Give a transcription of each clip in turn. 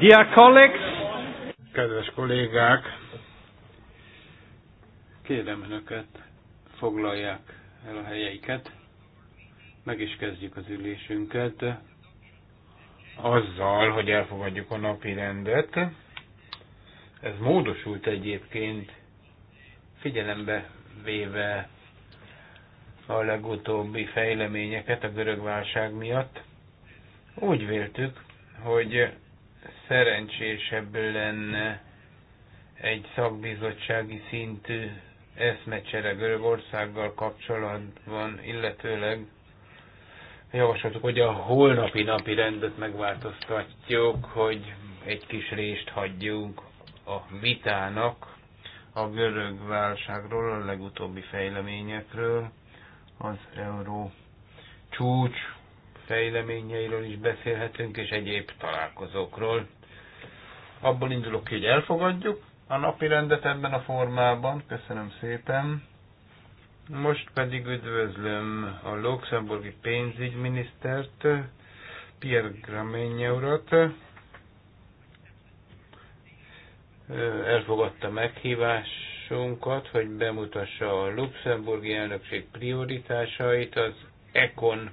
Dear colleagues, kedves kollégák, kérem Önöket, foglalják el a helyeiket, meg is kezdjük az ülésünket azzal, hogy elfogadjuk a napi rendet. Ez módosult egyébként, figyelembe véve a legutóbbi fejleményeket a görög válság miatt. Úgy véltük, hogy szerencsésebb lenne egy szakbizottsági szintű eszmecsere Görögországgal kapcsolatban, illetőleg javasoltuk, hogy a holnapi napi rendet megváltoztatjuk, hogy egy kis részt hagyjunk a vitának a görög válságról, a legutóbbi fejleményekről, az euró csúcs fejleményeiről is beszélhetünk, és egyéb találkozókról. Abból indulok ki, hogy elfogadjuk a napi rendet ebben a formában. Köszönöm szépen. Most pedig üdvözlöm a luxemburgi pénzügyminisztert, Pierre Graménye urat. Elfogadta meghívásunkat, hogy bemutassa a luxemburgi elnökség prioritásait az ECON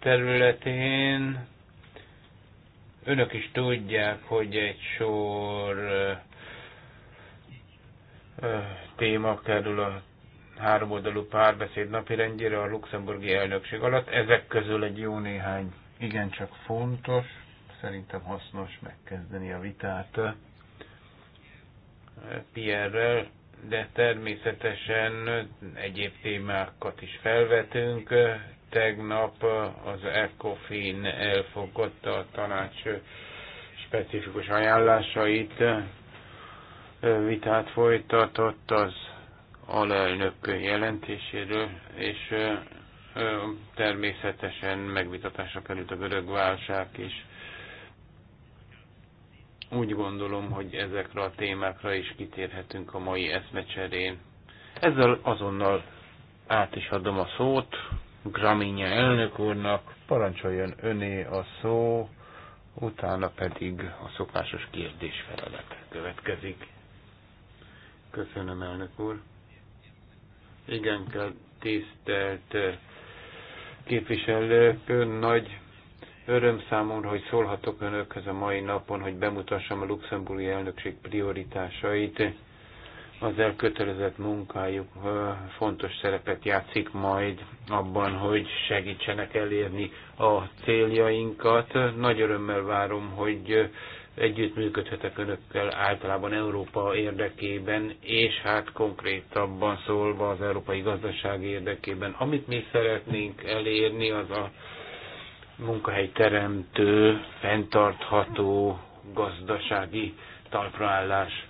területén. Önök is tudják, hogy egy sor téma kerül a háromoldalú párbeszéd napirendjére a luxemburgi elnökség alatt. Ezek közül egy jó néhány igencsak fontos, szerintem hasznos megkezdeni a vitát PR-rel, de természetesen egyéb témákat is felvetünk, Tegnap az ECOFIN elfogadta a tanács specifikus ajánlásait, vitát folytatott az alelnök jelentéséről, és természetesen megvitatásra került a görög válság is. Úgy gondolom, hogy ezekre a témákra is kitérhetünk a mai eszmecserén. Ezzel azonnal át is adom a szót Graminja elnök úrnak, parancsoljon öné a szó, utána pedig a szokásos kérdésfelelet következik. Köszönöm, elnök úr. Igen, tisztelt eh, képviselők, nagy öröm számomra, hogy szólhatok önökhez a mai napon, hogy bemutassam a luxemburgi elnökség prioritásait az elkötelezett munkájuk fontos szerepet játszik majd abban, hogy segítsenek elérni a céljainkat. Nagy örömmel várom, hogy együttműködhetek önökkel általában Európa érdekében, és hát konkrétabban szólva az európai gazdaság érdekében. Amit mi szeretnénk elérni, az a munkahelyteremtő, fenntartható gazdasági talpraállás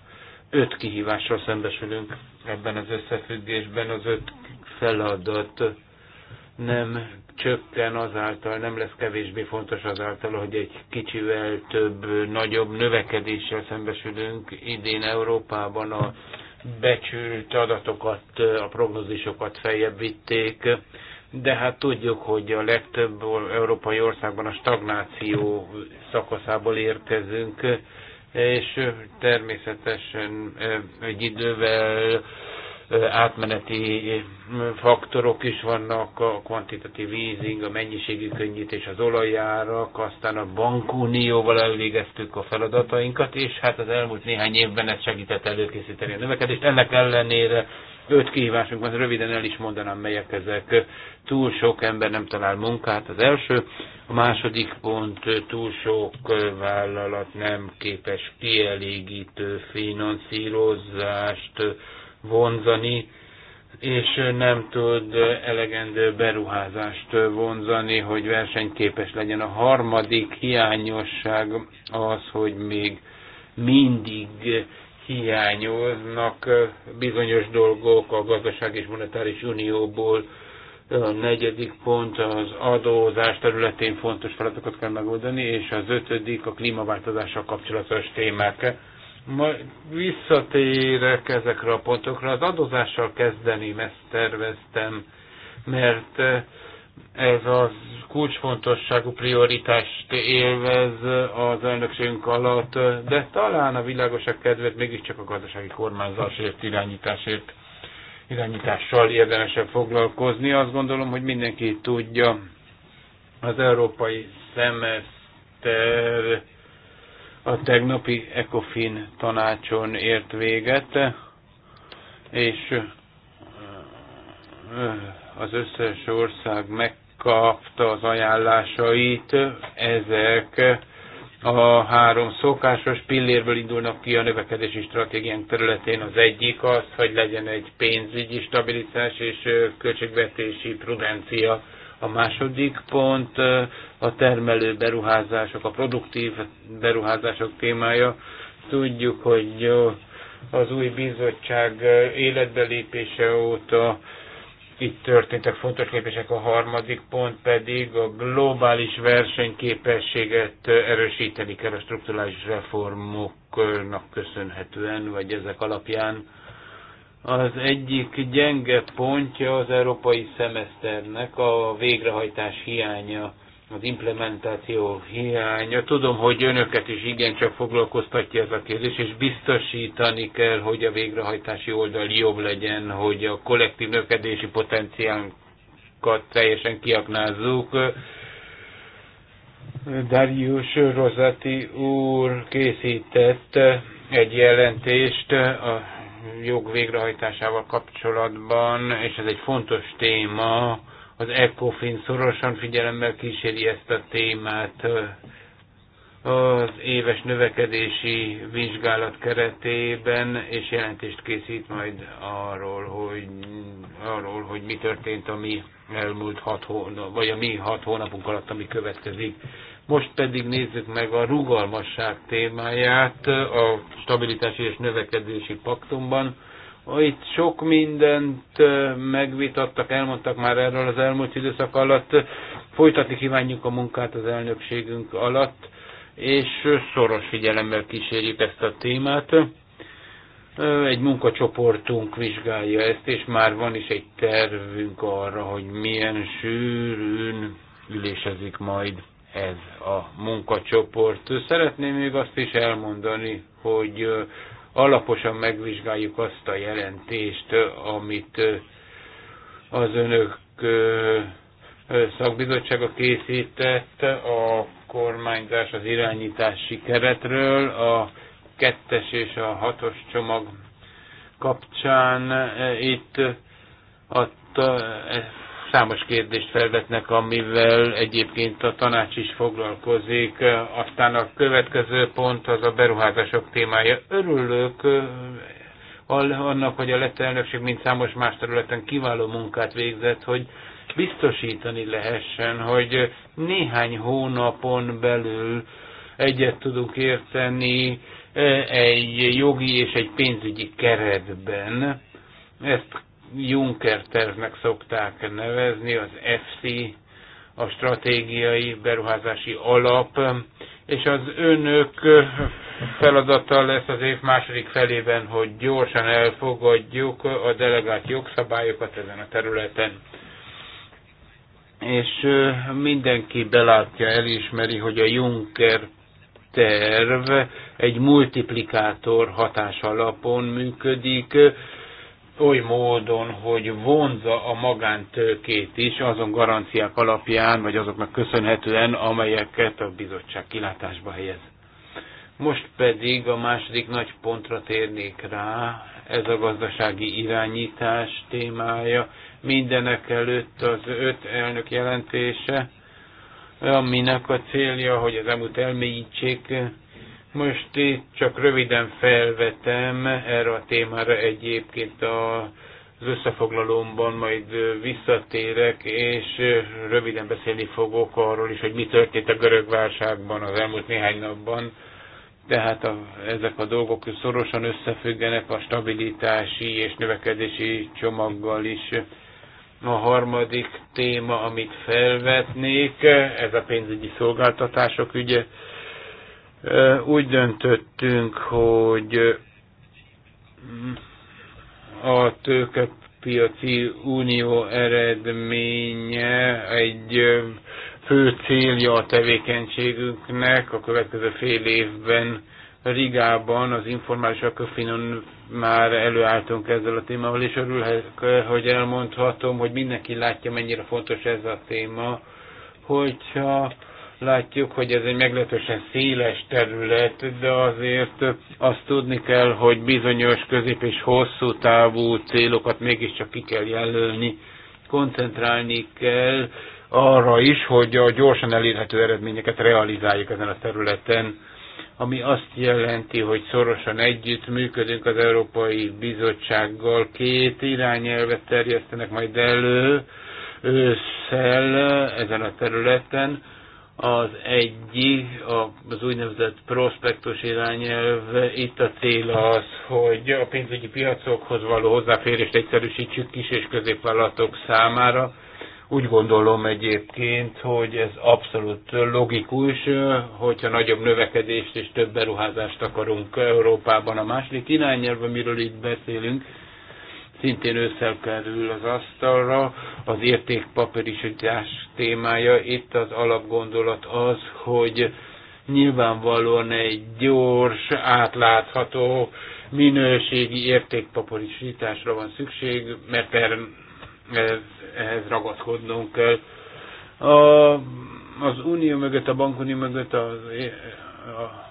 öt kihívással szembesülünk ebben az összefüggésben, az öt feladat nem csökken azáltal, nem lesz kevésbé fontos azáltal, hogy egy kicsivel több, nagyobb növekedéssel szembesülünk idén Európában a becsült adatokat, a prognózisokat feljebb vitték, de hát tudjuk, hogy a legtöbb európai országban a stagnáció szakaszából érkezünk, és természetesen egy idővel átmeneti faktorok is vannak, a kvantitatív easing, a mennyiségi könnyítés, az olajárak, aztán a bankunióval elvégeztük a feladatainkat, és hát az elmúlt néhány évben ez segített előkészíteni a növekedést. Ennek ellenére öt kihívásunk van, röviden el is mondanám, melyek ezek. Túl sok ember nem talál munkát, az első. A második pont, túl sok vállalat nem képes kielégítő finanszírozást vonzani, és nem tud elegendő beruházást vonzani, hogy versenyképes legyen. A harmadik hiányosság az, hogy még mindig hiányoznak bizonyos dolgok a gazdaság és monetáris unióból. A negyedik pont az adózás területén fontos feladatokat kell megoldani, és az ötödik a klímaváltozással kapcsolatos témák. Majd visszatérek ezekre a pontokra. Az adózással kezdeni ezt terveztem, mert ez az kulcsfontosságú prioritást élvez az elnökségünk alatt, de talán a világosabb kedvet mégiscsak a gazdasági kormányzásért, irányításért, irányítással érdemesebb foglalkozni. Azt gondolom, hogy mindenki tudja, az európai szemeszter a tegnapi ECOFIN tanácson ért véget, és az összes ország megkapta az ajánlásait, ezek a három szokásos pillérből indulnak ki a növekedési stratégiánk területén. Az egyik az, hogy legyen egy pénzügyi stabilitás és költségvetési prudencia. A második pont a termelő beruházások, a produktív beruházások témája. Tudjuk, hogy az új bizottság életbelépése óta itt történtek fontos lépések, a harmadik pont pedig a globális versenyképességet erősíteni kell a strukturális reformoknak köszönhetően, vagy ezek alapján. Az egyik gyenge pontja az európai szemeszternek a végrehajtás hiánya az implementáció hiánya. Tudom, hogy önöket is igencsak foglalkoztatja ez a kérdés, és biztosítani kell, hogy a végrehajtási oldal jobb legyen, hogy a kollektív növekedési potenciánkat teljesen kiaknázzuk. Darius Rozati úr készített egy jelentést a jog végrehajtásával kapcsolatban, és ez egy fontos téma, az ECOFIN szorosan figyelemmel kíséri ezt a témát az éves növekedési vizsgálat keretében, és jelentést készít majd arról, hogy, arról, hogy mi történt a mi elmúlt hat hónap, vagy a mi hat hónapunk alatt, ami következik. Most pedig nézzük meg a rugalmasság témáját a stabilitási és növekedési paktumban. Itt sok mindent megvitattak, elmondtak már erről az elmúlt időszak alatt. Folytatni kívánjuk a munkát az elnökségünk alatt, és szoros figyelemmel kísérjük ezt a témát. Egy munkacsoportunk vizsgálja ezt, és már van is egy tervünk arra, hogy milyen sűrűn ülésezik majd ez a munkacsoport. Szeretném még azt is elmondani, hogy alaposan megvizsgáljuk azt a jelentést, amit az önök szakbizottsága készített a kormányzás, az irányítási keretről, a kettes és a hatos csomag kapcsán. Itt a számos kérdést felvetnek, amivel egyébként a tanács is foglalkozik. Aztán a következő pont az a beruházások témája. Örülök eh, annak, hogy a lett elnökség, mint számos más területen kiváló munkát végzett, hogy biztosítani lehessen, hogy néhány hónapon belül egyet tudunk érteni eh, egy jogi és egy pénzügyi keretben. Ezt Juncker tervnek szokták nevezni, az FC, a stratégiai beruházási alap, és az önök feladata lesz az év második felében, hogy gyorsan elfogadjuk a delegált jogszabályokat ezen a területen. És mindenki belátja, elismeri, hogy a Juncker terv egy multiplikátor hatás alapon működik, oly módon, hogy vonza a magántőkét is azon garanciák alapján, vagy azoknak köszönhetően, amelyeket a bizottság kilátásba helyez. Most pedig a második nagy pontra térnék rá, ez a gazdasági irányítás témája, mindenek előtt az öt elnök jelentése, aminek a célja, hogy az elmúlt elmélyítsék most itt csak röviden felvetem erre a témára egyébként a az összefoglalómban majd visszatérek, és röviden beszélni fogok arról is, hogy mi történt a görög válságban az elmúlt néhány napban. Tehát a, ezek a dolgok szorosan összefüggenek a stabilitási és növekedési csomaggal is. A harmadik téma, amit felvetnék, ez a pénzügyi szolgáltatások ügye. Úgy döntöttünk, hogy mm, a tőkepiaci unió eredménye egy fő célja a tevékenységünknek a következő fél évben Rigában az informális Akofinon már előálltunk ezzel a témával, és örülök, hogy elmondhatom, hogy mindenki látja, mennyire fontos ez a téma, hogyha Látjuk, hogy ez egy meglehetősen széles terület, de azért azt tudni kell, hogy bizonyos közép és hosszú távú célokat mégiscsak ki kell jelölni, koncentrálni kell arra is, hogy a gyorsan elérhető eredményeket realizáljuk ezen a területen ami azt jelenti, hogy szorosan együtt működünk az Európai Bizottsággal. Két irányelvet terjesztenek majd elő ősszel ezen a területen. Az egy, az úgynevezett prospektus irányelv, itt a cél az, hogy a pénzügyi piacokhoz való hozzáférést egyszerűsítsük kis és középvállalatok számára. Úgy gondolom egyébként, hogy ez abszolút logikus, hogyha nagyobb növekedést és több beruházást akarunk Európában. A második irányelv, amiről itt beszélünk, szintén összekerül az asztalra. Az értékpapírisítás témája itt az alapgondolat az, hogy nyilvánvalóan egy gyors, átlátható, minőségi értékpaporisításra van szükség, mert erre, ehhez, ehhez ragaszkodnunk kell. A, az unió mögött, a bankunió mögött, az, a,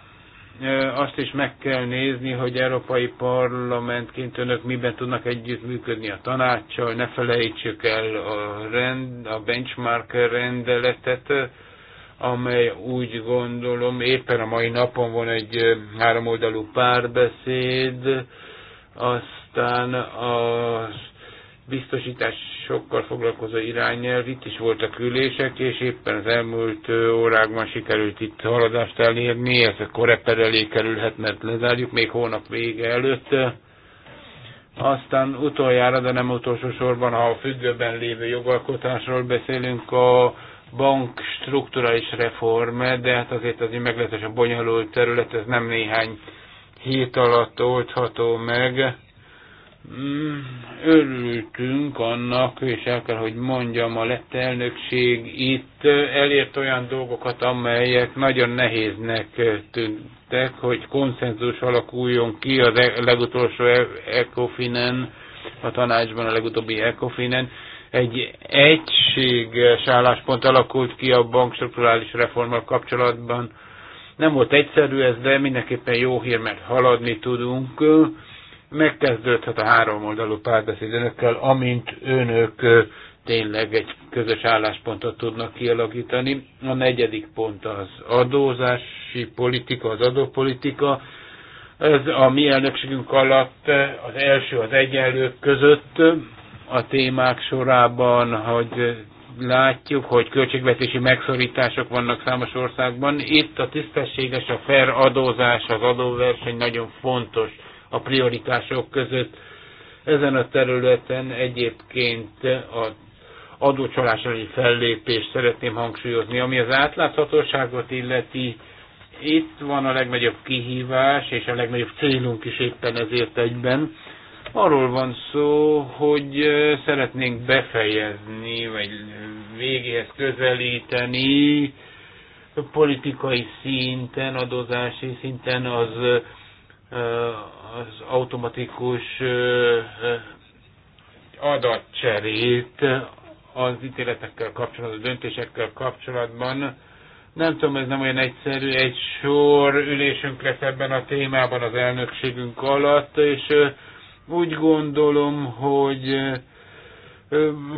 azt is meg kell nézni, hogy Európai Parlamentként önök miben tudnak együttműködni a tanácssal, ne felejtsük el a, rend, a benchmark rendeletet, amely úgy gondolom éppen a mai napon van egy háromoldalú párbeszéd, aztán azt biztosításokkal foglalkozó irányelv, itt is voltak ülések, és éppen az elmúlt órákban sikerült itt haladást elérni, ez a koreper elé kerülhet, mert lezárjuk még hónap vége előtt. Aztán utoljára, de nem utolsó sorban, ha a függőben lévő jogalkotásról beszélünk, a bank strukturális reform, de hát azért az egy meglehetősen bonyolult terület, ez nem néhány hét alatt oldható meg Mm, örültünk annak, és el kell, hogy mondjam, a lett elnökség itt elért olyan dolgokat, amelyek nagyon nehéznek tűntek, hogy konszenzus alakuljon ki a legutolsó e-, ECOFIN-en, a tanácsban a legutóbbi ECOFIN-en. Egy egységes álláspont alakult ki a bankstrukturális reformmal kapcsolatban. Nem volt egyszerű ez, de mindenképpen jó hír, mert haladni tudunk megkezdődhet a három oldalú párbeszéd önökkel, amint önök tényleg egy közös álláspontot tudnak kialakítani. A negyedik pont az adózási politika, az adópolitika. Ez a mi elnökségünk alatt az első az egyenlők között a témák sorában, hogy látjuk, hogy költségvetési megszorítások vannak számos országban. Itt a tisztességes, a fair adózás, az adóverseny nagyon fontos a prioritások között. Ezen a területen egyébként a adócsalásai elleni fellépést szeretném hangsúlyozni. Ami az átláthatóságot illeti, itt van a legnagyobb kihívás, és a legnagyobb célunk is éppen ezért egyben. Arról van szó, hogy szeretnénk befejezni, vagy végéhez közelíteni politikai szinten, adózási szinten az az automatikus adatcserét az ítéletekkel kapcsolatban, a döntésekkel kapcsolatban. Nem tudom, ez nem olyan egyszerű. Egy sor ülésünk lesz ebben a témában az elnökségünk alatt, és úgy gondolom, hogy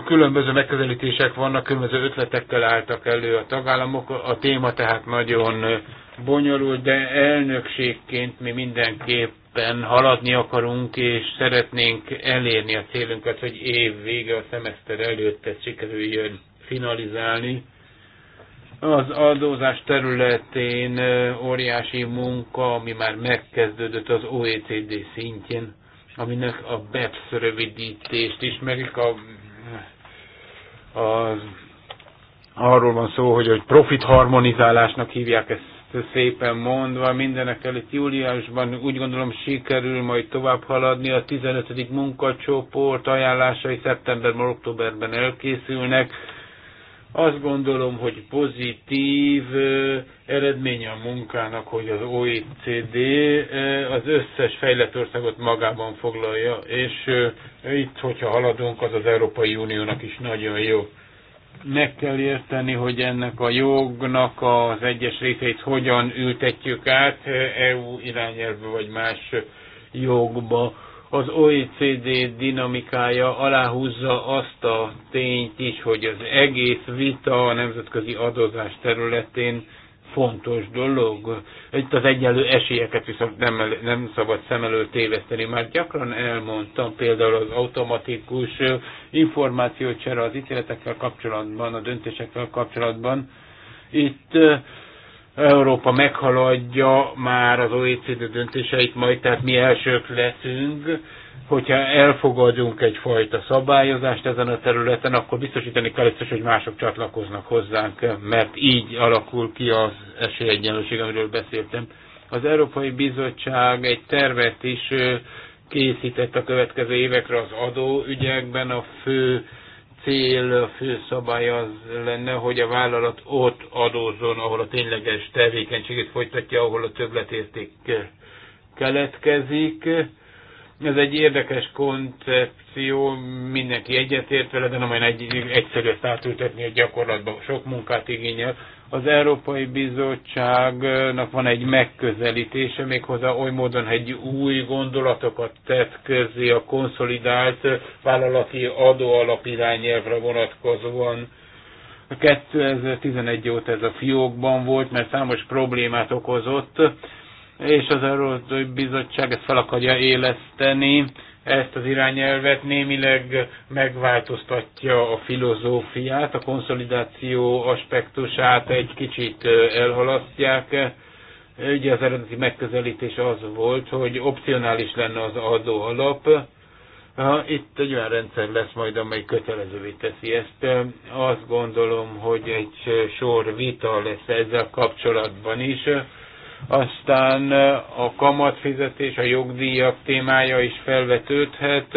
különböző megközelítések vannak, különböző ötletekkel álltak elő a tagállamok. A téma tehát nagyon bonyolult, de elnökségként mi mindenképpen haladni akarunk, és szeretnénk elérni a célunkat, hogy év vége a szemeszter előtt ezt sikerüljön finalizálni. Az adózás területén óriási munka, ami már megkezdődött az OECD szintjén, aminek a BEPS rövidítést ismerik, a, a arról van szó, hogy, hogy profit harmonizálásnak hívják ezt szépen mondva, mindenek előtt júliusban úgy gondolom sikerül majd tovább haladni, a 15. munkacsoport ajánlásai szeptemberben, októberben elkészülnek. Azt gondolom, hogy pozitív eredménye a munkának, hogy az OECD az összes fejlett országot magában foglalja, és itt, hogyha haladunk, az az Európai Uniónak is nagyon jó meg kell érteni, hogy ennek a jognak az egyes részeit hogyan ültetjük át EU irányelvbe vagy más jogba. Az OECD dinamikája aláhúzza azt a tényt is, hogy az egész vita a nemzetközi adózás területén fontos dolog. Itt az egyenlő esélyeket viszont nem, nem szabad szem előtt téveszteni. Már gyakran elmondtam például az automatikus információcsere az ítéletekkel kapcsolatban, a döntésekkel kapcsolatban. Itt eh, Európa meghaladja már az OECD döntéseit majd, tehát mi elsők leszünk hogyha elfogadunk egyfajta szabályozást ezen a területen, akkor biztosítani kell biztos, hogy mások csatlakoznak hozzánk, mert így alakul ki az esélyegyenlőség, amiről beszéltem. Az Európai Bizottság egy tervet is készített a következő évekre az adóügyekben. A fő cél, a fő szabály az lenne, hogy a vállalat ott adózzon, ahol a tényleges tevékenységét folytatja, ahol a többletérték keletkezik ez egy érdekes koncepció, mindenki egyetért vele, de nem olyan egy, egyszerű ezt átültetni a gyakorlatban, sok munkát igényel. Az Európai Bizottságnak van egy megközelítése, méghozzá oly módon, hogy új gondolatokat tett közé a konszolidált vállalati adóalapirányelvre vonatkozóan. 2011 óta ez a fiókban volt, mert számos problémát okozott és az Európai Bizottság ezt fel akarja éleszteni, ezt az irányelvet némileg megváltoztatja a filozófiát, a konszolidáció aspektusát egy kicsit elhalasztják. Ugye az eredeti megközelítés az volt, hogy opcionális lenne az adóalap. Itt egy olyan rendszer lesz majd, amely kötelezővé teszi ezt. Azt gondolom, hogy egy sor vita lesz ezzel kapcsolatban is aztán a kamatfizetés, a jogdíjak témája is felvetődhet.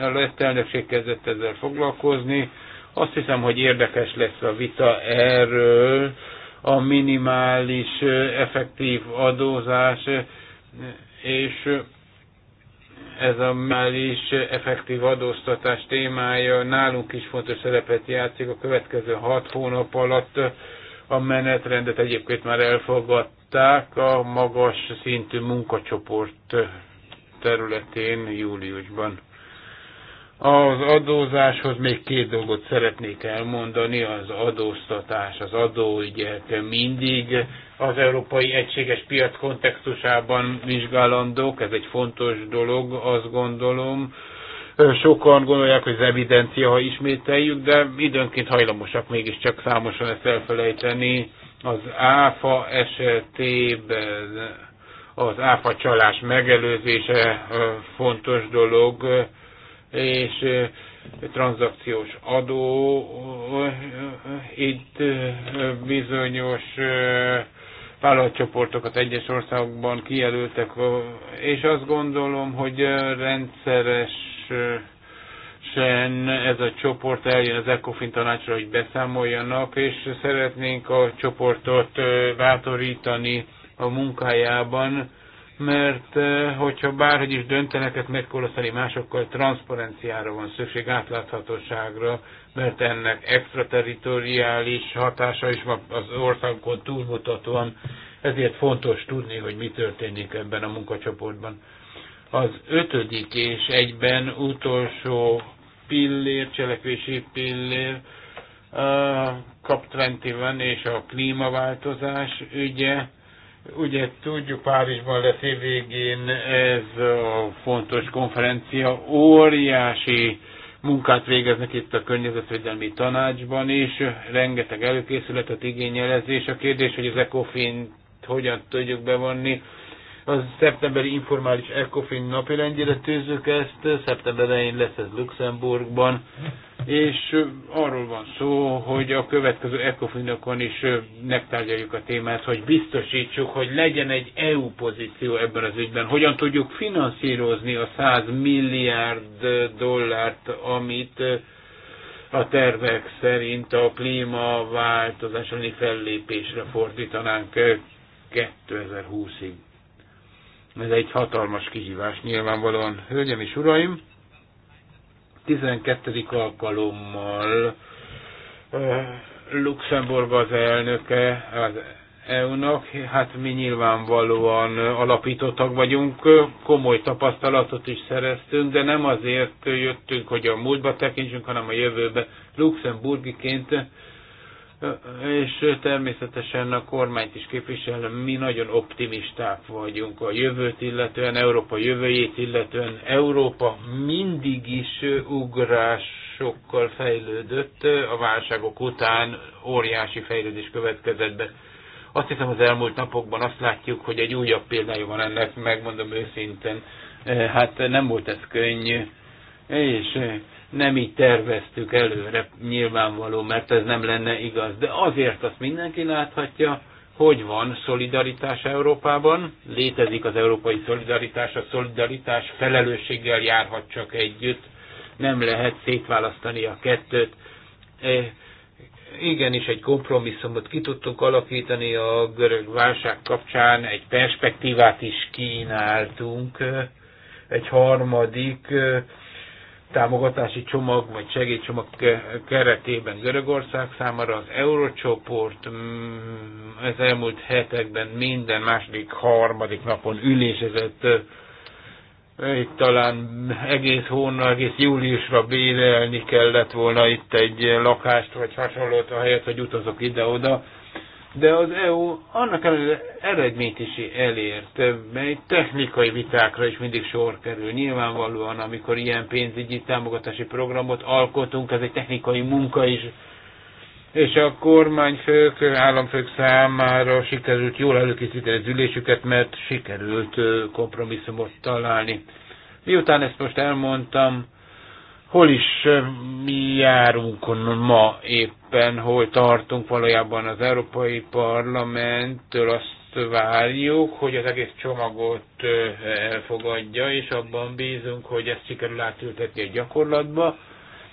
A lett elnökség kezdett ezzel foglalkozni. Azt hiszem, hogy érdekes lesz a vita erről, a minimális effektív adózás, és ez a minimális effektív adóztatás témája nálunk is fontos szerepet játszik a következő hat hónap alatt. A menetrendet egyébként már elfogadt megvitatták a magas szintű munkacsoport területén júliusban. Az adózáshoz még két dolgot szeretnék elmondani, az adóztatás, az adóügyek mindig az európai egységes piac kontextusában vizsgálandók, ez egy fontos dolog, azt gondolom. Sokan gondolják, hogy az evidencia, ha ismételjük, de időnként hajlamosak mégiscsak számosan ezt elfelejteni. Az áfa esetében az áfa csalás megelőzése fontos dolog, és tranzakciós adó, itt bizonyos vállalatcsoportokat egyes országokban kijelöltek, és azt gondolom, hogy rendszeres hiszen ez a csoport eljön az ECOFIN tanácsra, hogy beszámoljanak, és szeretnénk a csoportot bátorítani a munkájában, mert hogyha bárhogy is döntenek, ezt hát megkoloszani másokkal, transzparenciára van szükség, átláthatóságra, mert ennek extraterritoriális hatása is az országon túlmutatóan, ezért fontos tudni, hogy mi történik ebben a munkacsoportban. Az ötödik és egyben utolsó pillér, cselekvési pillér, a COP21 és a klímaváltozás ügye. Ugye tudjuk, Párizsban lesz évvégén ez a fontos konferencia, óriási munkát végeznek itt a Környezetvédelmi Tanácsban is, rengeteg előkészületet igényelezés. a kérdés, hogy az ECOFIN hogyan tudjuk bevonni, a szeptemberi informális ECOFIN napirendjére tűzzük ezt, szeptember elején lesz ez Luxemburgban, és arról van szó, hogy a következő ECOFIN-okon is megtárgyaljuk a témát, hogy biztosítsuk, hogy legyen egy EU pozíció ebben az ügyben. Hogyan tudjuk finanszírozni a 100 milliárd dollárt, amit a tervek szerint a klímaváltozás elleni fellépésre fordítanánk 2020-ig. Ez egy hatalmas kihívás nyilvánvalóan. Hölgyem és uraim, 12. alkalommal Luxemburg az elnöke az EU-nak, hát mi nyilvánvalóan alapítottak vagyunk, komoly tapasztalatot is szereztünk, de nem azért jöttünk, hogy a múltba tekintsünk, hanem a jövőbe. Luxemburgiként és természetesen a kormányt is képviselem, mi nagyon optimisták vagyunk a jövőt illetően, Európa jövőjét illetően. Európa mindig is ugrásokkal fejlődött, a válságok után óriási fejlődés következett be. Azt hiszem az elmúlt napokban azt látjuk, hogy egy újabb példája van ennek, megmondom őszintén, eh, hát nem volt ez könnyű, és eh, nem így terveztük előre, nyilvánvaló, mert ez nem lenne igaz. De azért azt mindenki láthatja, hogy van szolidaritás Európában, létezik az európai szolidaritás, a szolidaritás felelősséggel járhat csak együtt, nem lehet szétválasztani a kettőt. E, igenis, egy kompromisszumot ki tudtunk alakítani a görög válság kapcsán, egy perspektívát is kínáltunk, egy harmadik e, támogatási csomag vagy segélycsomag keretében Görögország számára az Eurocsoport mm, az elmúlt hetekben minden második, harmadik napon ülésezett itt talán egész hónap, egész júliusra bérelni kellett volna itt egy lakást, vagy hasonlót a helyet, hogy utazok ide-oda de az EU annak ellenére eredményt is elért, mely technikai vitákra is mindig sor kerül. Nyilvánvalóan, amikor ilyen pénzügyi támogatási programot alkotunk, ez egy technikai munka is, és a kormányfők, államfők számára sikerült jól előkészíteni az ülésüket, mert sikerült kompromisszumot találni. Miután ezt most elmondtam, hol is mi járunk ma éppen, hol tartunk valójában az Európai Parlamenttől azt várjuk, hogy az egész csomagot elfogadja, és abban bízunk, hogy ezt sikerül átültetni a gyakorlatba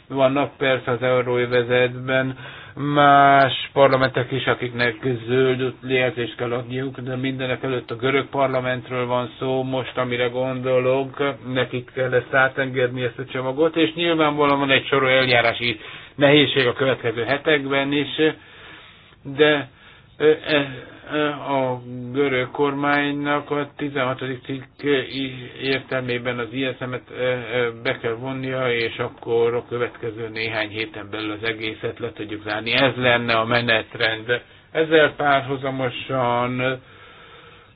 vannak persze az euróövezetben más parlamentek is, akiknek zöld jelzést kell adniuk, de mindenek előtt a görög parlamentről van szó, most amire gondolok, nekik kell ezt átengedni ezt a csomagot, és nyilvánvalóan van egy soró eljárási nehézség a következő hetekben is, de e, a görög kormánynak a 16. cikk értelmében az ISM-et be kell vonnia, és akkor a következő néhány héten belül az egészet le tudjuk zárni. Ez lenne a menetrend. Ezzel párhuzamosan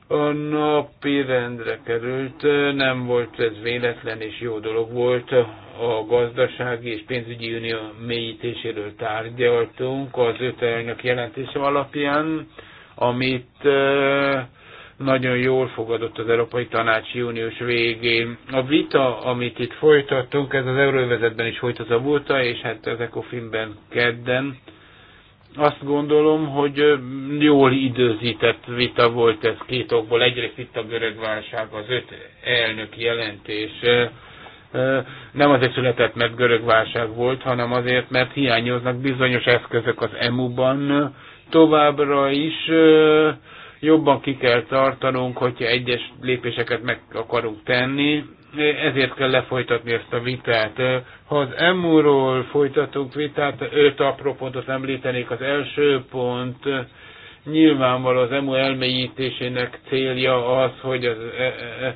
a napi rendre került, nem volt ez véletlen és jó dolog volt, a gazdasági és pénzügyi unió mélyítéséről tárgyaltunk az öt elnök jelentése alapján, amit nagyon jól fogadott az Európai Tanács június végén. A vita, amit itt folytattunk, ez az Euróvezetben is folytatva volt, és hát az Ecofinben kedden, azt gondolom, hogy jól időzített vita volt ez két okból. Egyrészt itt a görög válság, az öt elnök jelentés nem azért született, mert görög válság volt, hanem azért, mert hiányoznak bizonyos eszközök az EMU-ban, továbbra is jobban ki kell tartanunk, hogyha egyes lépéseket meg akarunk tenni, ezért kell lefolytatni ezt a vitát. Ha az EMU-ról folytatunk vitát, öt apró pontot említenék. Az első pont nyilvánvaló az EMU elmélyítésének célja az, hogy az e, e,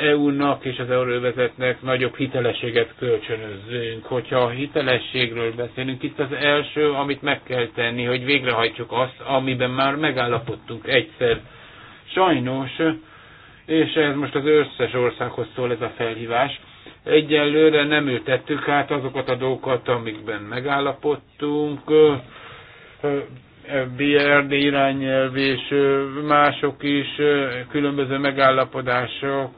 EU-nak és az euróvezetnek nagyobb hitelességet kölcsönözzünk. Hogyha a hitelességről beszélünk, itt az első, amit meg kell tenni, hogy végrehajtsuk azt, amiben már megállapodtunk egyszer. Sajnos, és ez most az összes országhoz szól ez a felhívás, egyelőre nem ültettük át azokat a dolgokat, amikben megállapodtunk, BRD irányelv és mások is, különböző megállapodások,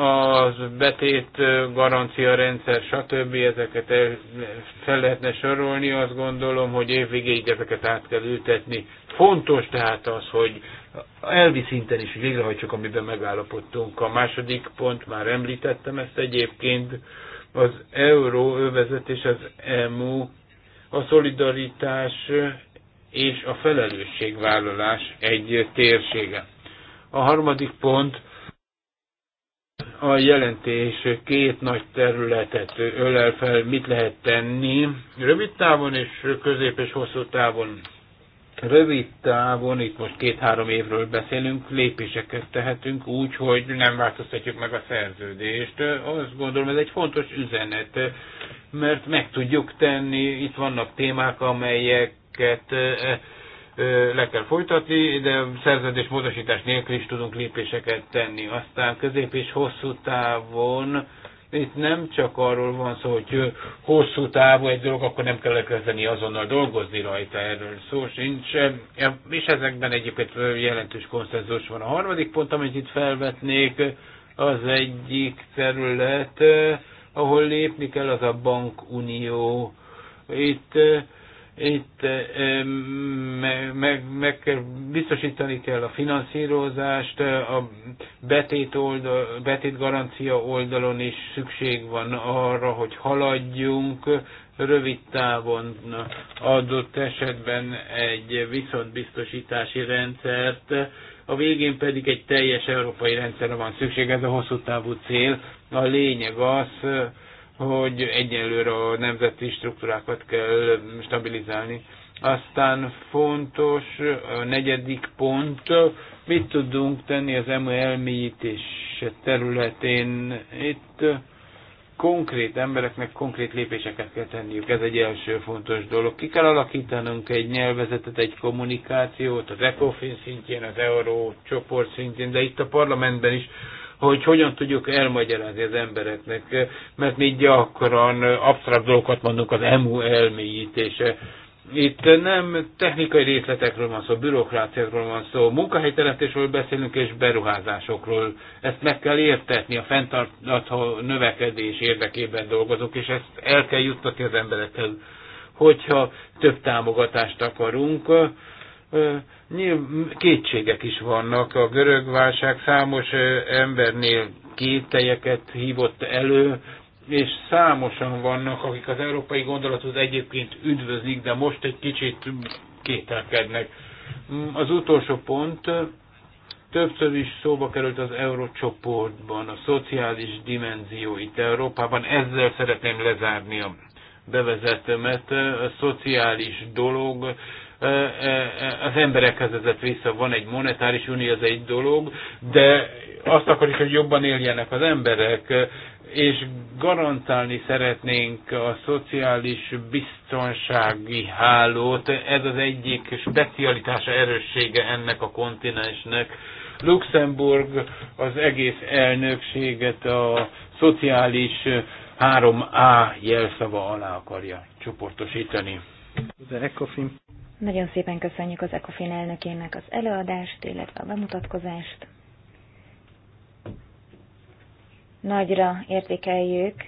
az betét garancia rendszer, stb. ezeket el, fel lehetne sorolni, azt gondolom, hogy évvégéig ezeket át kell ültetni. Fontos tehát az, hogy elvi szinten is végrehajtsuk, amiben megállapodtunk. A második pont, már említettem ezt egyébként, az euróövezet és az EMU a szolidaritás és a felelősségvállalás egy térsége. A harmadik pont a jelentés két nagy területet ölel fel, mit lehet tenni rövid távon és közép és hosszú távon. Rövid távon, itt most két-három évről beszélünk, lépéseket tehetünk úgy, hogy nem változtatjuk meg a szerződést. Azt gondolom, ez egy fontos üzenet mert meg tudjuk tenni, itt vannak témák, amelyeket le kell folytatni, de szerződés módosítás nélkül is tudunk lépéseket tenni. Aztán közép és hosszú távon itt nem csak arról van szó, hogy hosszú távú egy dolog, akkor nem kell kezdeni azonnal dolgozni rajta, erről szó sincs. És ezekben egyébként jelentős konszenzus van. A harmadik pont, amit itt felvetnék, az egyik terület, ahol lépni kell, az a bankunió. Itt, eh, itt meg, eh, meg, meg kell, biztosítani kell a finanszírozást, a betét, oldal, betét garancia oldalon is szükség van arra, hogy haladjunk, rövid távon adott esetben egy viszontbiztosítási rendszert a végén pedig egy teljes európai rendszerre van szükség, ez a hosszú távú cél. A lényeg az, hogy egyelőre a nemzeti struktúrákat kell stabilizálni. Aztán fontos a negyedik pont, mit tudunk tenni az EMU elmélyítés területén. Itt konkrét embereknek konkrét lépéseket kell tenniük. Ez egy első fontos dolog. Ki kell alakítanunk egy nyelvezetet, egy kommunikációt, az ECOFIN szintjén, az Euró csoport szintjén, de itt a parlamentben is, hogy hogyan tudjuk elmagyarázni az embereknek, mert mi gyakran absztrakt dolgokat mondunk az EMU elmélyítése itt nem technikai részletekről van szó, bürokráciákról van szó, munkahelyteremtésről beszélünk és beruházásokról. Ezt meg kell értetni, a fenntartható növekedés érdekében dolgozunk, és ezt el kell juttatni az emberekhez. Hogyha több támogatást akarunk, kétségek is vannak. A görög válság számos embernél kételyeket hívott elő, és számosan vannak, akik az európai gondolatot egyébként üdvözlik, de most egy kicsit kételkednek. Az utolsó pont, többször is szóba került az eurócsoportban, a szociális dimenzió itt Európában. Ezzel szeretném lezárni a bevezetőmet. A szociális dolog, e, e, az emberekhez vezet vissza, van egy monetáris unió, ez egy dolog, de azt akarjuk, hogy jobban éljenek az emberek, és garantálni szeretnénk a szociális biztonsági hálót. Ez az egyik specialitása erőssége ennek a kontinensnek. Luxemburg az egész elnökséget a szociális 3A jelszava alá akarja csoportosítani. Nagyon szépen köszönjük az ECOFIN elnökének az előadást, illetve a bemutatkozást. Nagyra értékeljük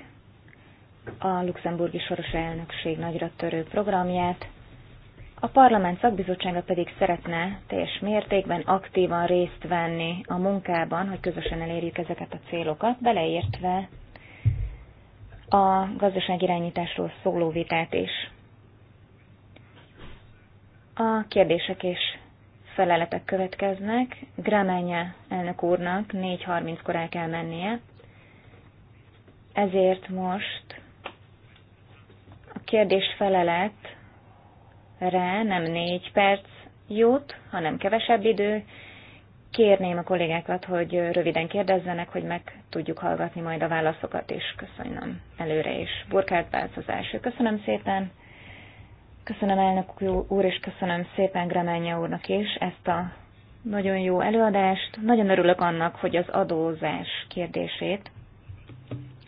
a luxemburgi soros elnökség nagyra törő programját, a parlament szakbizottsága pedig szeretne teljes mértékben aktívan részt venni a munkában, hogy közösen elérjük ezeket a célokat, beleértve a irányításról szóló vitát is. A kérdések és feleletek következnek. Grámenye elnök úrnak 4.30-kor el kell mennie, ezért most a kérdés feleletre nem négy perc jut, hanem kevesebb idő. Kérném a kollégákat, hogy röviden kérdezzenek, hogy meg tudjuk hallgatni majd a válaszokat, és köszönöm előre is. Burkált Pálc az első. Köszönöm szépen. Köszönöm elnök úr, és köszönöm szépen Gremenje úrnak is ezt a nagyon jó előadást. Nagyon örülök annak, hogy az adózás kérdését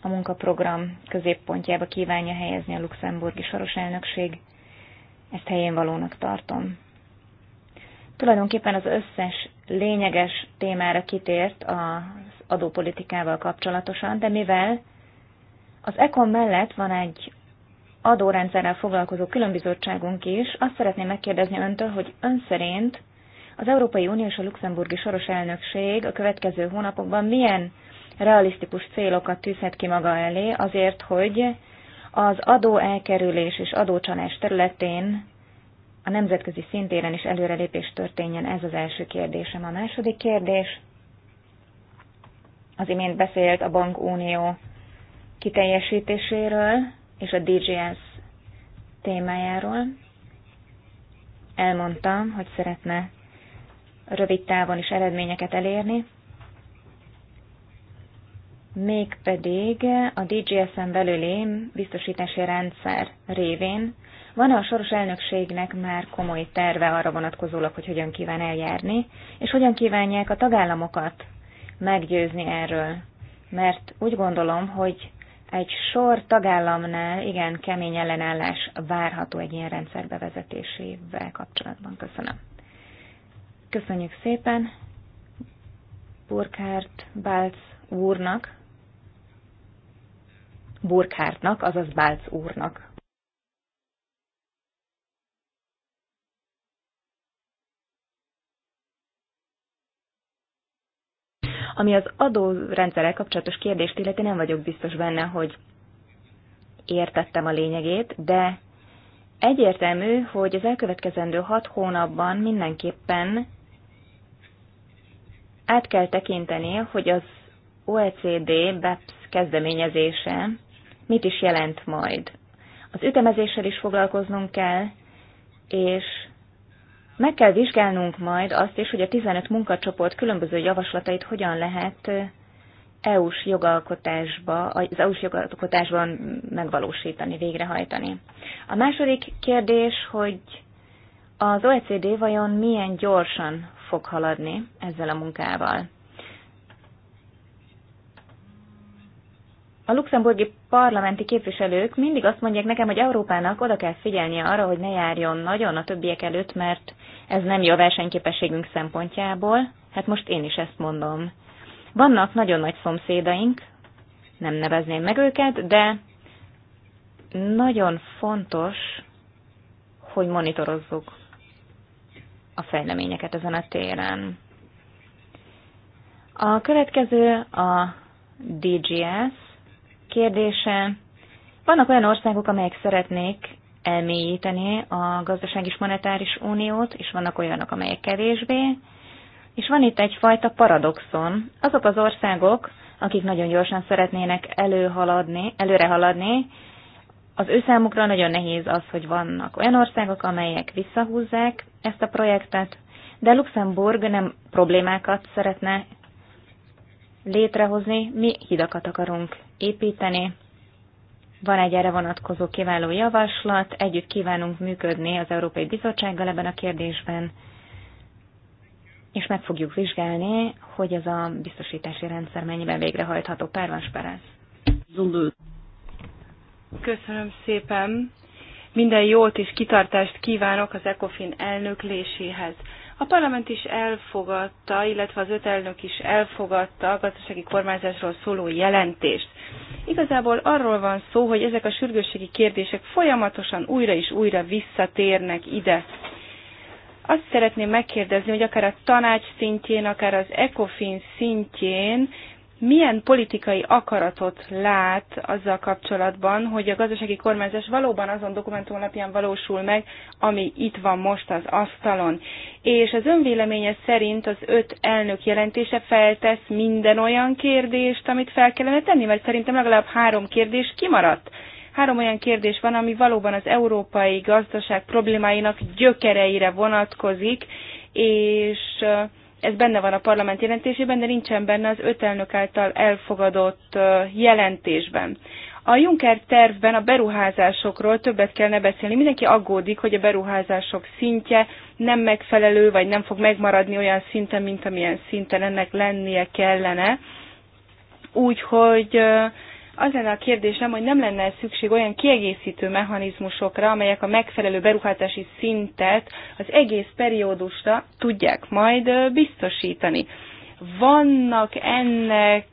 a munkaprogram középpontjába kívánja helyezni a luxemburgi soros elnökség. Ezt helyén valónak tartom. Tulajdonképpen az összes lényeges témára kitért az adópolitikával kapcsolatosan, de mivel az ECON mellett van egy adórendszerrel foglalkozó különbizottságunk is, azt szeretném megkérdezni öntől, hogy ön szerint az Európai Unió és a Luxemburgi Soros Elnökség a következő hónapokban milyen realisztikus célokat tűzhet ki maga elé, azért, hogy az adó elkerülés és adócsalás területén a nemzetközi szintéren is előrelépés történjen, ez az első kérdésem. A második kérdés, az imént beszélt a bankunió kiteljesítéséről és a DGS témájáról. Elmondtam, hogy szeretne rövid távon is eredményeket elérni mégpedig a DGSM belüli biztosítási rendszer révén. van a soros elnökségnek már komoly terve arra vonatkozólag, hogy hogyan kíván eljárni, és hogyan kívánják a tagállamokat meggyőzni erről? Mert úgy gondolom, hogy egy sor tagállamnál igen kemény ellenállás várható egy ilyen rendszer bevezetésével kapcsolatban. Köszönöm. Köszönjük szépen Burkhardt Balc úrnak Burkhártnak, azaz Bálc úrnak. Ami az adórendszerrel kapcsolatos kérdést illeti, nem vagyok biztos benne, hogy értettem a lényegét, de egyértelmű, hogy az elkövetkezendő hat hónapban mindenképpen át kell tekinteni, hogy az OECD BEPS kezdeményezése mit is jelent majd. Az ütemezéssel is foglalkoznunk kell, és meg kell vizsgálnunk majd azt is, hogy a 15 munkacsoport különböző javaslatait hogyan lehet EU-s jogalkotásba, az EU-s jogalkotásban megvalósítani, végrehajtani. A második kérdés, hogy az OECD vajon milyen gyorsan fog haladni ezzel a munkával. a luxemburgi parlamenti képviselők mindig azt mondják nekem, hogy Európának oda kell figyelnie arra, hogy ne járjon nagyon a többiek előtt, mert ez nem jó a versenyképességünk szempontjából. Hát most én is ezt mondom. Vannak nagyon nagy szomszédaink, nem nevezném meg őket, de nagyon fontos, hogy monitorozzuk a fejleményeket ezen a téren. A következő a DGS, kérdése. Vannak olyan országok, amelyek szeretnék elmélyíteni a gazdaság és monetáris uniót, és vannak olyanok, amelyek kevésbé. És van itt egyfajta paradoxon. Azok az országok, akik nagyon gyorsan szeretnének előhaladni, előre haladni, az ő számukra nagyon nehéz az, hogy vannak olyan országok, amelyek visszahúzzák ezt a projektet, de Luxemburg nem problémákat szeretne létrehozni, mi hidakat akarunk építeni. Van egy erre vonatkozó kiváló javaslat, együtt kívánunk működni az Európai Bizottsággal ebben a kérdésben, és meg fogjuk vizsgálni, hogy ez a biztosítási rendszer mennyiben végrehajtható. Párvás Perez. Köszönöm szépen. Minden jót és kitartást kívánok az ECOFIN elnökléséhez. A parlament is elfogadta, illetve az öt elnök is elfogadta a gazdasági kormányzásról szóló jelentést. Igazából arról van szó, hogy ezek a sürgősségi kérdések folyamatosan újra és újra visszatérnek ide. Azt szeretném megkérdezni, hogy akár a tanács szintjén, akár az ECOFIN szintjén milyen politikai akaratot lát azzal kapcsolatban, hogy a gazdasági kormányzás valóban azon dokumentum alapján valósul meg, ami itt van most az asztalon. És az önvéleménye szerint az öt elnök jelentése feltesz minden olyan kérdést, amit fel kellene tenni, mert szerintem legalább három kérdés kimaradt. Három olyan kérdés van, ami valóban az európai gazdaság problémáinak gyökereire vonatkozik, és ez benne van a parlament jelentésében, de nincsen benne az öt elnök által elfogadott jelentésben. A Juncker tervben a beruházásokról többet kellene beszélni. Mindenki aggódik, hogy a beruházások szintje nem megfelelő, vagy nem fog megmaradni olyan szinten, mint amilyen szinten ennek lennie kellene. Úgyhogy az lenne a kérdésem, hogy nem lenne szükség olyan kiegészítő mechanizmusokra, amelyek a megfelelő beruházási szintet az egész periódusra tudják majd biztosítani. Vannak ennek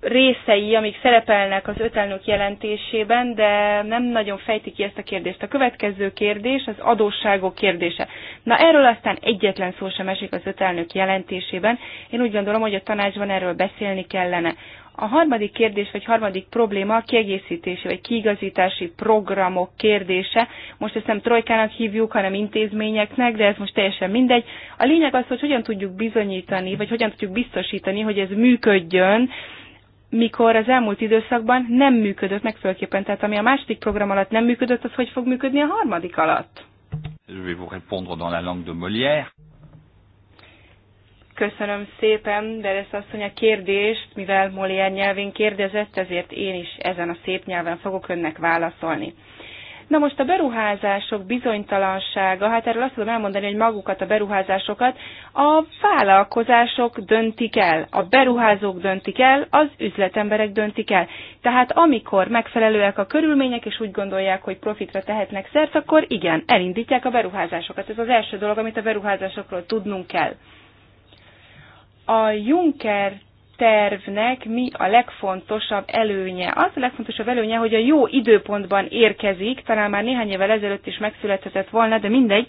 részei, amik szerepelnek az elnök jelentésében, de nem nagyon fejti ki ezt a kérdést. A következő kérdés az adósságok kérdése. Na erről aztán egyetlen szó sem esik az elnök jelentésében. Én úgy gondolom, hogy a tanácsban erről beszélni kellene. A harmadik kérdés, vagy harmadik probléma a kiegészítési, vagy kiigazítási programok kérdése. Most ezt nem trojkának hívjuk, hanem intézményeknek, de ez most teljesen mindegy. A lényeg az, hogy hogyan tudjuk bizonyítani, vagy hogyan tudjuk biztosítani, hogy ez működjön, mikor az elmúlt időszakban nem működött megfőképpen. Tehát ami a második program alatt nem működött, az hogy fog működni a harmadik alatt? Je vais vous répondre dans la langue de Molière. Köszönöm szépen, de ez asszony a kérdést, mivel Molière nyelvén kérdezett, ezért én is ezen a szép nyelven fogok önnek válaszolni. Na most a beruházások bizonytalansága, hát erről azt tudom elmondani, hogy magukat a beruházásokat a vállalkozások döntik el, a beruházók döntik el, az üzletemberek döntik el. Tehát amikor megfelelőek a körülmények, és úgy gondolják, hogy profitra tehetnek szert, akkor igen, elindítják a beruházásokat. Ez az első dolog, amit a beruházásokról tudnunk kell. A Juncker tervnek mi a legfontosabb előnye? Az a legfontosabb előnye, hogy a jó időpontban érkezik, talán már néhány évvel ezelőtt is megszülethetett volna, de mindegy,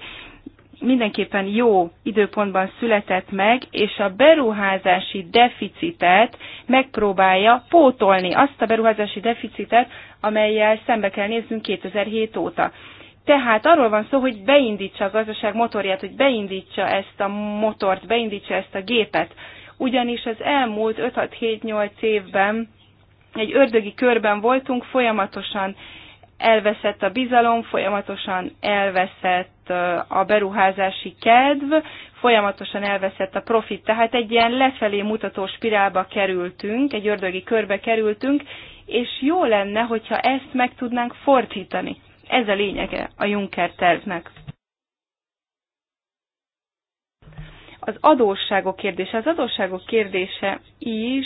mindenképpen jó időpontban született meg, és a beruházási deficitet megpróbálja pótolni, azt a beruházási deficitet, amelyel szembe kell néznünk 2007 óta. Tehát arról van szó, hogy beindítsa a gazdaság motorját, hogy beindítsa ezt a motort, beindítsa ezt a gépet ugyanis az elmúlt 5-6-7-8 évben egy ördögi körben voltunk, folyamatosan elveszett a bizalom, folyamatosan elveszett a beruházási kedv, folyamatosan elveszett a profit. Tehát egy ilyen lefelé mutató spirálba kerültünk, egy ördögi körbe kerültünk, és jó lenne, hogyha ezt meg tudnánk fordítani. Ez a lényege a Juncker tervnek. Az adósságok kérdése. Az adósságok kérdése is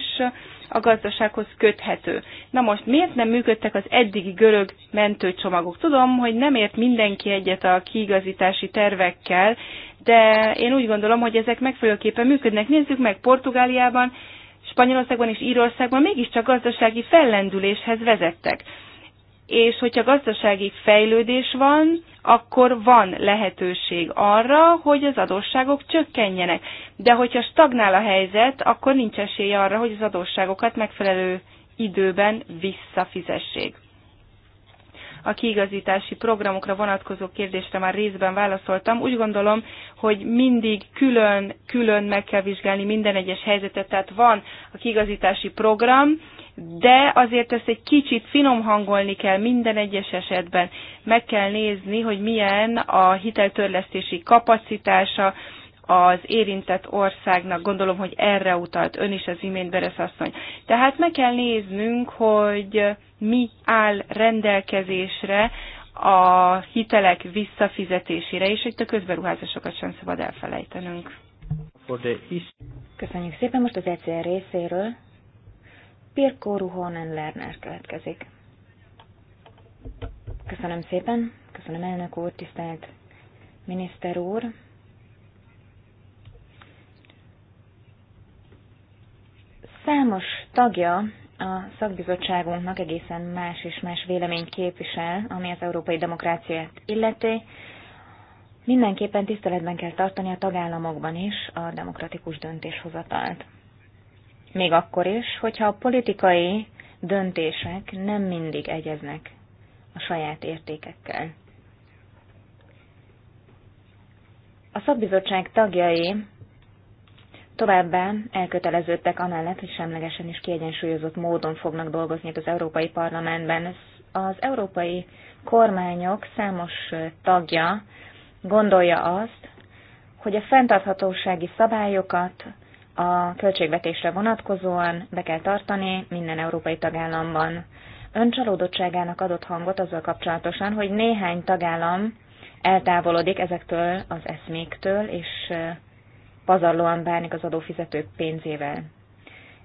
a gazdasághoz köthető. Na most miért nem működtek az eddigi görög mentőcsomagok? Tudom, hogy nem ért mindenki egyet a kiigazítási tervekkel, de én úgy gondolom, hogy ezek megfelelőképpen működnek. Nézzük meg Portugáliában, Spanyolországban és Írországban mégiscsak gazdasági fellendüléshez vezettek és hogyha gazdasági fejlődés van, akkor van lehetőség arra, hogy az adósságok csökkenjenek. De hogyha stagnál a helyzet, akkor nincs esély arra, hogy az adósságokat megfelelő időben visszafizessék. A kiigazítási programokra vonatkozó kérdésre már részben válaszoltam. Úgy gondolom, hogy mindig külön-külön meg kell vizsgálni minden egyes helyzetet. Tehát van a kiigazítási program, de azért ezt egy kicsit finom hangolni kell minden egyes esetben. Meg kell nézni, hogy milyen a hiteltörlesztési kapacitása az érintett országnak. Gondolom, hogy erre utalt ön is az imént, Beres asszony. Tehát meg kell néznünk, hogy mi áll rendelkezésre a hitelek visszafizetésére, és itt a közberuházásokat sem szabad elfelejtenünk. Köszönjük szépen most az ECR részéről. Pirko Ruhonen Lerner következik. Köszönöm szépen, köszönöm elnök úr, tisztelt miniszter úr. Számos tagja a szakbizottságunknak egészen más és más vélemény képvisel, ami az európai demokráciát illeti. Mindenképpen tiszteletben kell tartani a tagállamokban is a demokratikus döntéshozatalt még akkor is, hogyha a politikai döntések nem mindig egyeznek a saját értékekkel. A szakbizottság tagjai továbbá elköteleződtek amellett, hogy semlegesen is kiegyensúlyozott módon fognak dolgozni az Európai Parlamentben. Az európai kormányok számos tagja gondolja azt, hogy a fenntarthatósági szabályokat, a költségvetésre vonatkozóan be kell tartani minden európai tagállamban. Ön csalódottságának adott hangot azzal kapcsolatosan, hogy néhány tagállam eltávolodik ezektől az eszméktől, és pazarlóan bánik az adófizetők pénzével.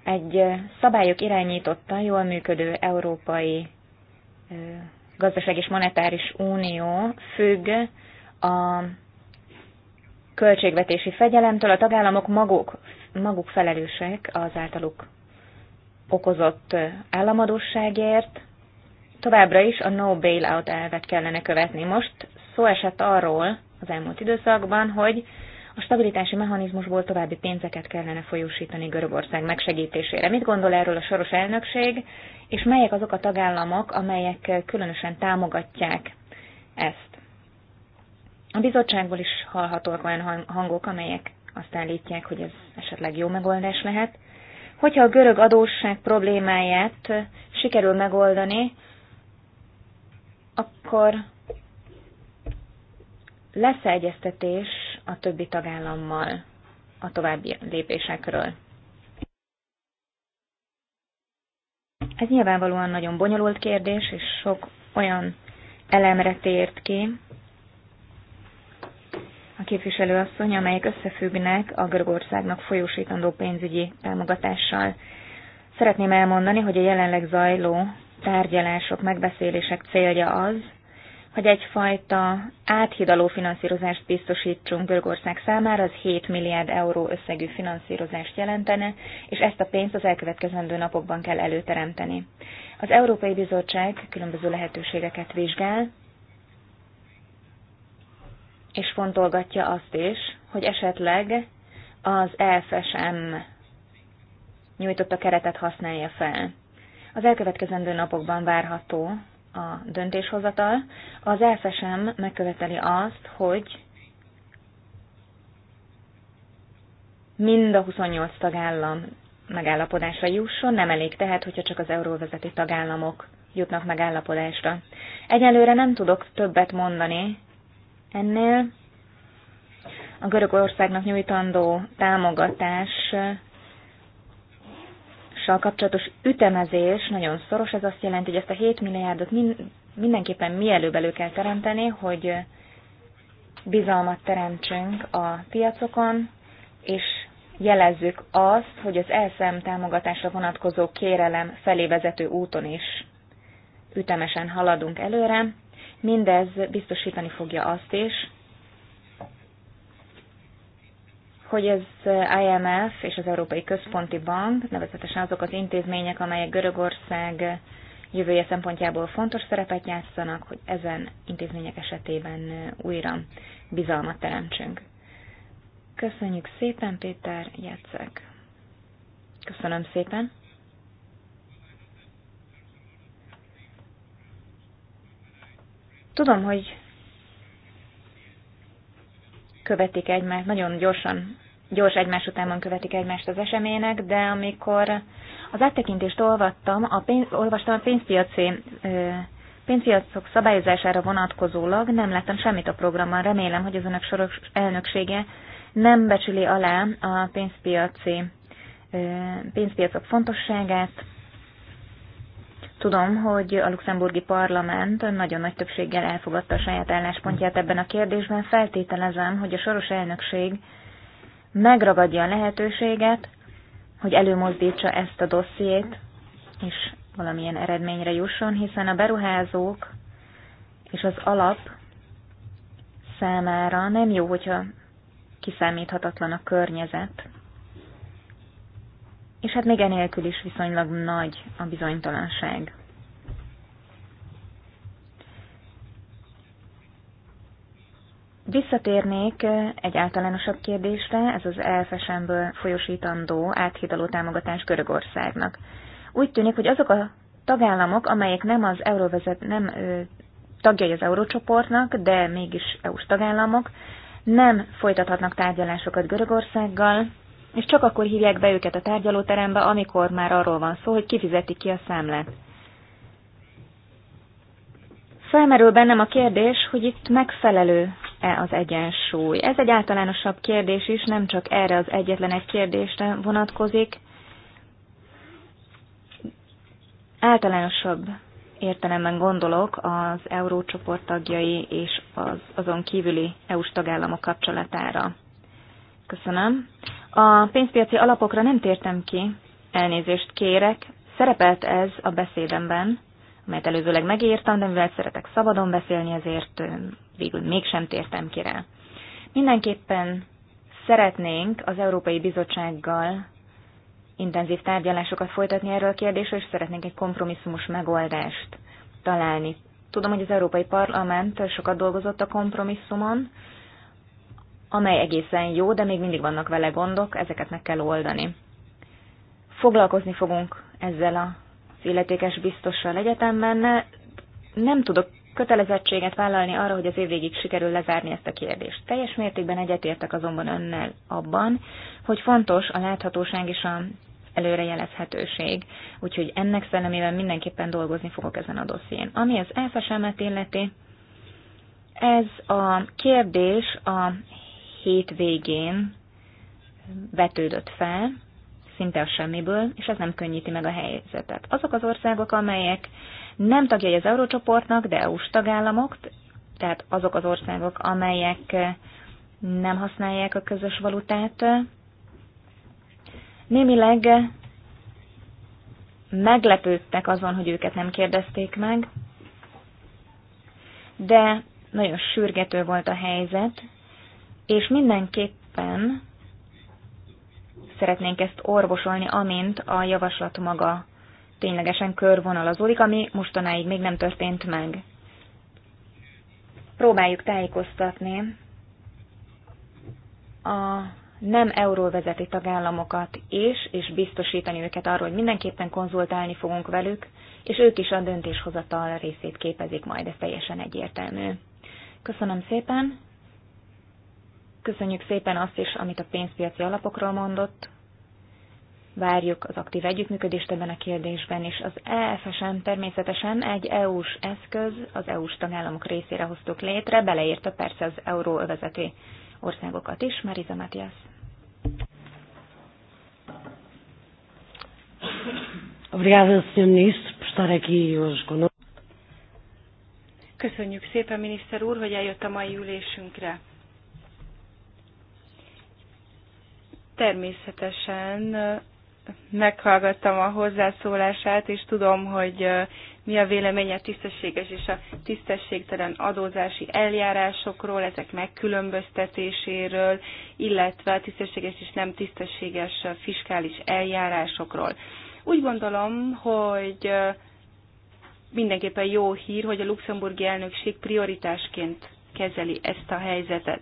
Egy szabályok irányította, jól működő európai gazdaság és monetáris unió függ a költségvetési fegyelemtől, a tagállamok maguk, maguk felelősek az általuk okozott államadóságért, továbbra is a no bailout elvet kellene követni. Most szó esett arról az elmúlt időszakban, hogy a stabilitási mechanizmusból további pénzeket kellene folyósítani Görögország megsegítésére. Mit gondol erről a soros elnökség, és melyek azok a tagállamok, amelyek különösen támogatják ezt? A bizottságból is hallhatók olyan hangok, amelyek azt állítják, hogy ez esetleg jó megoldás lehet. Hogyha a görög adósság problémáját sikerül megoldani, akkor lesz egyeztetés a többi tagállammal a további lépésekről. Ez nyilvánvalóan nagyon bonyolult kérdés, és sok olyan elemre tért ki, képviselő asszony, amelyek összefüggnek a Görögországnak folyósítandó pénzügyi támogatással. Szeretném elmondani, hogy a jelenleg zajló tárgyalások, megbeszélések célja az, hogy egyfajta áthidaló finanszírozást biztosítsunk Görögország számára, az 7 milliárd euró összegű finanszírozást jelentene, és ezt a pénzt az elkövetkezendő napokban kell előteremteni. Az Európai Bizottság különböző lehetőségeket vizsgál, és fontolgatja azt is, hogy esetleg az EFSM nyújtotta keretet használja fel. Az elkövetkezendő napokban várható a döntéshozatal. Az FSM megköveteli azt, hogy mind a 28 tagállam megállapodásra jusson, nem elég tehát, hogyha csak az euróvezeti tagállamok jutnak megállapodásra. Egyelőre nem tudok többet mondani Ennél a Görögországnak nyújtandó támogatás kapcsolatos ütemezés nagyon szoros, ez azt jelenti, hogy ezt a 7 milliárdot mindenképpen mielőbb elő kell teremteni, hogy bizalmat teremtsünk a piacokon, és jelezzük azt, hogy az ESM támogatásra vonatkozó kérelem felé vezető úton is ütemesen haladunk előre, Mindez biztosítani fogja azt is, hogy az IMF és az Európai Központi Bank, nevezetesen azok az intézmények, amelyek Görögország jövője szempontjából fontos szerepet játszanak, hogy ezen intézmények esetében újra bizalmat teremtsünk. Köszönjük szépen, Péter Jacek. Köszönöm szépen. Tudom, hogy követik egymást, nagyon gyorsan, gyors egymás utánban követik egymást az események, de amikor az áttekintést olvattam, a pénz, olvastam a pénzpiaci ö, pénzpiacok szabályozására vonatkozólag nem láttam semmit a programban. Remélem, hogy az önök soros elnöksége nem becsüli alá a pénzpiaci, pénzpiacok fontosságát, Tudom, hogy a luxemburgi parlament nagyon nagy többséggel elfogadta a saját álláspontját ebben a kérdésben. Feltételezem, hogy a soros elnökség megragadja a lehetőséget, hogy előmozdítsa ezt a dossziét, és valamilyen eredményre jusson, hiszen a beruházók és az alap számára nem jó, hogyha kiszámíthatatlan a környezet, és hát még enélkül is viszonylag nagy a bizonytalanság. Visszatérnék egy általánosabb kérdésre, ez az elfesemből folyosítandó áthidaló támogatás Görögországnak. Úgy tűnik, hogy azok a tagállamok, amelyek nem az euróvezet, nem ö, tagjai az eurócsoportnak, de mégis EU-s tagállamok, nem folytathatnak tárgyalásokat Görögországgal, és csak akkor hívják be őket a tárgyalóterembe, amikor már arról van szó, hogy kifizeti ki a számlát. Felmerül bennem a kérdés, hogy itt megfelelő-e az egyensúly. Ez egy általánosabb kérdés is, nem csak erre az egyetlen egy kérdésre vonatkozik. Általánosabb értelemben gondolok az eurócsoport tagjai és az azon kívüli EU-s tagállamok kapcsolatára. Köszönöm. A pénzpiaci alapokra nem tértem ki, elnézést kérek. Szerepelt ez a beszédemben, amelyet előzőleg megírtam, de mivel szeretek szabadon beszélni, ezért végül mégsem tértem ki rá. Mindenképpen szeretnénk az Európai Bizottsággal intenzív tárgyalásokat folytatni erről a kérdésről, és szeretnénk egy kompromisszumos megoldást találni. Tudom, hogy az Európai Parlament sokat dolgozott a kompromisszumon, amely egészen jó, de még mindig vannak vele gondok, ezeket meg kell oldani. Foglalkozni fogunk ezzel az illetékes biztossal egyetemben. Nem tudok kötelezettséget vállalni arra, hogy az év végig sikerül lezárni ezt a kérdést. Teljes mértékben egyetértek azonban önnel abban, hogy fontos a láthatóság és a előrejelezhetőség, úgyhogy ennek szellemében mindenképpen dolgozni fogok ezen a dosszién. Ami az elfesemet illeti, ez a kérdés a végén vetődött fel, szinte a semmiből, és ez nem könnyíti meg a helyzetet. Azok az országok, amelyek nem tagjai az eurócsoportnak, de EU-s tagállamok, tehát azok az országok, amelyek nem használják a közös valutát, némileg meglepődtek azon, hogy őket nem kérdezték meg, de nagyon sürgető volt a helyzet, és mindenképpen szeretnénk ezt orvosolni, amint a javaslat maga ténylegesen körvonalazódik, ami mostanáig még nem történt meg. Próbáljuk tájékoztatni a nem euróvezeti tagállamokat is, és biztosítani őket arról, hogy mindenképpen konzultálni fogunk velük, és ők is a döntéshozatal részét képezik majd, ez teljesen egyértelmű. Köszönöm szépen, Köszönjük szépen azt is, amit a pénzpiaci alapokról mondott. Várjuk az aktív együttműködést ebben a kérdésben, is. az EFSM természetesen egy EU-s eszköz, az EU-s tagállamok részére hoztuk létre, beleértve persze az euróövezeti országokat is. Mariza Matias. Obrigada, Sr. Ministro, por estar aqui hoje conosco. Köszönjük szépen, miniszter úr, hogy eljött a mai ülésünkre. Természetesen meghallgattam a hozzászólását, és tudom, hogy mi a véleménye a tisztességes és a tisztességtelen adózási eljárásokról, ezek megkülönböztetéséről, illetve a tisztességes és nem tisztességes fiskális eljárásokról. Úgy gondolom, hogy mindenképpen jó hír, hogy a luxemburgi elnökség prioritásként kezeli ezt a helyzetet.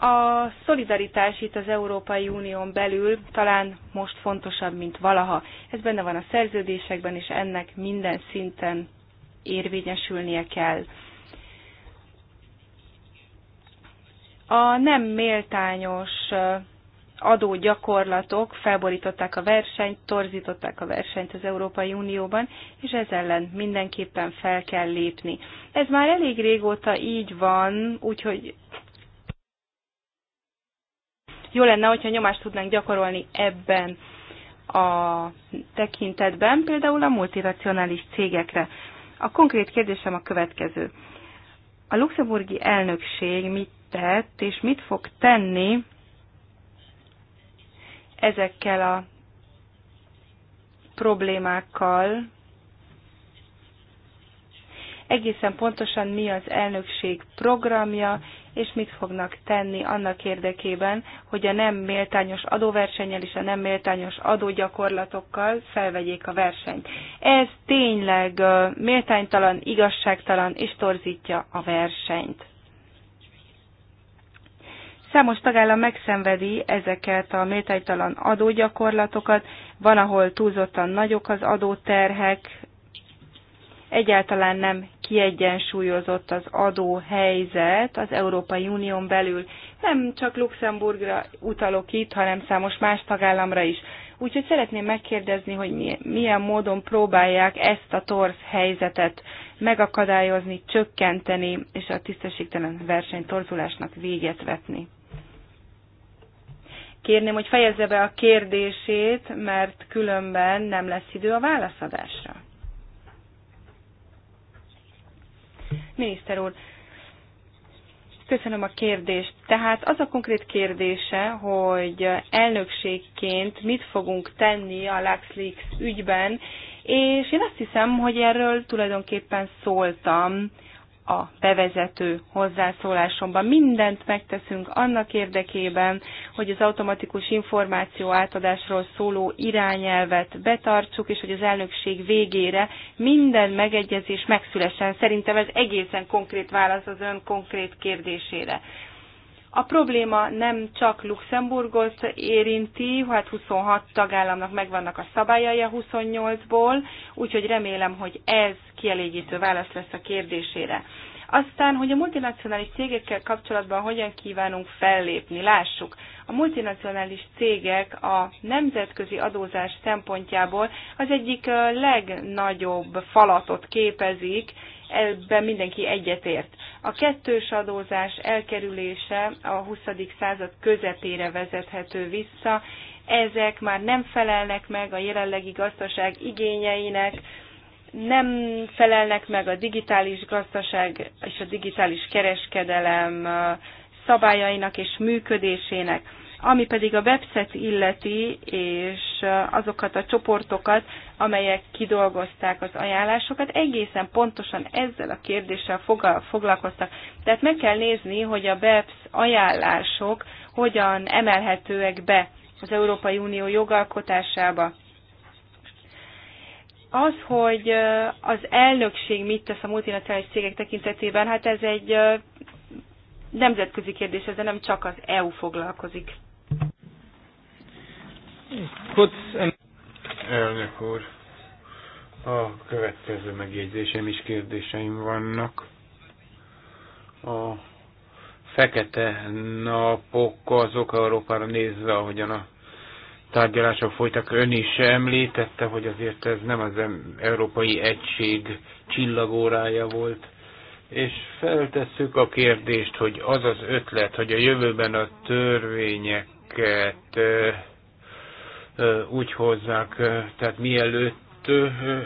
A szolidaritás itt az Európai Unión belül talán most fontosabb, mint valaha. Ez benne van a szerződésekben, és ennek minden szinten érvényesülnie kell. A nem méltányos eh, adógyakorlatok felborították a versenyt, torzították a versenyt az Európai Unióban, és ez ellen mindenképpen fel kell lépni. Ez már elég régóta így van, úgyhogy jó lenne, hogyha nyomást tudnánk gyakorolni ebben a tekintetben, például a multiracionális cégekre. A konkrét kérdésem a következő. A luxemburgi elnökség mit tett és mit fog tenni ezekkel a problémákkal, egészen pontosan mi az elnökség programja, és mit fognak tenni annak érdekében, hogy a nem méltányos adóversennyel és a nem méltányos adógyakorlatokkal felvegyék a versenyt. Ez tényleg méltánytalan, igazságtalan és torzítja a versenyt. Számos tagállam megszenvedi ezeket a méltánytalan adógyakorlatokat, van, ahol túlzottan nagyok az adóterhek, egyáltalán nem kiegyensúlyozott az adóhelyzet az Európai Unión belül. Nem csak Luxemburgra utalok itt, hanem számos más tagállamra is. Úgyhogy szeretném megkérdezni, hogy milyen módon próbálják ezt a torz helyzetet megakadályozni, csökkenteni, és a tisztességtelen verseny torzulásnak véget vetni. Kérném, hogy fejezze be a kérdését, mert különben nem lesz idő a válaszadásra. Miniszter úr, köszönöm a kérdést. Tehát az a konkrét kérdése, hogy elnökségként mit fogunk tenni a LuxLeaks ügyben, és én azt hiszem, hogy erről tulajdonképpen szóltam a bevezető hozzászólásomban. Mindent megteszünk annak érdekében, hogy az automatikus információ átadásról szóló irányelvet betartsuk, és hogy az elnökség végére minden megegyezés megszülessen. Szerintem ez egészen konkrét válasz az ön konkrét kérdésére. A probléma nem csak Luxemburgot érinti, hát 26 tagállamnak megvannak a szabályai a 28-ból, úgyhogy remélem, hogy ez kielégítő válasz lesz a kérdésére. Aztán, hogy a multinacionális cégekkel kapcsolatban hogyan kívánunk fellépni, lássuk. A multinacionális cégek a nemzetközi adózás szempontjából az egyik legnagyobb falatot képezik, ebben mindenki egyetért. A kettős adózás elkerülése a 20. század közepére vezethető vissza. Ezek már nem felelnek meg a jelenlegi gazdaság igényeinek, nem felelnek meg a digitális gazdaság és a digitális kereskedelem szabályainak és működésének ami pedig a webset illeti, és azokat a csoportokat, amelyek kidolgozták az ajánlásokat, egészen pontosan ezzel a kérdéssel foglalkoztak. Tehát meg kell nézni, hogy a BEPS ajánlások hogyan emelhetőek be az Európai Unió jogalkotásába. Az, hogy az elnökség mit tesz a multinacionális cégek tekintetében, hát ez egy nemzetközi kérdés, ezzel nem csak az EU foglalkozik. Kurz, elnök úr, a következő megjegyzésem is kérdéseim vannak. A fekete napok azok Európára nézve, ahogyan a tárgyalások folytak, ön is említette, hogy azért ez nem az Európai Egység csillagórája volt, és feltesszük a kérdést, hogy az az ötlet, hogy a jövőben a törvényeket úgy hozzák, tehát mielőtt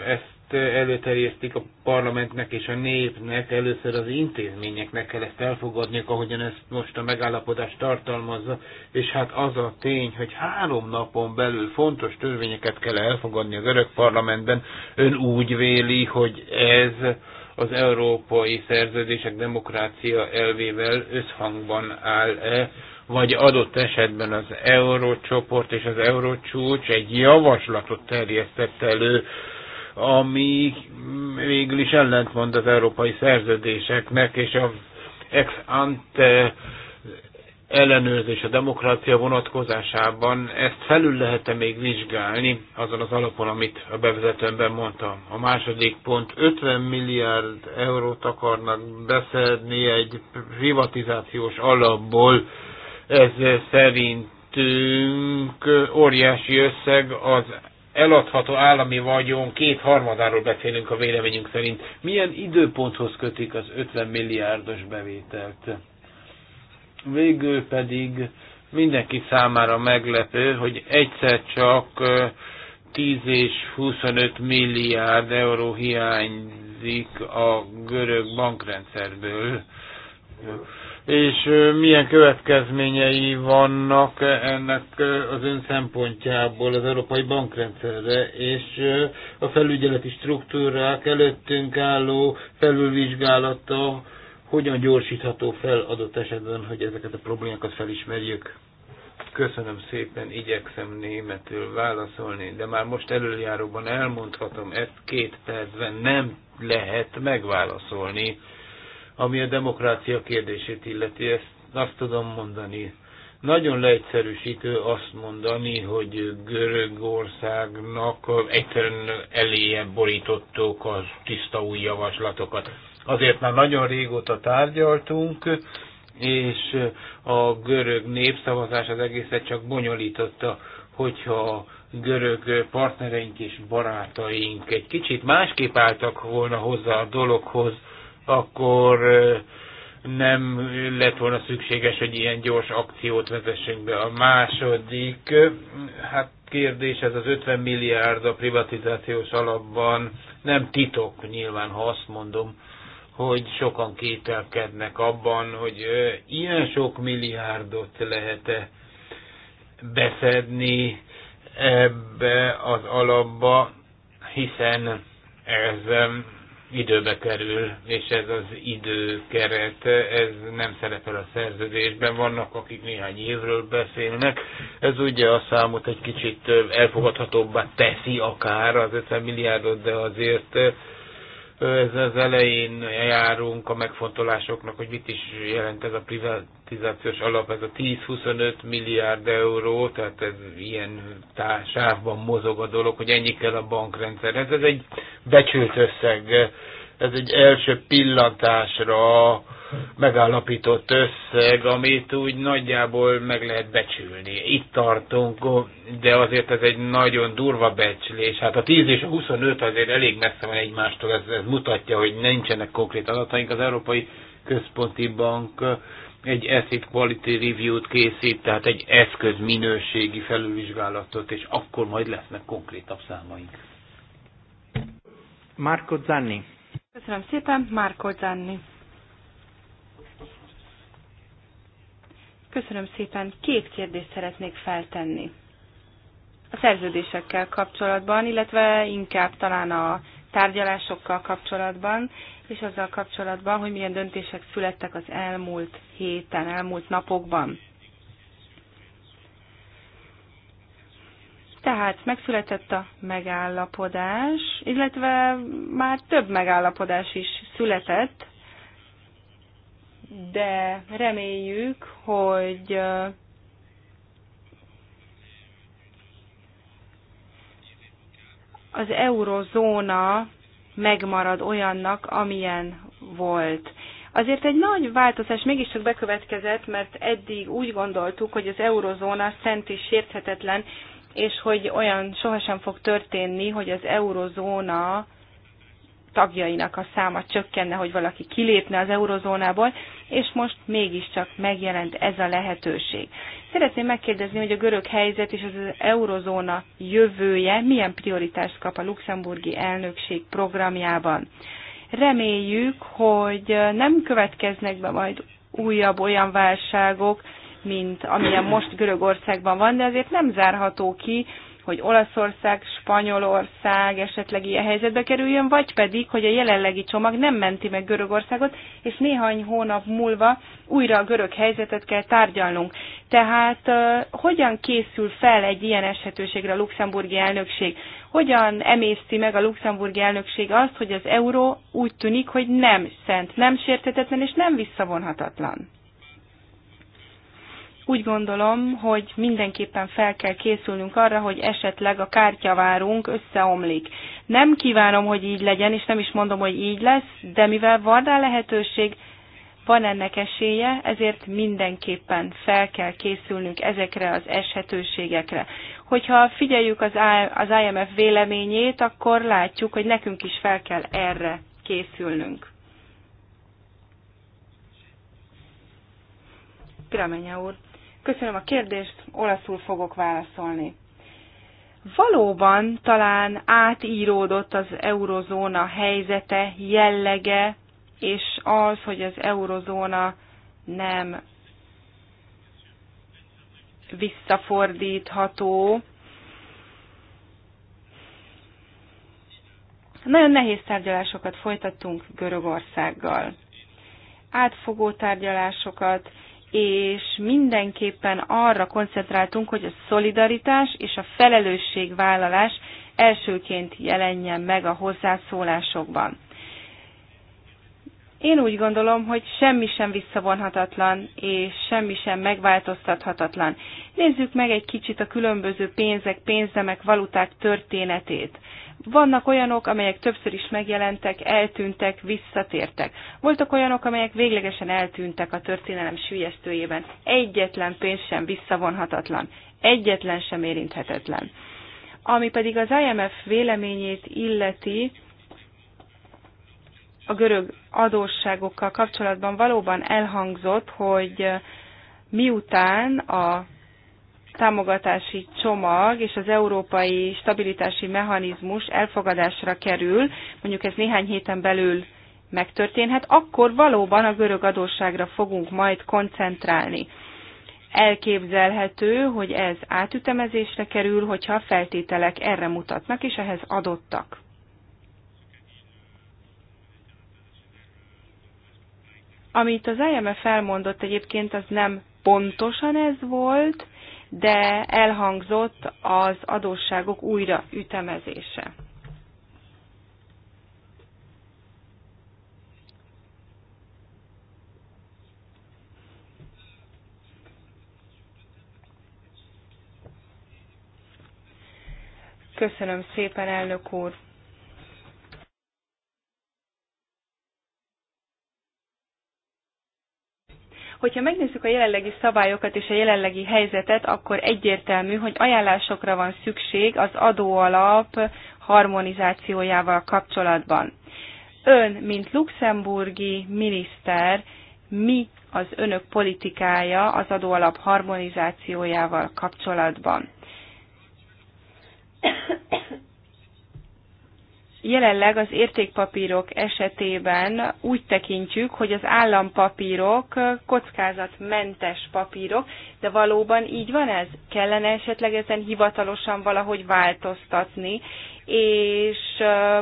ezt előterjesztik a parlamentnek és a népnek, először az intézményeknek kell ezt elfogadni, ahogyan ezt most a megállapodás tartalmazza, és hát az a tény, hogy három napon belül fontos törvényeket kell elfogadni az örök parlamentben, ön úgy véli, hogy ez az európai szerződések demokrácia elvével összhangban áll-e, vagy adott esetben az eurócsoport és az eurócsúcs egy javaslatot terjesztett elő, ami végül is ellentmond az európai szerződéseknek, és a ex ante ellenőrzés a demokrácia vonatkozásában, ezt felül lehet -e még vizsgálni azon az alapon, amit a bevezetőmben mondtam. A második pont, 50 milliárd eurót akarnak beszedni egy privatizációs alapból, ez szerintünk óriási összeg az eladható állami vagyon kétharmadáról beszélünk a véleményünk szerint. Milyen időponthoz kötik az 50 milliárdos bevételt? Végül pedig mindenki számára meglepő, hogy egyszer csak 10 és 25 milliárd euró hiányzik a görög bankrendszerből és milyen következményei vannak ennek az ön szempontjából az európai bankrendszerre, és a felügyeleti struktúrák előttünk álló felülvizsgálata hogyan gyorsítható fel adott esetben, hogy ezeket a problémákat felismerjük. Köszönöm szépen, igyekszem németül válaszolni, de már most előjáróban elmondhatom, ezt két percben nem lehet megválaszolni ami a demokrácia kérdését illeti, ezt azt tudom mondani. Nagyon leegyszerűsítő azt mondani, hogy Görögországnak egyszerűen eléje borítottuk a tiszta új javaslatokat. Azért már nagyon régóta tárgyaltunk, és a görög népszavazás az egészet csak bonyolította, hogyha görög partnereink és barátaink egy kicsit másképp álltak volna hozzá a dologhoz, akkor nem lett volna szükséges, hogy ilyen gyors akciót vezessünk be. A második hát kérdés, ez az 50 milliárd a privatizációs alapban nem titok nyilván, ha azt mondom, hogy sokan kételkednek abban, hogy ilyen sok milliárdot lehet-e beszedni ebbe az alapba, hiszen ez időbe kerül, és ez az időkeret, ez nem szerepel a szerződésben, vannak akik néhány évről beszélnek, ez ugye a számot egy kicsit elfogadhatóbbá teszi akár az 50 milliárdot, de azért ez az elején járunk a megfontolásoknak, hogy mit is jelent ez a privatizációs alap, ez a 10-25 milliárd euró, tehát ez ilyen sávban mozog a dolog, hogy ennyi kell a bankrendszerhez. Ez egy becsült összeg, ez egy első pillantásra megállapított összeg, amit úgy nagyjából meg lehet becsülni. Itt tartunk, de azért ez egy nagyon durva becslés. Hát a 10 és a 25 azért elég messze van egymástól, ez, ez mutatja, hogy nincsenek konkrét adataink. Az Európai Központi Bank egy asset quality review-t készít, tehát egy eszköz minőségi felülvizsgálatot, és akkor majd lesznek konkrétabb számaink. Marco Zanni. Köszönöm szépen, Marco Zanni. Köszönöm szépen. Két kérdést szeretnék feltenni. A szerződésekkel kapcsolatban, illetve inkább talán a tárgyalásokkal kapcsolatban, és azzal kapcsolatban, hogy milyen döntések születtek az elmúlt héten, elmúlt napokban. Tehát megszületett a megállapodás, illetve már több megállapodás is született de reméljük, hogy az eurozóna megmarad olyannak, amilyen volt. Azért egy nagy változás mégiscsak bekövetkezett, mert eddig úgy gondoltuk, hogy az eurozóna szent és sérthetetlen, és hogy olyan sohasem fog történni, hogy az eurozóna tagjainak a száma csökkenne, hogy valaki kilépne az eurozónából, és most mégiscsak megjelent ez a lehetőség. Szeretném megkérdezni, hogy a görög helyzet és az eurozóna jövője milyen prioritást kap a luxemburgi elnökség programjában. Reméljük, hogy nem következnek be majd újabb olyan válságok, mint amilyen most Görögországban van, de azért nem zárható ki, hogy Olaszország, Spanyolország esetleg ilyen helyzetbe kerüljön, vagy pedig, hogy a jelenlegi csomag nem menti meg Görögországot, és néhány hónap múlva újra a görög helyzetet kell tárgyalnunk. Tehát hogyan készül fel egy ilyen esetőségre a luxemburgi elnökség? Hogyan emészti meg a luxemburgi elnökség azt, hogy az euró úgy tűnik, hogy nem szent, nem sértetetlen és nem visszavonhatatlan? úgy gondolom, hogy mindenképpen fel kell készülnünk arra, hogy esetleg a kártyavárunk összeomlik. Nem kívánom, hogy így legyen, és nem is mondom, hogy így lesz, de mivel van rá lehetőség, van ennek esélye, ezért mindenképpen fel kell készülnünk ezekre az eshetőségekre. Hogyha figyeljük az, IMF véleményét, akkor látjuk, hogy nekünk is fel kell erre készülnünk. Gramenya úr. Köszönöm a kérdést, olaszul fogok válaszolni. Valóban talán átíródott az eurozóna helyzete, jellege, és az, hogy az eurozóna nem visszafordítható. Nagyon nehéz tárgyalásokat folytattunk Görögországgal. Átfogó tárgyalásokat, és mindenképpen arra koncentráltunk, hogy a szolidaritás és a felelősségvállalás elsőként jelenjen meg a hozzászólásokban. Én úgy gondolom, hogy semmi sem visszavonhatatlan, és semmi sem megváltoztathatatlan. Nézzük meg egy kicsit a különböző pénzek, pénzemek, valuták történetét. Vannak olyanok, amelyek többször is megjelentek, eltűntek, visszatértek. Voltak olyanok, amelyek véglegesen eltűntek a történelem sülyeztőjében. Egyetlen pénz sem visszavonhatatlan, egyetlen sem érinthetetlen. Ami pedig az IMF véleményét illeti, a görög adósságokkal kapcsolatban valóban elhangzott, hogy eh, miután a támogatási csomag és az európai stabilitási mechanizmus elfogadásra kerül, mondjuk ez néhány héten belül megtörténhet, akkor valóban a görög adósságra fogunk majd koncentrálni. Elképzelhető, hogy ez átütemezésre kerül, hogyha a feltételek erre mutatnak, és ehhez adottak. Amit az IMF felmondott, egyébként, az nem pontosan ez volt, de elhangzott az adósságok újra ütemezése. Köszönöm szépen, elnök úr! Hogyha megnézzük a jelenlegi szabályokat és a jelenlegi helyzetet, akkor egyértelmű, hogy ajánlásokra van szükség az adóalap harmonizációjával kapcsolatban. Ön, mint luxemburgi miniszter, mi az önök politikája az adóalap harmonizációjával kapcsolatban? jelenleg az értékpapírok esetében úgy tekintjük, hogy az állampapírok kockázatmentes papírok, de valóban így van ez? Kellene esetleg ezen hivatalosan valahogy változtatni, és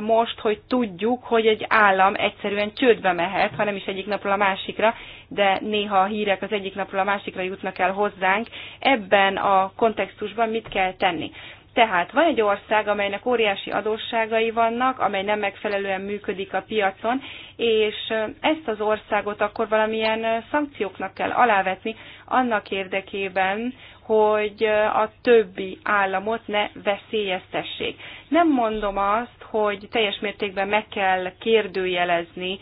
most, hogy tudjuk, hogy egy állam egyszerűen csődbe mehet, hanem is egyik napról a másikra, de néha a hírek az egyik napról a másikra jutnak el hozzánk, ebben a kontextusban mit kell tenni? Tehát van egy ország, amelynek óriási adósságai vannak, amely nem megfelelően működik a piacon, és ezt az országot akkor valamilyen szankcióknak kell alávetni annak érdekében, hogy a többi államot ne veszélyeztessék. Nem mondom azt, hogy teljes mértékben meg kell kérdőjelezni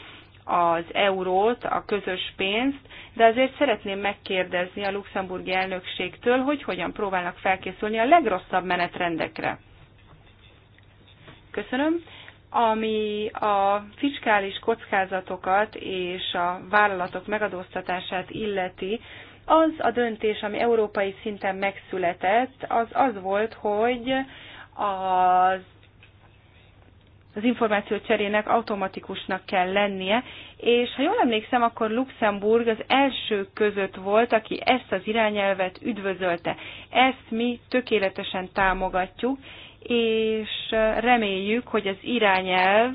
az eurót, a közös pénzt, de azért szeretném megkérdezni a luxemburgi elnökségtől, hogy hogyan próbálnak felkészülni a legrosszabb menetrendekre. Köszönöm. Ami a fiskális kockázatokat és a vállalatok megadóztatását illeti, az a döntés, ami európai szinten megszületett, az az volt, hogy az az információ cserének automatikusnak kell lennie, és ha jól emlékszem, akkor Luxemburg az első között volt, aki ezt az irányelvet üdvözölte. Ezt mi tökéletesen támogatjuk, és reméljük, hogy az irányelv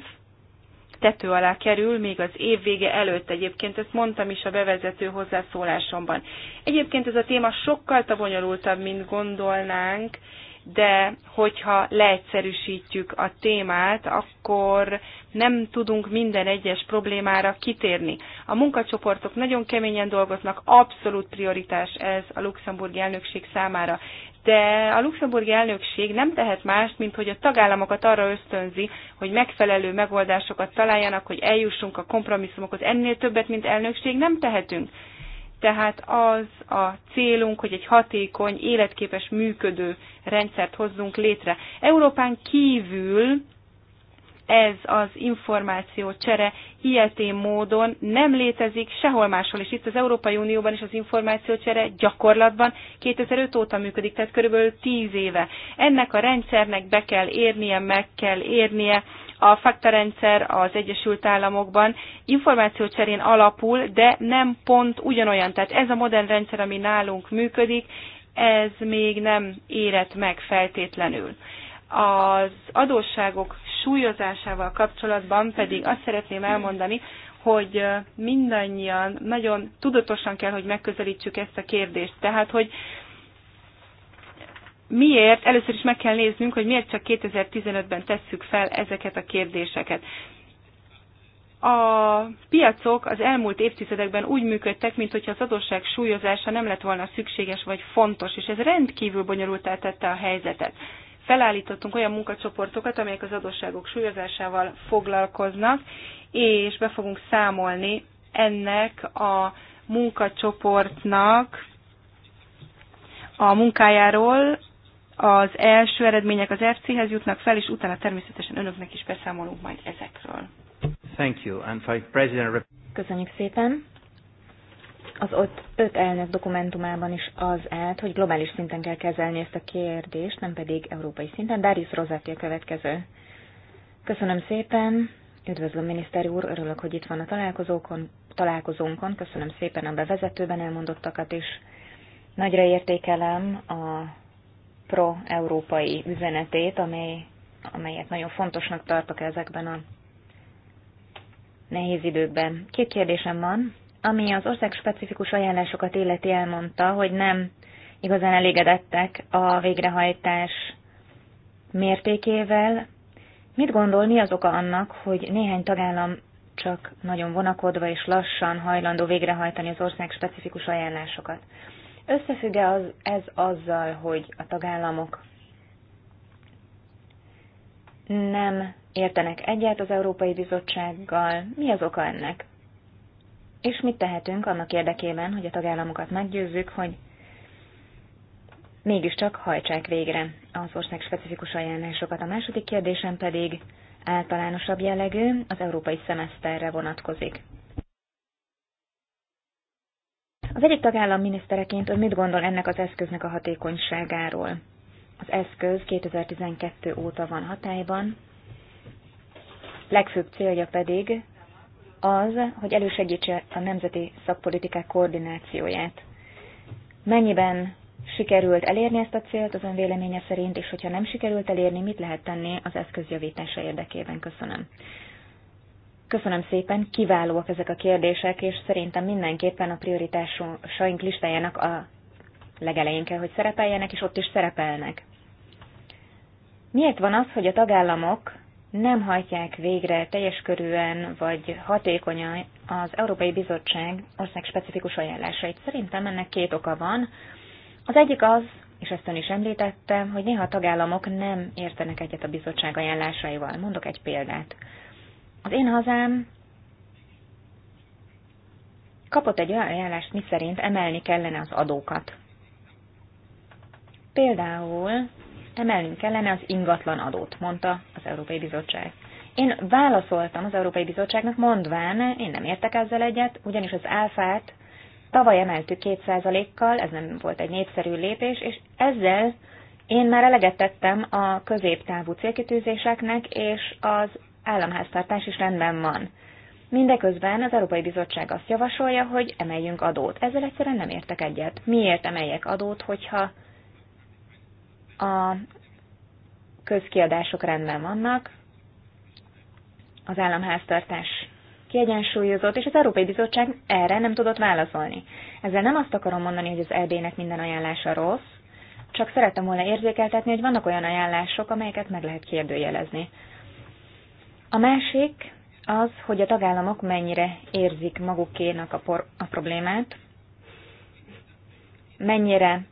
tető alá kerül, még az év vége előtt egyébként, ezt mondtam is a bevezető hozzászólásomban. Egyébként ez a téma sokkal bonyolultabb, mint gondolnánk, de hogyha leegyszerűsítjük a témát, akkor nem tudunk minden egyes problémára kitérni. A munkacsoportok nagyon keményen dolgoznak, abszolút prioritás ez a luxemburgi elnökség számára. De a luxemburgi elnökség nem tehet mást, mint hogy a tagállamokat arra ösztönzi, hogy megfelelő megoldásokat találjanak, hogy eljussunk a kompromisszumokhoz. Ennél többet, mint elnökség nem tehetünk tehát az a célunk, hogy egy hatékony, életképes, működő rendszert hozzunk létre. Európán kívül ez az információ csere hihetén módon nem létezik sehol máshol, és itt az Európai Unióban is az csere gyakorlatban 2005 óta működik, tehát körülbelül 10 éve. Ennek a rendszernek be kell érnie, meg kell érnie, a fakta rendszer az Egyesült Államokban információcserén alapul, de nem pont ugyanolyan. Tehát ez a modern rendszer, ami nálunk működik, ez még nem érett meg feltétlenül. Az adósságok súlyozásával kapcsolatban pedig azt szeretném elmondani, hogy mindannyian nagyon tudatosan kell, hogy megközelítsük ezt a kérdést. Tehát, hogy miért, először is meg kell néznünk, hogy miért csak 2015-ben tesszük fel ezeket a kérdéseket. A piacok az elmúlt évtizedekben úgy működtek, mint hogyha az adósság súlyozása nem lett volna szükséges vagy fontos, és ez rendkívül bonyolultá tette a helyzetet felállítottunk olyan munkacsoportokat, amelyek az adósságok súlyozásával foglalkoznak, és be fogunk számolni ennek a munkacsoportnak a munkájáról. Az első eredmények az FC-hez jutnak fel, és utána természetesen önöknek is beszámolunk majd ezekről. Thank you. And President... Köszönjük szépen az ott öt elnök dokumentumában is az állt, hogy globális szinten kell kezelni ezt a kérdést, nem pedig európai szinten. Darius Rozetti a következő. Köszönöm szépen, üdvözlöm miniszter úr, örülök, hogy itt van a találkozókon, találkozónkon, köszönöm szépen a bevezetőben elmondottakat, is nagyra értékelem a pro-európai üzenetét, amely, amelyet nagyon fontosnak tartok ezekben a nehéz időkben. Két kérdésem van. Ami az ország specifikus ajánlásokat illeti elmondta, hogy nem igazán elégedettek a végrehajtás mértékével. Mit gondol, mi az oka annak, hogy néhány tagállam csak nagyon vonakodva és lassan hajlandó végrehajtani az ország specifikus ajánlásokat? összefügg -e az, ez azzal, hogy a tagállamok nem értenek egyet az Európai Bizottsággal? Mi az oka ennek? és mit tehetünk annak érdekében, hogy a tagállamokat meggyőzzük, hogy mégiscsak hajtsák végre az ország specifikus ajánlásokat. A második kérdésem pedig általánosabb jellegű, az európai szemeszterre vonatkozik. Az egyik tagállam minisztereként ön mit gondol ennek az eszköznek a hatékonyságáról? Az eszköz 2012 óta van hatályban, legfőbb célja pedig az, hogy elősegítse a nemzeti szakpolitikák koordinációját. Mennyiben sikerült elérni ezt a célt az ön véleménye szerint, és hogyha nem sikerült elérni, mit lehet tenni az eszköz javítása érdekében? Köszönöm. Köszönöm szépen, kiválóak ezek a kérdések, és szerintem mindenképpen a prioritásaink listájának a legelején kell, hogy szerepeljenek, és ott is szerepelnek. Miért van az, hogy a tagállamok nem hajtják végre teljes körűen vagy hatékonyan az Európai Bizottság ország specifikus ajánlásait. Szerintem ennek két oka van. Az egyik az, és ezt ön is említette, hogy néha a tagállamok nem értenek egyet a bizottság ajánlásaival. Mondok egy példát. Az én hazám kapott egy olyan ajánlást, miszerint emelni kellene az adókat. Például emelnünk kellene az ingatlan adót, mondta az Európai Bizottság. Én válaszoltam az Európai Bizottságnak mondván, én nem értek ezzel egyet, ugyanis az áfát tavaly emeltük kétszázalékkal, ez nem volt egy népszerű lépés, és ezzel én már eleget tettem a középtávú célkitűzéseknek, és az államháztartás is rendben van. Mindeközben az Európai Bizottság azt javasolja, hogy emeljünk adót. Ezzel egyszerűen nem értek egyet. Miért emeljek adót, hogyha a közkiadások rendben vannak, az államháztartás kiegyensúlyozott, és az Európai Bizottság erre nem tudott válaszolni. Ezzel nem azt akarom mondani, hogy az EB-nek minden ajánlása rossz, csak szerettem volna érzékeltetni, hogy vannak olyan ajánlások, amelyeket meg lehet kérdőjelezni. A másik az, hogy a tagállamok mennyire érzik magukénak a, por- a problémát, mennyire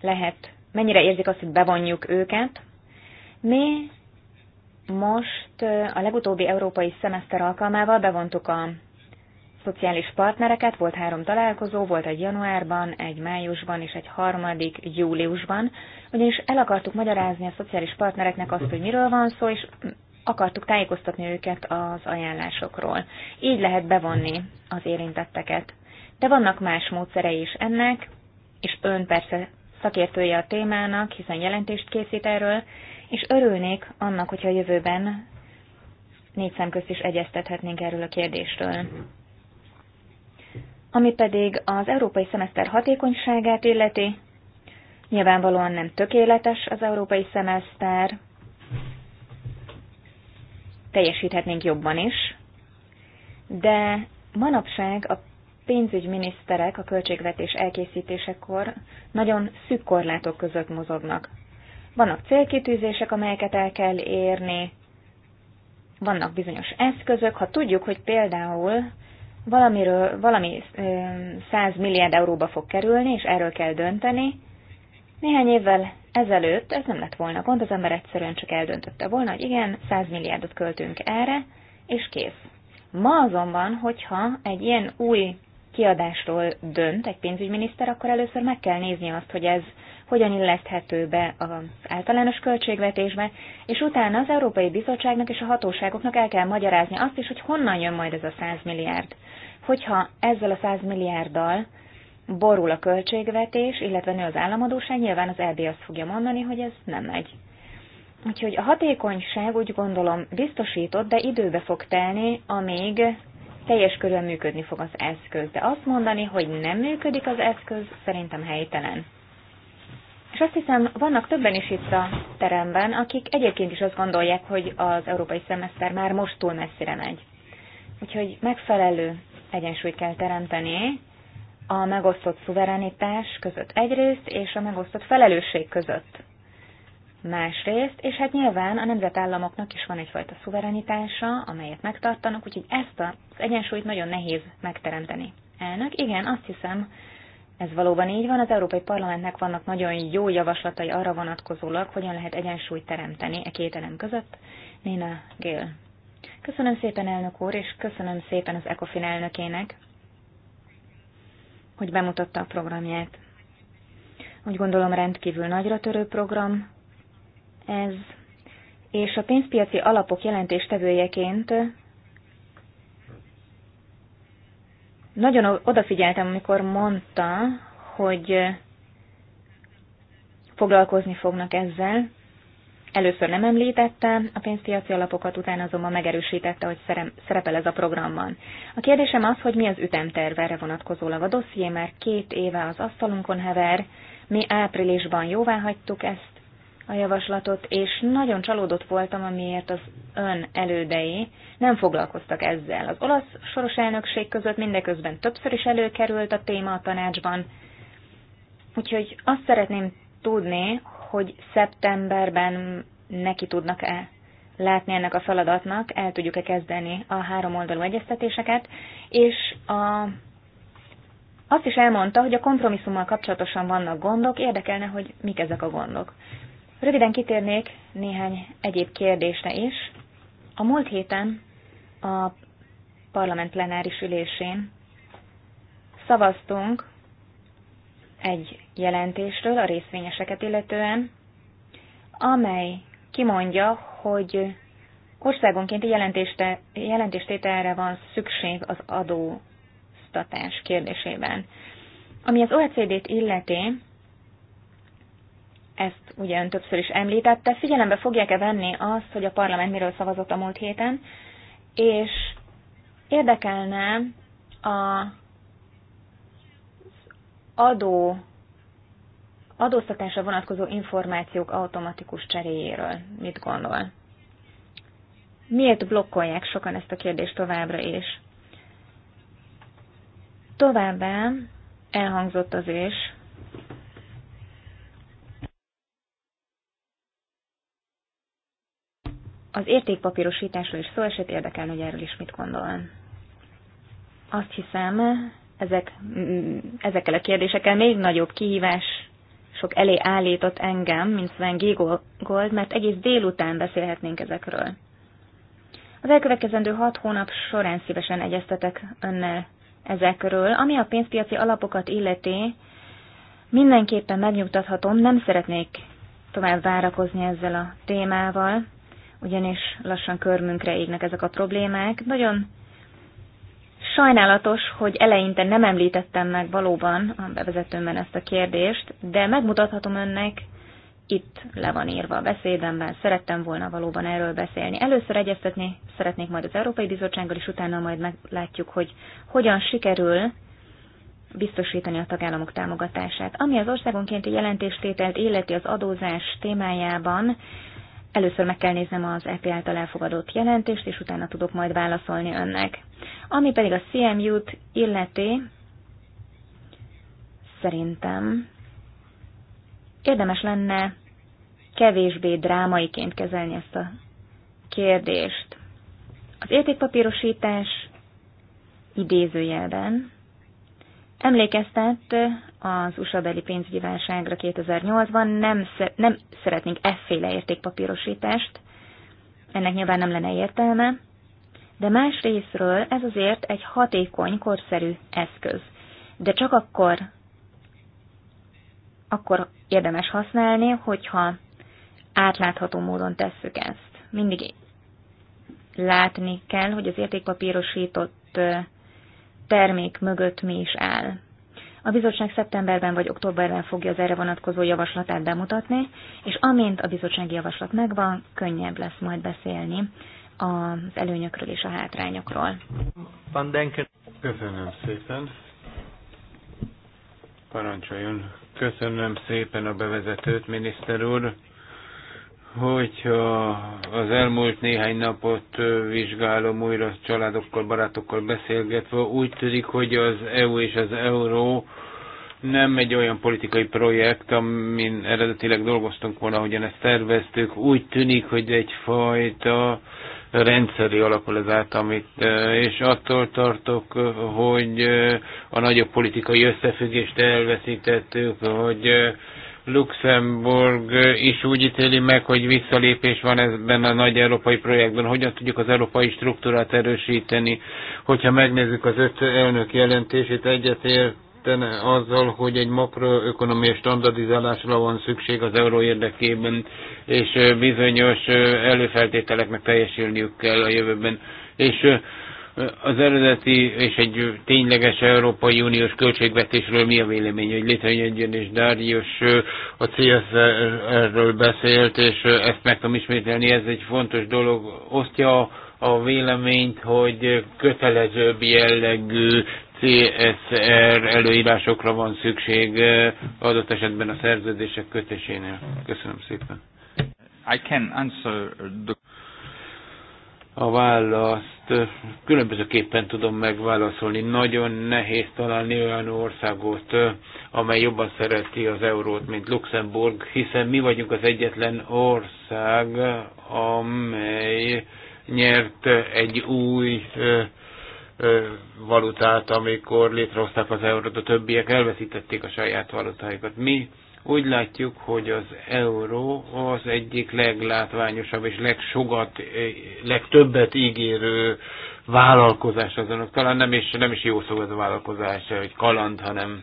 lehet mennyire érzik azt, hogy bevonjuk őket. Mi most a legutóbbi európai szemeszter alkalmával bevontuk a szociális partnereket, volt három találkozó, volt egy januárban, egy májusban és egy harmadik júliusban, ugyanis el akartuk magyarázni a szociális partnereknek azt, hogy miről van szó, és akartuk tájékoztatni őket az ajánlásokról. Így lehet bevonni az érintetteket. De vannak más módszerei is ennek, és ön persze szakértője a témának, hiszen jelentést készít erről, és örülnék annak, hogyha a jövőben négy szem közt is egyeztethetnénk erről a kérdésről. Ami pedig az európai szemeszter hatékonyságát illeti, nyilvánvalóan nem tökéletes az európai szemeszter, teljesíthetnénk jobban is, de manapság a pénzügyminiszterek a költségvetés elkészítésekor nagyon szűk korlátok között mozognak. Vannak célkitűzések, amelyeket el kell érni, vannak bizonyos eszközök. Ha tudjuk, hogy például valamiről, valami 100 milliárd euróba fog kerülni, és erről kell dönteni, néhány évvel ezelőtt ez nem lett volna gond, az ember egyszerűen csak eldöntötte volna, hogy igen, 100 milliárdot költünk erre, és kész. Ma azonban, hogyha egy ilyen új kiadásról dönt egy pénzügyminiszter, akkor először meg kell nézni azt, hogy ez hogyan illeszthető be az általános költségvetésbe, és utána az Európai Bizottságnak és a hatóságoknak el kell magyarázni azt is, hogy honnan jön majd ez a 100 milliárd. Hogyha ezzel a 100 milliárddal borul a költségvetés, illetve nő az államadóság, nyilván az EB azt fogja mondani, hogy ez nem megy. Úgyhogy a hatékonyság úgy gondolom biztosított, de időbe fog telni, amíg teljes körül működni fog az eszköz, de azt mondani, hogy nem működik az eszköz, szerintem helytelen. És azt hiszem, vannak többen is itt a teremben, akik egyébként is azt gondolják, hogy az európai szemeszter már most túl messzire megy. Úgyhogy megfelelő egyensúlyt kell teremteni a megosztott szuverenitás között egyrészt, és a megosztott felelősség között másrészt, és hát nyilván a nemzetállamoknak is van egyfajta szuverenitása, amelyet megtartanak, úgyhogy ezt az egyensúlyt nagyon nehéz megteremteni. Elnök, igen, azt hiszem, ez valóban így van, az Európai Parlamentnek vannak nagyon jó javaslatai arra vonatkozólag, hogyan lehet egyensúlyt teremteni e két elem között. Nina Gill. Köszönöm szépen, elnök úr, és köszönöm szépen az ECOFIN elnökének, hogy bemutatta a programját. Úgy gondolom rendkívül nagyra törő program, ez, és a pénzpiaci alapok jelentéstevőjeként nagyon odafigyeltem, amikor mondta, hogy foglalkozni fognak ezzel. Először nem említette a pénzpiaci alapokat, utána azonban megerősítette, hogy szerepel ez a programban. A kérdésem az, hogy mi az ütemterv erre vonatkozólag. A dosszié már két éve az asztalunkon hever, mi áprilisban jóvá hagytuk ezt, a javaslatot, és nagyon csalódott voltam, amiért az ön elődei nem foglalkoztak ezzel. Az olasz soros elnökség között mindeközben többször is előkerült a téma a tanácsban, úgyhogy azt szeretném tudni, hogy szeptemberben neki tudnak-e látni ennek a feladatnak, el tudjuk-e kezdeni a három oldalú egyeztetéseket, és a azt is elmondta, hogy a kompromisszummal kapcsolatosan vannak gondok, érdekelne, hogy mik ezek a gondok. Röviden kitérnék néhány egyéb kérdésre is. A múlt héten a parlament plenáris ülésén szavaztunk egy jelentésről a részvényeseket illetően, amely kimondja, hogy országonkénti jelentéstételre van szükség az adóztatás kérdésében. Ami az OECD-t illeti, ezt ugye ön többször is említette, figyelembe fogják-e venni azt, hogy a parlament miről szavazott a múlt héten, és érdekelne a adó adóztatásra vonatkozó információk automatikus cseréjéről. Mit gondol? Miért blokkolják sokan ezt a kérdést továbbra is? Továbbá elhangzott az is, az értékpapírosításról is szó esett, érdekelne, hogy erről is mit gondol. Azt hiszem, ezek, ezekkel a kérdésekkel még nagyobb kihívás sok elé állított engem, mint Sven Giegold, mert egész délután beszélhetnénk ezekről. Az elkövetkezendő hat hónap során szívesen egyeztetek önnel ezekről. Ami a pénzpiaci alapokat illeti, mindenképpen megnyugtathatom, nem szeretnék tovább várakozni ezzel a témával ugyanis lassan körmünkre égnek ezek a problémák. Nagyon sajnálatos, hogy eleinte nem említettem meg valóban a bevezetőmben ezt a kérdést, de megmutathatom önnek, itt le van írva a beszédemben, szerettem volna valóban erről beszélni. Először egyeztetni szeretnék majd az Európai Bizottsággal, és utána majd meglátjuk, hogy hogyan sikerül biztosítani a tagállamok támogatását. Ami az országonkénti jelentéstételt életi az adózás témájában, Először meg kell néznem az EP által elfogadott jelentést, és utána tudok majd válaszolni önnek. Ami pedig a CMU-t illeti, szerintem érdemes lenne kevésbé drámaiként kezelni ezt a kérdést. Az értékpapírosítás idézőjelben Emlékeztet az USA beli pénzügyi válságra 2008-ban, nem, nem szeretnénk efféle értékpapírosítást, ennek nyilván nem lenne értelme, de más részről ez azért egy hatékony, korszerű eszköz. De csak akkor, akkor érdemes használni, hogyha átlátható módon tesszük ezt. Mindig látni kell, hogy az értékpapírosított termék mögött mi is áll. A bizottság szeptemberben vagy októberben fogja az erre vonatkozó javaslatát bemutatni, és amint a bizottsági javaslat megvan, könnyebb lesz majd beszélni az előnyökről és a hátrányokról. Van Denken. Köszönöm szépen. Parancsoljon. Köszönöm szépen a bevezetőt, miniszter úr hogyha az elmúlt néhány napot vizsgálom újra családokkal, barátokkal beszélgetve, úgy tűnik, hogy az EU és az euró nem egy olyan politikai projekt, amin eredetileg dolgoztunk volna, ahogyan ezt terveztük. Úgy tűnik, hogy egyfajta rendszeri alakul az át, amit, és attól tartok, hogy a nagyobb politikai összefüggést elveszítettük, hogy Luxemburg is úgy ítéli meg, hogy visszalépés van ebben a nagy európai projektben. Hogyan tudjuk az európai struktúrát erősíteni? Hogyha megnézzük az öt elnök jelentését, egyetértene azzal, hogy egy makroökonomiai standardizálásra van szükség az euró érdekében, és bizonyos előfeltételeknek teljesülniük kell a jövőben. És az eredeti és egy tényleges Európai Uniós költségvetésről mi a vélemény, hogy egyen és Dárius a CSZ erről beszélt, és ezt meg tudom ismételni, ez egy fontos dolog. Osztja a véleményt, hogy kötelezőbb jellegű CSR előírásokra van szükség adott esetben a szerződések kötésénél. Köszönöm szépen. I can answer the a választ különbözőképpen tudom megválaszolni. Nagyon nehéz találni olyan országot, amely jobban szereti az eurót, mint Luxemburg, hiszen mi vagyunk az egyetlen ország, amely nyert egy új valutát, amikor létrehozták az eurót, a többiek elveszítették a saját valutáikat. Mi úgy látjuk, hogy az euró az egyik leglátványosabb és legsogat, eh, legtöbbet ígérő vállalkozás azonok. Talán nem is, nem is jó szó ez a vállalkozás, hogy kaland, hanem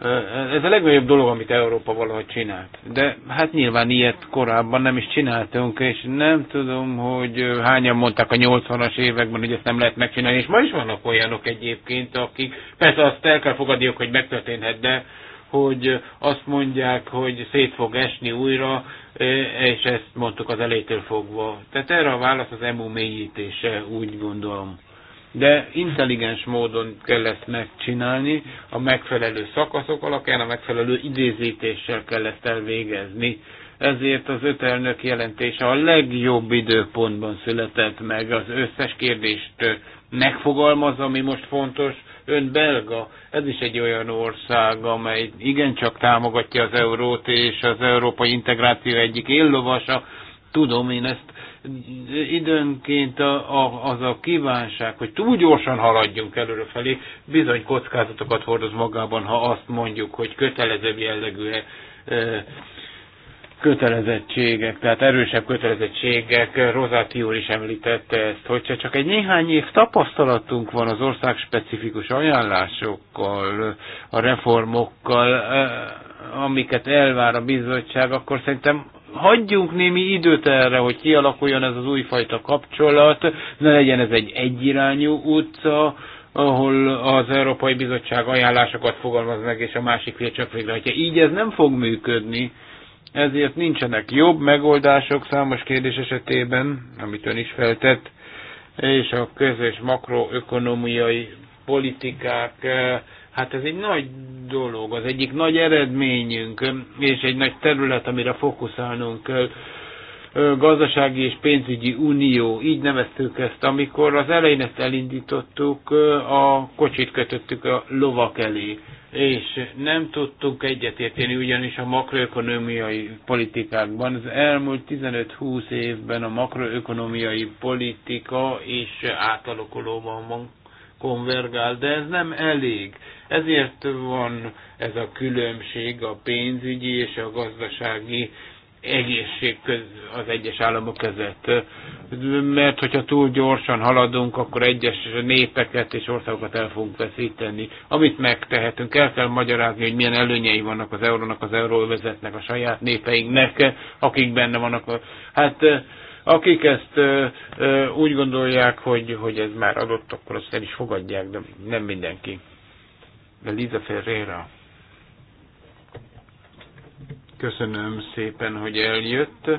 eh, ez a legnagyobb dolog, amit Európa valahogy csinált. De hát nyilván ilyet korábban nem is csináltunk, és nem tudom, hogy eh, hányan mondták a 80-as években, hogy ezt nem lehet megcsinálni, és ma is vannak olyanok egyébként, akik persze azt el kell fogadniuk, hogy megtörténhet, de hogy azt mondják, hogy szét fog esni újra, e, és ezt mondtuk az elétől fogva. Tehát erre a válasz az EMU mélyítése, úgy gondolom. De intelligens módon kell ezt megcsinálni, a megfelelő szakaszok alapján, a megfelelő idézítéssel kell ezt elvégezni. Ezért az öt elnök jelentése a legjobb időpontban született meg, az összes kérdést megfogalmaz, ami most fontos, Ön belga, ez is egy olyan ország, amely igencsak támogatja az eurót, és az európai integráció egyik éllovasa. Tudom én ezt, időnként a, a, az a kívánság, hogy túl gyorsan haladjunk előrefelé, bizony kockázatokat hordoz magában, ha azt mondjuk, hogy kötelező jellegű e, kötelezettségek, tehát erősebb kötelezettségek, Rozátió is említette ezt, hogyha csak egy néhány év tapasztalatunk van az ország specifikus ajánlásokkal, a reformokkal, eh, amiket elvár a bizottság, akkor szerintem hagyjunk némi időt erre, hogy kialakuljon ez az újfajta kapcsolat, ne legyen ez egy egyirányú utca, ahol az Európai Bizottság ajánlásokat fogalmaz meg, és a másik fél csak hogyha Így ez nem fog működni ezért nincsenek jobb megoldások számos kérdés esetében, amit ön is feltett, és a közös makroökonomiai politikák, eh, hát ez egy nagy dolog, az egyik nagy eredményünk, és egy nagy terület, amire fókuszálnunk kell gazdasági és pénzügyi unió, így neveztük ezt. Amikor az elején ezt elindítottuk, a kocsit kötöttük a lovak elé, és nem tudtunk egyetérteni ugyanis a makroökonomiai politikákban. Az elmúlt 15-20 évben a makroökonomiai politika és átalakulóban van konvergál, de ez nem elég. Ezért van ez a különbség a pénzügyi és a gazdasági egészség köz, az egyes államok között. Mert hogyha túl gyorsan haladunk, akkor egyes népeket és országokat el fogunk veszíteni. Amit megtehetünk, el kell magyarázni, hogy milyen előnyei vannak az eurónak, az euróvezetnek, a saját népeinknek, akik benne vannak. Hát akik ezt úgy gondolják, hogy, hogy ez már adott, akkor azt el is fogadják, de nem mindenki. De Liza Ferreira. Köszönöm szépen, hogy eljött.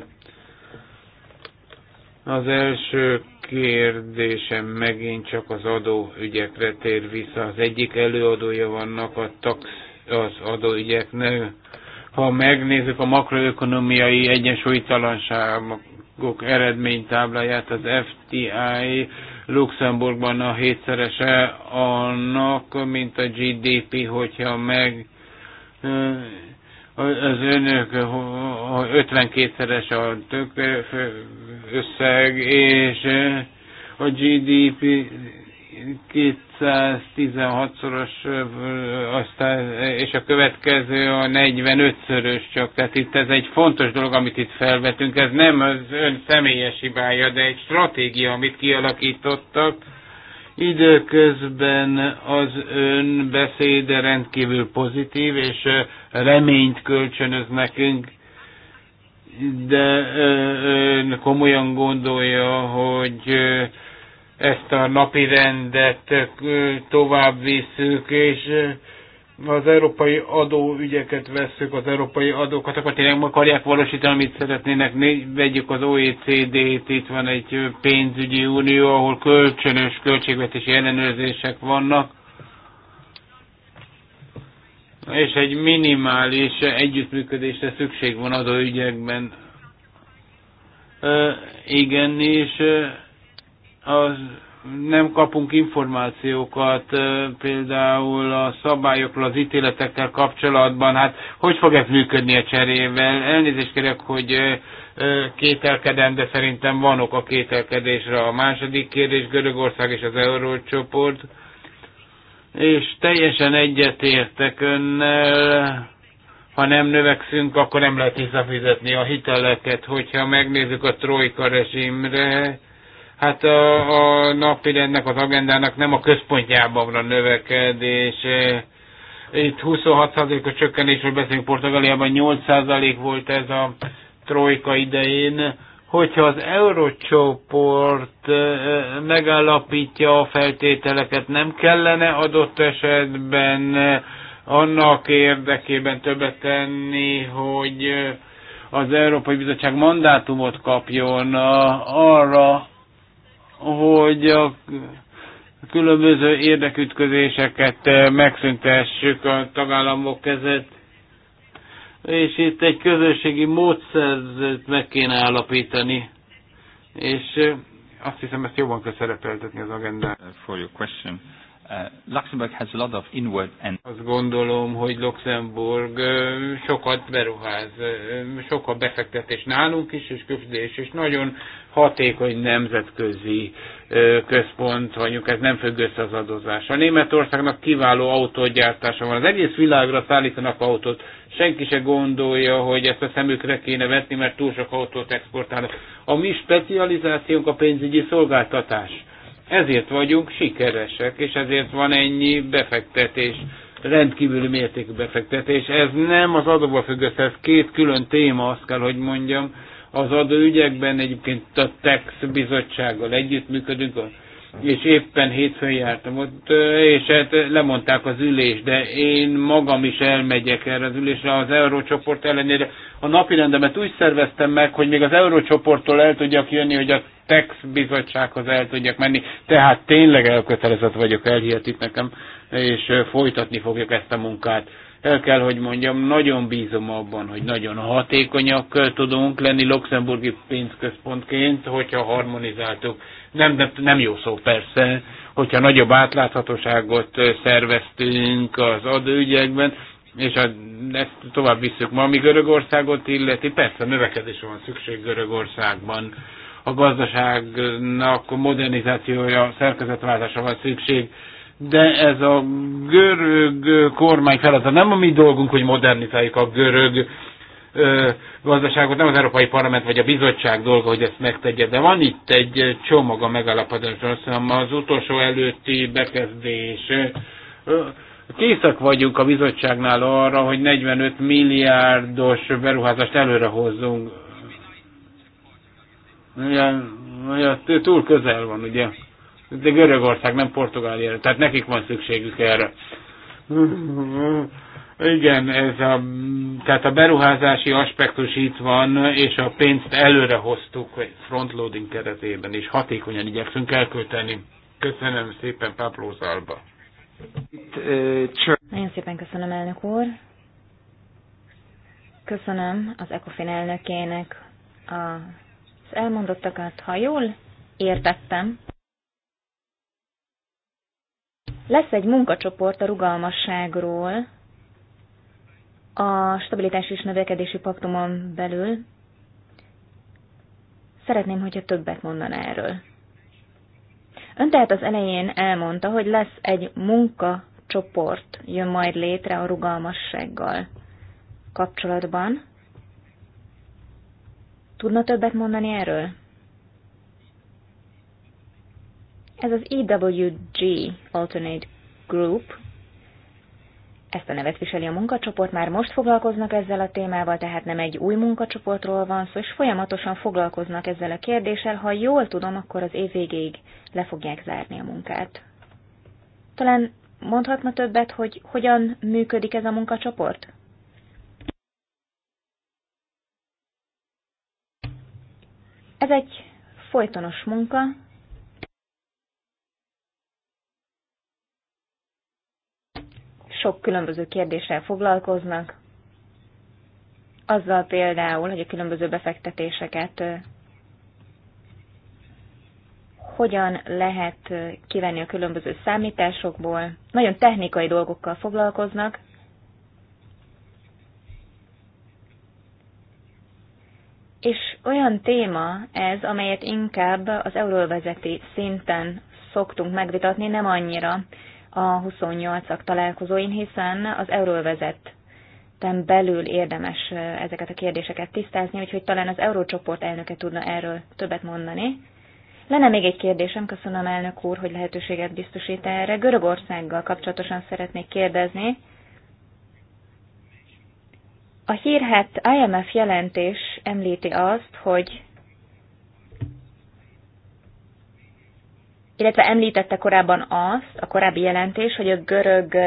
Az első kérdésem megint csak az adóügyekre tér vissza. Az egyik előadója vannak a tax, az adóügyeknek. Ha megnézzük a makroökonomiai egyensúlytalanságok eredménytábláját, az FTI Luxemburgban a hétszerese annak, mint a GDP, hogyha meg az önök 52-szeres a tök összeg, és a GDP 216-szoros, aztán, és a következő a 45-szörös csak. Tehát itt ez egy fontos dolog, amit itt felvetünk. Ez nem az ön személyes hibája, de egy stratégia, amit kialakítottak Időközben az ön beszéde rendkívül pozitív, és reményt kölcsönöz nekünk, de ön komolyan gondolja, hogy ezt a napi rendet tovább visszük, és az európai adóügyeket vesszük, az európai adókat, akkor tényleg akarják valósítani, amit szeretnének. Négy, vegyük az OECD-t, itt van egy pénzügyi unió, ahol kölcsönös költségvetési ellenőrzések vannak, és egy minimális együttműködésre szükség van adóügyekben. E, igen, és az nem kapunk információkat például a szabályokról, az ítéletekkel kapcsolatban, hát hogy fog ez működni a cserével? Elnézést kérek, hogy kételkedem, de szerintem van ok a kételkedésre. A második kérdés Görögország és az Eurócsoport. És teljesen egyetértek önnel, ha nem növekszünk, akkor nem lehet visszafizetni a hiteleket, hogyha megnézzük a trojka rezsimre, hát a, a napirendnek, az agendának nem a központjában van a növekedés. Itt 26%-os csökkenésről beszélünk, Portugáliában 8% volt ez a trojka idején. Hogyha az eurócsoport megállapítja a feltételeket, nem kellene adott esetben annak érdekében többet tenni, hogy az Európai Bizottság mandátumot kapjon arra, hogy a különböző érdekütközéseket eh, megszüntessük a tagállamok kezet, és itt egy közösségi módszert meg kéne állapítani, és eh, azt hiszem ezt jobban kell szerepeltetni az agendát. For your question. Uh, Luxembourg has a lot of inward and Azt gondolom, hogy Luxemburg sokat beruház, sok a befektetés nálunk is, és küldés, és nagyon hatékony nemzetközi központ vagyunk, ez nem függ össze az A Németországnak kiváló autógyártása van. Az egész világra szállítanak autót. Senki se gondolja, hogy ezt a szemükre kéne vetni, mert túl sok autót exportálnak. A mi specializációnk a pénzügyi szolgáltatás ezért vagyunk sikeresek, és ezért van ennyi befektetés, rendkívüli mértékű befektetés. Ez nem az adóba függ össze, ez két külön téma, azt kell, hogy mondjam. Az adóügyekben egyébként a TEX bizottsággal együttműködünk, a és éppen hétfőn jártam ott, és hát lemondták az ülést, de én magam is elmegyek erre az ülésre az eurócsoport ellenére. A napi rendemet úgy szerveztem meg, hogy még az eurócsoporttól el tudjak jönni, hogy a TEX bizottsághoz el tudjak menni, tehát tényleg elkötelezett vagyok, elhihetik nekem, és folytatni fogjuk ezt a munkát. El kell, hogy mondjam, nagyon bízom abban, hogy nagyon hatékonyak tudunk lenni luxemburgi pénzközpontként, hogyha harmonizáltuk nem, nem, nem jó szó persze, hogyha nagyobb átláthatóságot szerveztünk az adóügyekben, és a, ezt tovább visszük ma, ami Görögországot illeti, persze növekedésre van szükség Görögországban, a gazdaságnak modernizációja, szerkezetváltása van szükség, de ez a görög kormány feladat. Nem a mi dolgunk, hogy modernizáljuk a görög gazdaságot, nem az Európai Parlament vagy a bizottság dolga, hogy ezt megtegye, de van itt egy csomag a megállapodásról, hiszem az utolsó előtti bekezdés. Készek vagyunk a bizottságnál arra, hogy 45 milliárdos beruházást előrehozzunk. hozzunk. túl közel van, ugye? De Görögország, nem Portugália. Tehát nekik van szükségük erre. Igen, ez a, tehát a beruházási aspektus itt van, és a pénzt előre hoztuk, frontloading keretében és hatékonyan igyekszünk elkölteni. Köszönöm szépen Pablo Zalba. Nagyon szépen köszönöm, elnök úr. Köszönöm az ECOFIN elnökének az elmondottakat, ha jól értettem. Lesz egy munkacsoport a rugalmasságról, a stabilitás és növekedési paktumon belül. Szeretném, hogyha többet mondaná erről. Ön tehát az elején elmondta, hogy lesz egy munkacsoport jön majd létre a rugalmassággal kapcsolatban. Tudna többet mondani erről? Ez az EWG Alternate Group, ezt a nevet viseli a munkacsoport, már most foglalkoznak ezzel a témával, tehát nem egy új munkacsoportról van szó, és folyamatosan foglalkoznak ezzel a kérdéssel, ha jól tudom, akkor az év végéig le fogják zárni a munkát. Talán mondhatna többet, hogy hogyan működik ez a munkacsoport? Ez egy folytonos munka, sok különböző kérdéssel foglalkoznak, azzal például, hogy a különböző befektetéseket hogyan lehet kivenni a különböző számításokból. Nagyon technikai dolgokkal foglalkoznak. És olyan téma ez, amelyet inkább az euróvezeti szinten szoktunk megvitatni, nem annyira a 28-ak találkozóin, hiszen az euróvezet belül érdemes ezeket a kérdéseket tisztázni, úgyhogy talán az eurócsoport elnöke tudna erről többet mondani. Lenne még egy kérdésem, köszönöm elnök úr, hogy lehetőséget biztosít erre. Görögországgal kapcsolatosan szeretnék kérdezni. A hírhet IMF jelentés említi azt, hogy illetve említette korábban azt, a korábbi jelentés, hogy a görög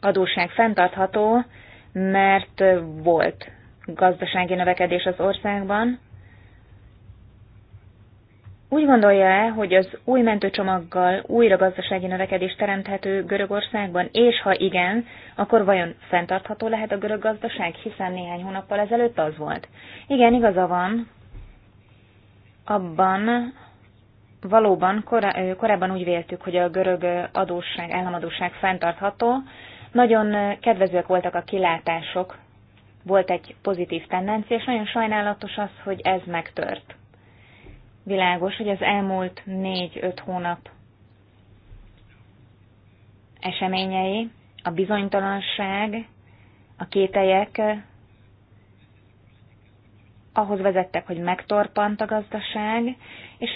adóság fenntartható, mert volt gazdasági növekedés az országban. Úgy gondolja-e, hogy az új mentőcsomaggal újra gazdasági növekedés teremthető Görögországban, és ha igen, akkor vajon fenntartható lehet a görög gazdaság, hiszen néhány hónappal ezelőtt az volt? Igen, igaza van abban, valóban korábban úgy véltük, hogy a görög adósság, államadóság fenntartható. Nagyon kedvezőek voltak a kilátások, volt egy pozitív tendencia, és nagyon sajnálatos az, hogy ez megtört. Világos, hogy az elmúlt négy-öt hónap eseményei, a bizonytalanság, a kételyek ahhoz vezettek, hogy megtorpant a gazdaság, és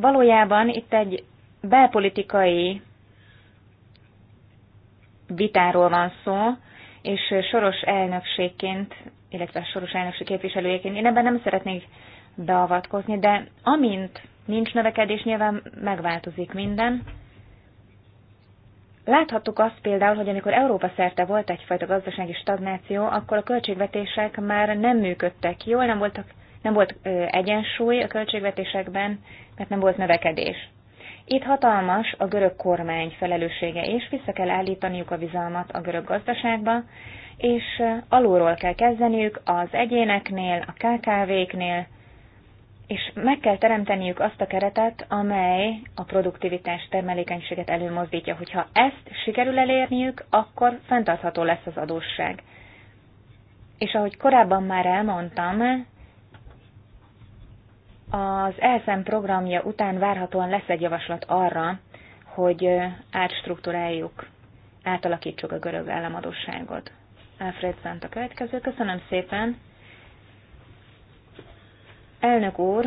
Valójában itt egy belpolitikai vitáról van szó, és soros elnökségként, illetve soros elnökség képviselőjeként én ebben nem szeretnék beavatkozni, de amint nincs növekedés, nyilván megváltozik minden. Láthattuk azt például, hogy amikor Európa szerte volt egyfajta gazdasági stagnáció, akkor a költségvetések már nem működtek jól, nem voltak nem volt egyensúly a költségvetésekben, mert nem volt növekedés. Itt hatalmas a görög kormány felelőssége, és vissza kell állítaniuk a bizalmat a görög gazdaságba, és alulról kell kezdeniük az egyéneknél, a KKV-knél, és meg kell teremteniük azt a keretet, amely a produktivitás termelékenységet előmozdítja. Hogyha ezt sikerül elérniük, akkor fenntartható lesz az adósság. És ahogy korábban már elmondtam, az ELSZEM programja után várhatóan lesz egy javaslat arra, hogy átstruktúráljuk, átalakítsuk a görög államadóságot. Alfred Szent a következő. Köszönöm szépen. Elnök úr,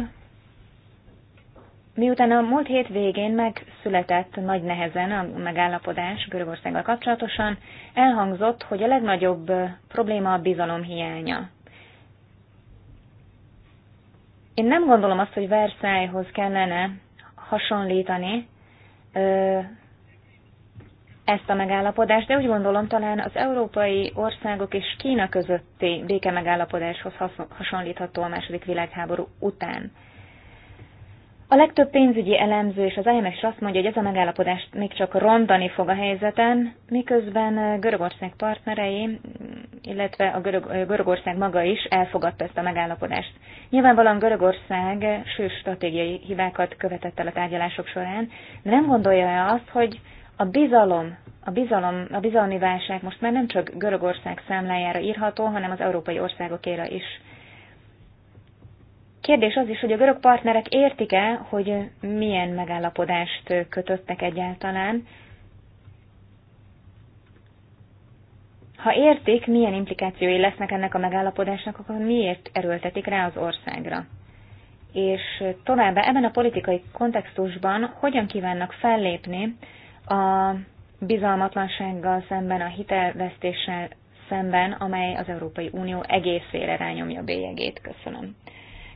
miután a múlt hét végén megszületett nagy nehezen a megállapodás Görögországgal kapcsolatosan, elhangzott, hogy a legnagyobb probléma a bizalom hiánya. Én nem gondolom azt, hogy Versailleshoz kellene hasonlítani ö, ezt a megállapodást, de úgy gondolom talán az európai országok és Kína közötti béke megállapodáshoz hasonlítható a második világháború után a legtöbb pénzügyi elemző és az IMF is azt mondja, hogy ez a megállapodás még csak rondani fog a helyzeten, miközben Görögország partnerei, illetve a Görög, Görögország maga is elfogadta ezt a megállapodást. Nyilvánvalóan Görögország sős stratégiai hibákat követett el a tárgyalások során, de nem gondolja-e azt, hogy a bizalom, a bizalom, a bizalmi válság most már nem csak Görögország számlájára írható, hanem az európai országokéra is Kérdés az is, hogy a görög partnerek értik-e, hogy milyen megállapodást kötöttek egyáltalán. Ha értik, milyen implikációi lesznek ennek a megállapodásnak, akkor miért erőltetik rá az országra? És továbbá ebben a politikai kontextusban hogyan kívánnak fellépni a bizalmatlansággal szemben, a hitelvesztéssel szemben, amely az Európai Unió egészére rányomja bélyegét. Köszönöm.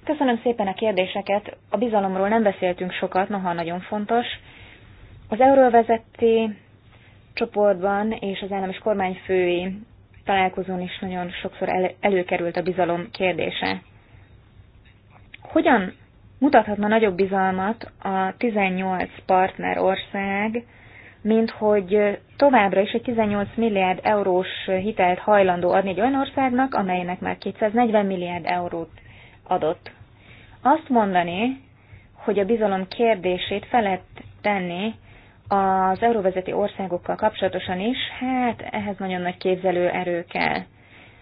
Köszönöm szépen a kérdéseket. A bizalomról nem beszéltünk sokat, noha nagyon fontos. Az euróvezeti csoportban és az állam és kormányfői találkozón is nagyon sokszor el, előkerült a bizalom kérdése. Hogyan mutathatna nagyobb bizalmat a 18 partner ország, mint hogy továbbra is egy 18 milliárd eurós hitelt hajlandó adni egy olyan országnak, amelynek már 240 milliárd eurót adott. Azt mondani, hogy a bizalom kérdését fel lehet tenni az euróvezeti országokkal kapcsolatosan is, hát ehhez nagyon nagy képzelő erő kell.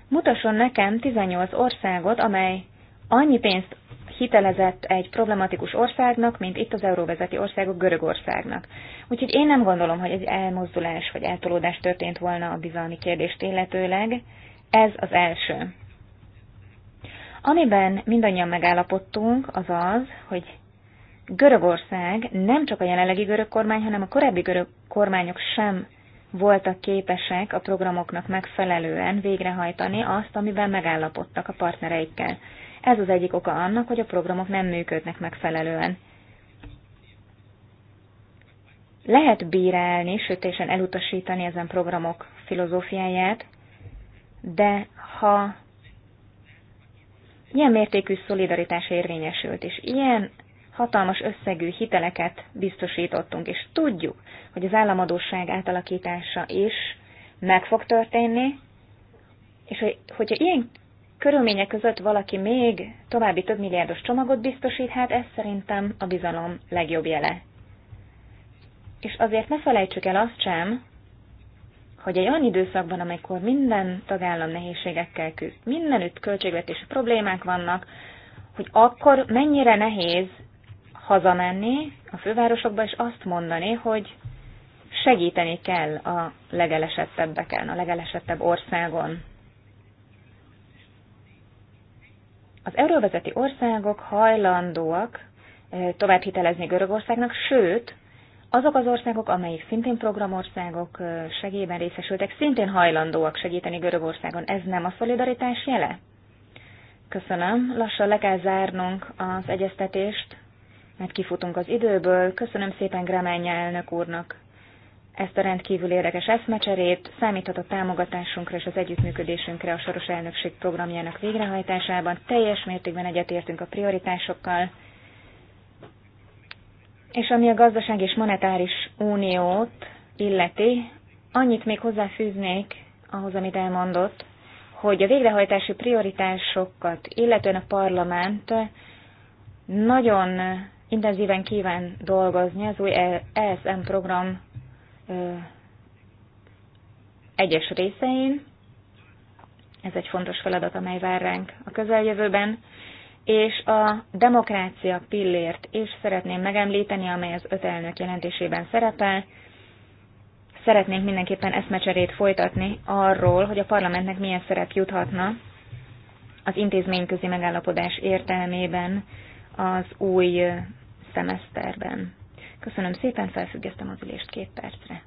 Mutasson nekem 18 országot, amely annyi pénzt hitelezett egy problematikus országnak, mint itt az euróvezeti országok Görögországnak. Úgyhogy én nem gondolom, hogy egy elmozdulás vagy eltolódás történt volna a bizalmi kérdést illetőleg. Ez az első. Amiben mindannyian megállapodtunk, az az, hogy Görögország nem csak a jelenlegi görög kormány, hanem a korábbi görög kormányok sem voltak képesek a programoknak megfelelően végrehajtani azt, amiben megállapodtak a partnereikkel. Ez az egyik oka annak, hogy a programok nem működnek megfelelően. Lehet bírálni, sőt, elutasítani ezen programok filozófiáját, de ha Ilyen mértékű szolidaritás érvényesült, és ilyen hatalmas összegű hiteleket biztosítottunk, és tudjuk, hogy az államadóság átalakítása is meg fog történni, és hogy, hogyha ilyen körülmények között valaki még további több milliárdos csomagot biztosít, hát ez szerintem a bizalom legjobb jele. És azért ne felejtsük el azt sem, hogy egy olyan időszakban, amikor minden tagállam nehézségekkel küzd, mindenütt költségvetési problémák vannak, hogy akkor mennyire nehéz hazamenni a fővárosokba, és azt mondani, hogy segíteni kell a legelesettebbeken, a legelesettebb országon. Az euróvezeti országok hajlandóak eh, tovább hitelezni Görögországnak, sőt, azok az országok, amelyek szintén programországok segélyben részesültek, szintén hajlandóak segíteni Görögországon. Ez nem a szolidaritás jele? Köszönöm. Lassan le kell zárnunk az egyeztetést, mert kifutunk az időből. Köszönöm szépen Gremenye elnök úrnak ezt a rendkívül érdekes eszmecserét, számíthat a támogatásunkra és az együttműködésünkre a soros elnökség programjának végrehajtásában. Teljes mértékben egyetértünk a prioritásokkal, és ami a gazdaság és monetáris uniót illeti, annyit még hozzáfűznék ahhoz, amit elmondott, hogy a végrehajtási prioritásokat, illetően a parlament nagyon intenzíven kíván dolgozni az új ESM program egyes részein. Ez egy fontos feladat, amely vár ránk a közeljövőben, és a demokrácia pillért is szeretném megemlíteni, amely az öt elnök jelentésében szerepel. Szeretnénk mindenképpen eszmecserét folytatni arról, hogy a parlamentnek milyen szerep juthatna az intézményközi megállapodás értelmében az új szemeszterben. Köszönöm szépen, felfüggesztem az ülést két percre.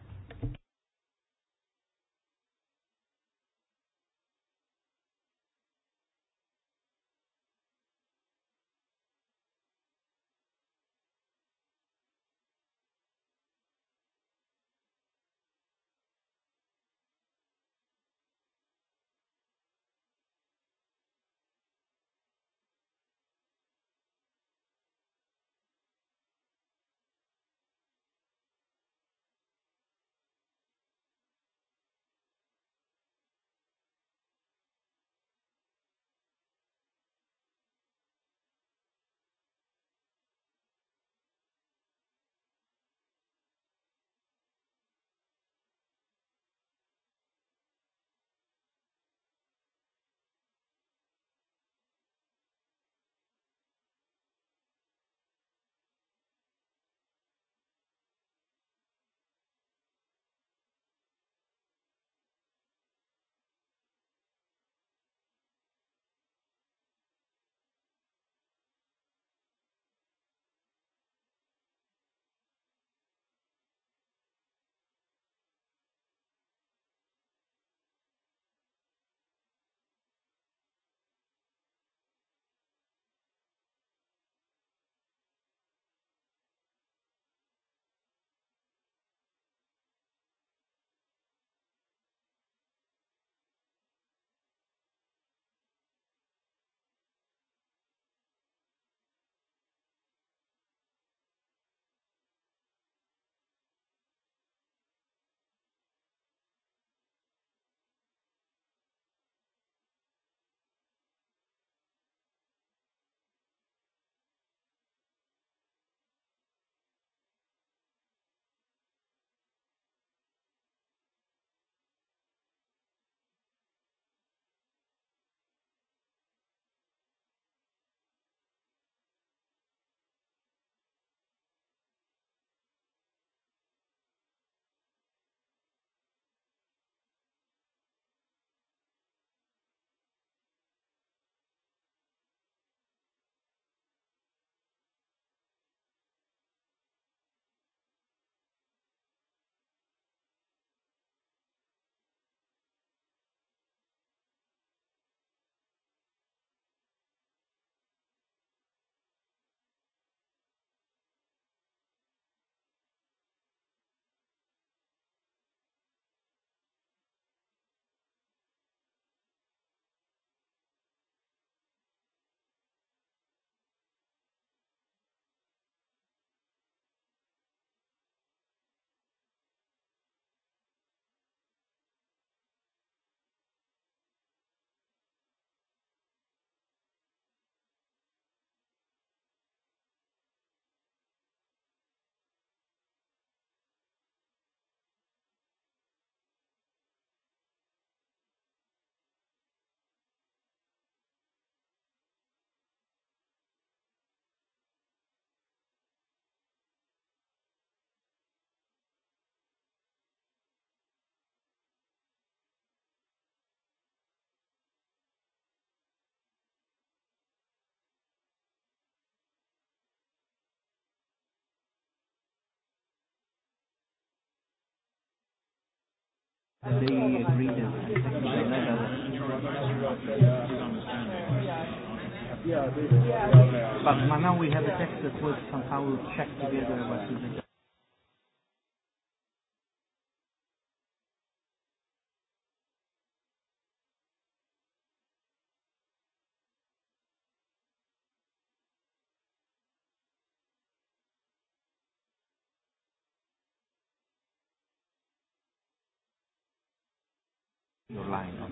they agreed at the technical But now we have a text that was somehow checked together what is line of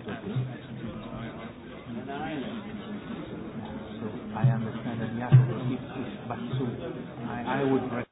So I understand that Jakob keeps his, but so I, I would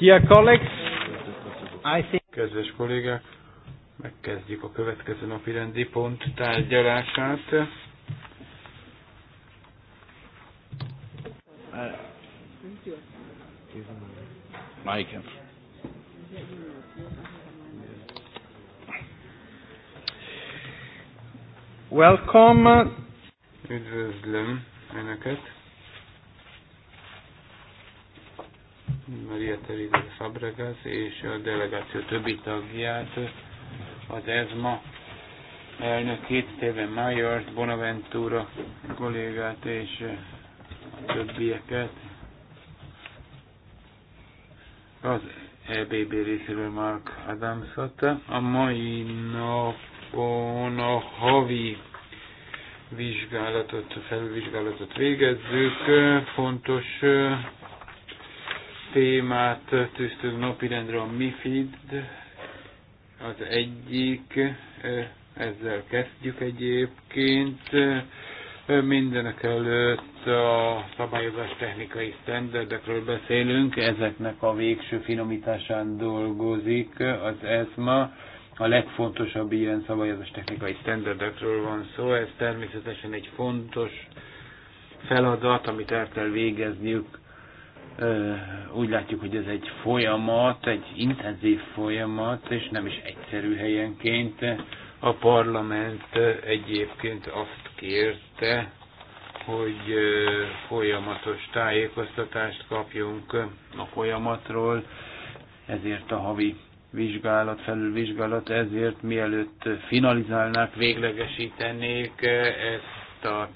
Dear colleagues, I think... Kedves kollégák, megkezdjük a következő napi rendi pont tárgyalását. Mike. Welcome. Üdvözlöm Önöket. Maria Teresa Fabregas és a delegáció többi tagját, az ESMA elnökét, Steven Myers, Bonaventura kollégát és a többieket. Az EBB részéről Mark Adamsot. A mai napon a havi vizsgálatot, felvizsgálatot végezzük. Fontos témát tűztünk napirendre a MIFID, az egyik, ezzel kezdjük egyébként. Mindenek előtt a szabályozás technikai standardekről beszélünk, ezeknek a végső finomításán dolgozik az ESMA. A legfontosabb ilyen szabályozás technikai standardekről van szó, ez természetesen egy fontos feladat, amit el kell végezniük úgy látjuk, hogy ez egy folyamat, egy intenzív folyamat, és nem is egyszerű helyenként. A parlament egyébként azt kérte, hogy folyamatos tájékoztatást kapjunk a folyamatról, ezért a havi vizsgálat, felülvizsgálat, ezért mielőtt finalizálnák, véglegesítenék ezt a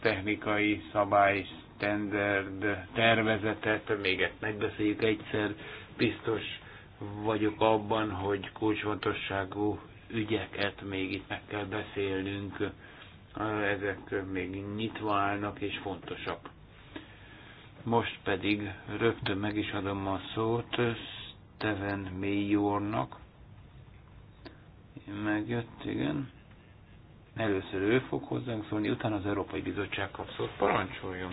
technikai szabály standard tervezetet, még ezt megbeszéljük egyszer. Biztos vagyok abban, hogy kulcsfontosságú ügyeket még itt meg kell beszélnünk. Ezek még nyitva állnak és fontosak. Most pedig rögtön meg is adom a szót Steven Mayornak. Megjött, igen. Először ő fog hozzánk szólni, utána az Európai Bizottság kapszott. Parancsoljon!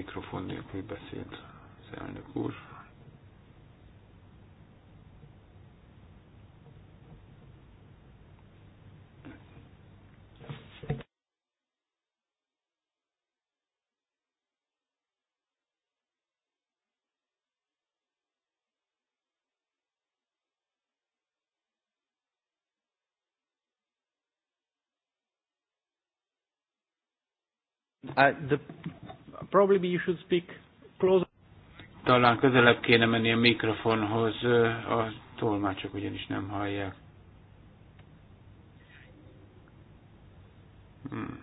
Mikrofon nélkül beszélt az elnök úr. Uh, the Probably you should speak closer. Talán közelebb kéne menni a mikrofonhoz, a tolmácsok ugyanis nem hallják. Hmm.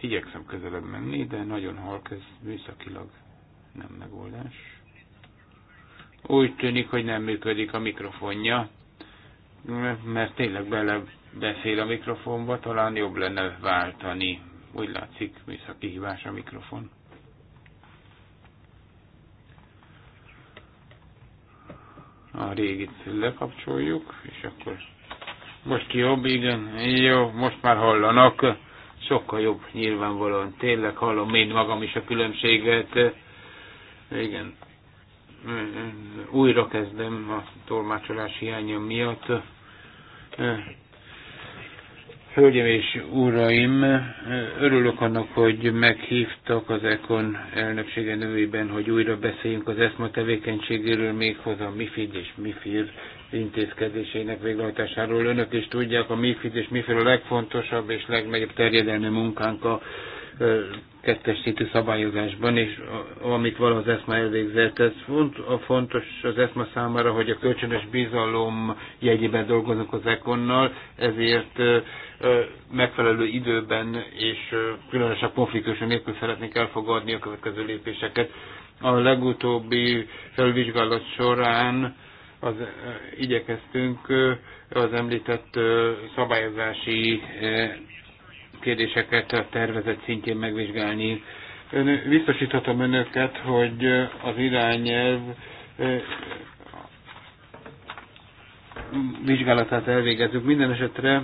Igyekszem közelebb menni, de nagyon halk ez műszakilag nem megoldás. Úgy tűnik, hogy nem működik a mikrofonja, mert tényleg bele beszél a mikrofonba, talán jobb lenne váltani úgy látszik, vissza kihívás a mikrofon. A régit lekapcsoljuk, és akkor most jobb, igen, jó, most már hallanak, sokkal jobb nyilvánvalóan, tényleg hallom én magam is a különbséget, igen, újra kezdem a tolmácsolás hiányom miatt, Hölgyeim és uraim, örülök annak, hogy meghívtak az EKON elnöksége nevében, hogy újra beszéljünk az ESMA tevékenységéről, méghozzá a MIFID és MIFIR intézkedéseinek végrehajtásáról. Önök is tudják, a MIFID és MIFIR a legfontosabb és legnagyobb terjedelmi munkánk a kettes szintű szabályozásban, és amit valaha az ESMA elvégzett, ez font, a fontos az ESMA számára, hogy a kölcsönös bizalom jegyében dolgozunk az ekonnal, ezért megfelelő időben és különösen konfliktus nélkül szeretnék elfogadni a következő lépéseket. A legutóbbi felvizsgálat során az, igyekeztünk az említett szabályozási kérdéseket a tervezet szintjén megvizsgálni. Ön, biztosíthatom önöket, hogy az irányelv vizsgálatát elvégezzük. Minden esetre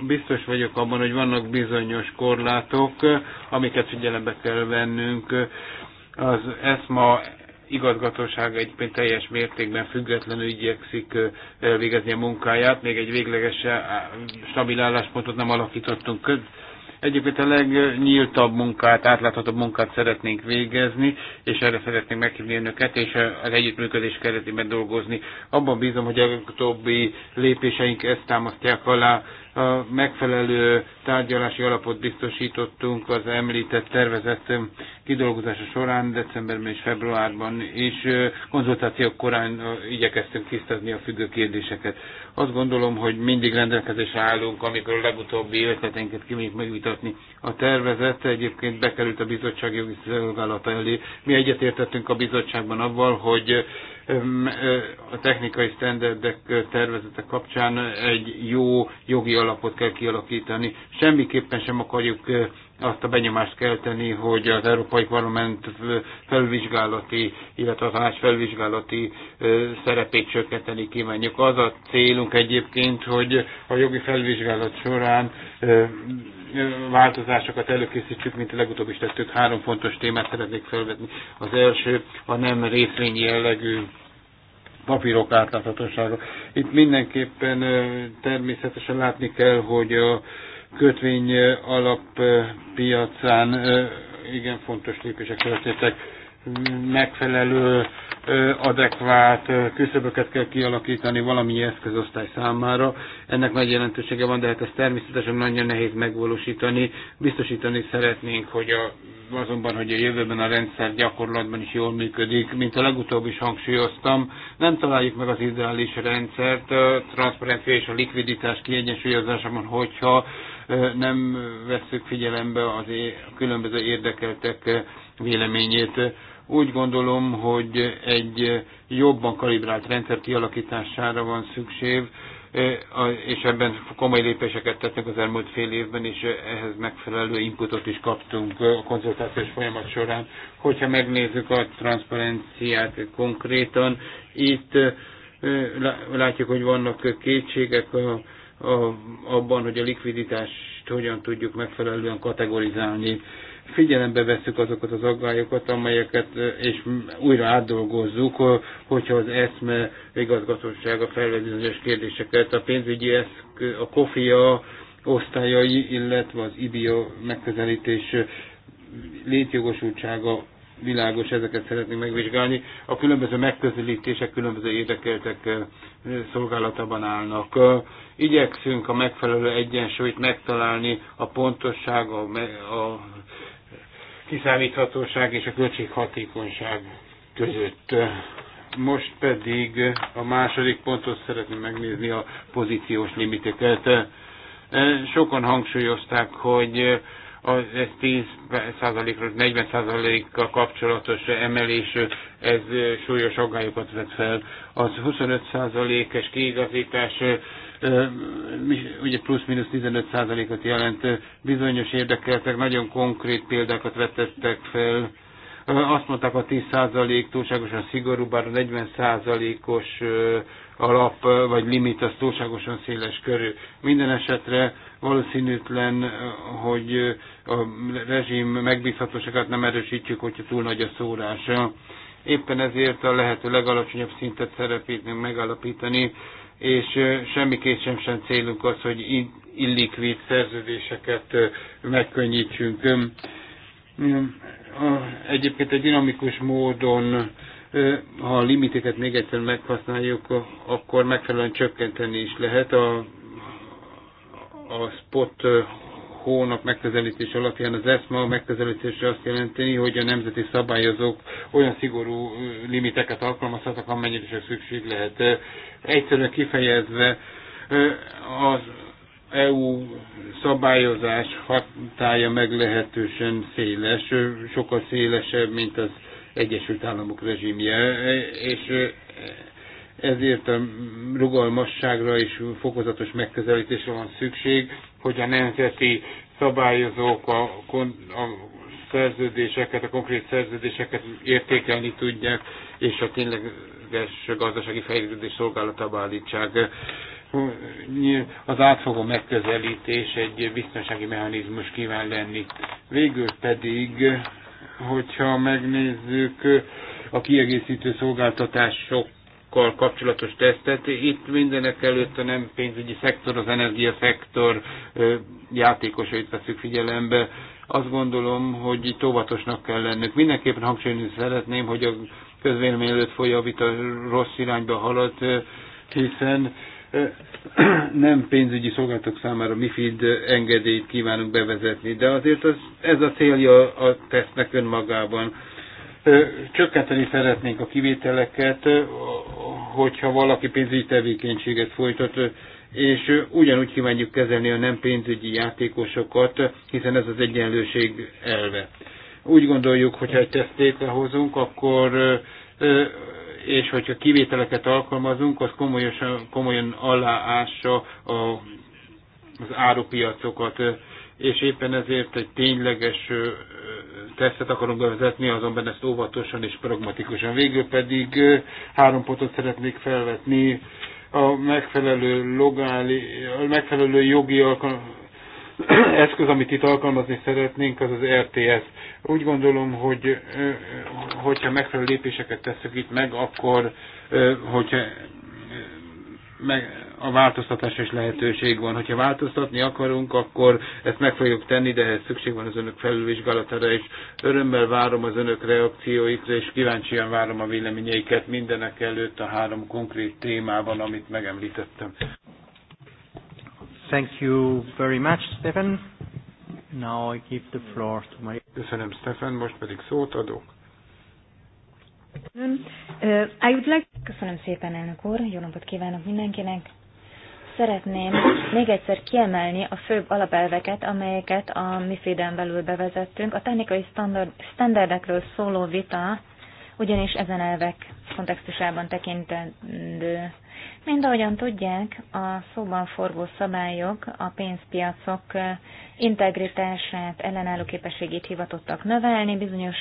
biztos vagyok abban, hogy vannak bizonyos korlátok, amiket figyelembe kell vennünk. Az ESMA igazgatósága egyébként teljes mértékben függetlenül igyekszik elvégezni a munkáját. Még egy végleges stabil álláspontot nem alakítottunk Egyébként a legnyíltabb munkát, átláthatóbb munkát szeretnénk végezni, és erre szeretnénk meghívni önöket, és az együttműködés keretében dolgozni. Abban bízom, hogy a utóbbi lépéseink ezt támasztják alá, a megfelelő tárgyalási alapot biztosítottunk az említett tervezett kidolgozása során, decemberben és februárban, és konzultációk korán igyekeztünk tisztázni a függő kérdéseket. Azt gondolom, hogy mindig rendelkezésre állunk, amikor a legutóbbi ötleténket kimegyünk megvitatni. A tervezet egyébként bekerült a bizottság jogi szolgálata elé. Mi egyetértettünk a bizottságban abban, hogy a technikai standardek tervezete kapcsán egy jó jogi alapot kell kialakítani. Semmiképpen sem akarjuk azt a benyomást kelteni, hogy az Európai Parlament felvizsgálati, illetve a tanács felvizsgálati szerepét csökkenteni kívánjuk. Az a célunk egyébként, hogy a jogi felvizsgálat során változásokat előkészítsük, mint a legutóbb is tettük. Három fontos témát szeretnék felvetni. Az első a nem részvény jellegű papírok átláthatósága. Itt mindenképpen természetesen látni kell, hogy a kötvény alappiacán igen fontos lépések történtek megfelelő adekvát küszöböket kell kialakítani valami eszközosztály számára. Ennek nagy jelentősége van, de hát ezt természetesen nagyon nehéz megvalósítani. Biztosítani szeretnénk, hogy a, azonban, hogy a jövőben a rendszer gyakorlatban is jól működik. Mint a legutóbb is hangsúlyoztam, nem találjuk meg az ideális rendszert, a transzparencia és a likviditás kiegyensúlyozásában, hogyha nem vesszük figyelembe az é- különböző érdekeltek véleményét úgy gondolom, hogy egy jobban kalibrált rendszer kialakítására van szükség, e, és ebben komoly lépéseket tettünk az elmúlt fél évben, és ehhez megfelelő inputot is kaptunk a konzultációs folyamat során. Hogyha megnézzük a transzparenciát konkrétan, itt e, látjuk, hogy vannak kétségek a, a, abban, hogy a likviditást hogyan tudjuk megfelelően kategorizálni figyelembe veszük azokat az aggályokat, amelyeket, és újra átdolgozzuk, hogyha az eszme igazgatósága felvet kérdéseket, a pénzügyi eszk, a kofia osztályai, illetve az IBIA megközelítés létjogosultsága világos, ezeket szeretnénk megvizsgálni. A különböző megközelítések különböző érdekeltek szolgálatában állnak. Igyekszünk a megfelelő egyensúlyt megtalálni a pontosság, a, a kiszámíthatóság és a költséghatékonyság között. Most pedig a második pontot szeretném megnézni a pozíciós limiteket. Sokan hangsúlyozták, hogy az 10%-ról 40%-kal kapcsolatos emelés, ez súlyos aggályokat vet fel. Az 25%-es kiigazítás ugye plusz-minusz 15%-ot jelent, bizonyos érdekeltek, nagyon konkrét példákat vetettek fel, azt mondták a 10% túlságosan szigorú, bár a 40%-os alap vagy limit az túlságosan széles körű. Minden esetre valószínűtlen, hogy a rezsim megbízhatóságát nem erősítjük, hogyha túl nagy a szórás. Éppen ezért a lehető legalacsonyabb szintet szeretnénk megállapítani, és semmiképp sem sem célunk az, hogy illikvid szerződéseket megkönnyítsünk. Egyébként egy dinamikus módon, ha a limiteket még egyszer meghasználjuk, akkor megfelelően csökkenteni is lehet a, a spot hónap megközelítés alapján az ESMA megközelítésre azt jelenti, hogy a nemzeti szabályozók olyan szigorú limiteket alkalmazhatnak, amennyire csak szükség lehet. Egyszerűen kifejezve az EU szabályozás hatája meglehetősen széles, sokkal szélesebb, mint az Egyesült Államok rezsimje, és ezért a rugalmasságra és fokozatos megközelítésre van szükség, hogy a nemzeti szabályozók a, a szerződéseket, a konkrét szerződéseket értékelni tudják, és a tényleges gazdasági fejlődés szolgálatába állítsák. Az átfogó megközelítés egy biztonsági mechanizmus kíván lenni. Végül pedig, hogyha megnézzük a kiegészítő szolgáltatások energiákkal kapcsolatos tesztet. Itt mindenek előtt a nem pénzügyi szektor, az energiaszektor játékosait veszük figyelembe. Azt gondolom, hogy itt óvatosnak kell lennünk. Mindenképpen hangsúlyozni szeretném, hogy a közvélemény előtt folyó vita rossz irányba halad, hiszen nem pénzügyi szolgáltatók számára MIFID engedélyt kívánunk bevezetni, de azért az, ez a célja a tesznek önmagában Csökkenteni szeretnénk a kivételeket, hogyha valaki pénzügyi tevékenységet folytat, és ugyanúgy kívánjuk kezelni a nem pénzügyi játékosokat, hiszen ez az egyenlőség elve. Úgy gondoljuk, hogyha egy tesztét hozunk, akkor és hogyha kivételeket alkalmazunk, az komolyan, komolyan aláássa a, az árupiacokat és éppen ezért egy tényleges tesztet akarunk bevezetni, azonban ezt óvatosan és pragmatikusan. Végül pedig három pontot szeretnék felvetni a megfelelő, logáli, a megfelelő jogi alkalmazás eszköz, amit itt alkalmazni szeretnénk, az az RTS. Úgy gondolom, hogy hogyha megfelelő lépéseket teszünk itt meg, akkor hogyha meg, a változtatásra is lehetőség van. Hogyha változtatni akarunk, akkor ezt meg fogjuk tenni, de ehhez szükség van az önök felülvizsgálatára, és örömmel várom az önök reakcióikra, és kíváncsian várom a véleményeiket mindenek előtt a három konkrét témában, amit megemlítettem. Thank you very much, Stephen. Now I give the floor to my... Köszönöm, Stephen. most pedig szót adok. Köszönöm. I would like... Köszönöm szépen, elnök úr. Jó napot kívánok mindenkinek. Szeretném még egyszer kiemelni a főbb alapelveket, amelyeket a MIFID-en belül bevezettünk. A technikai standard, standardekről szóló vita ugyanis ezen elvek kontextusában tekintendő. Mind ahogyan tudják, a szóban forgó szabályok a pénzpiacok integritását, ellenálló képességét hivatottak növelni, bizonyos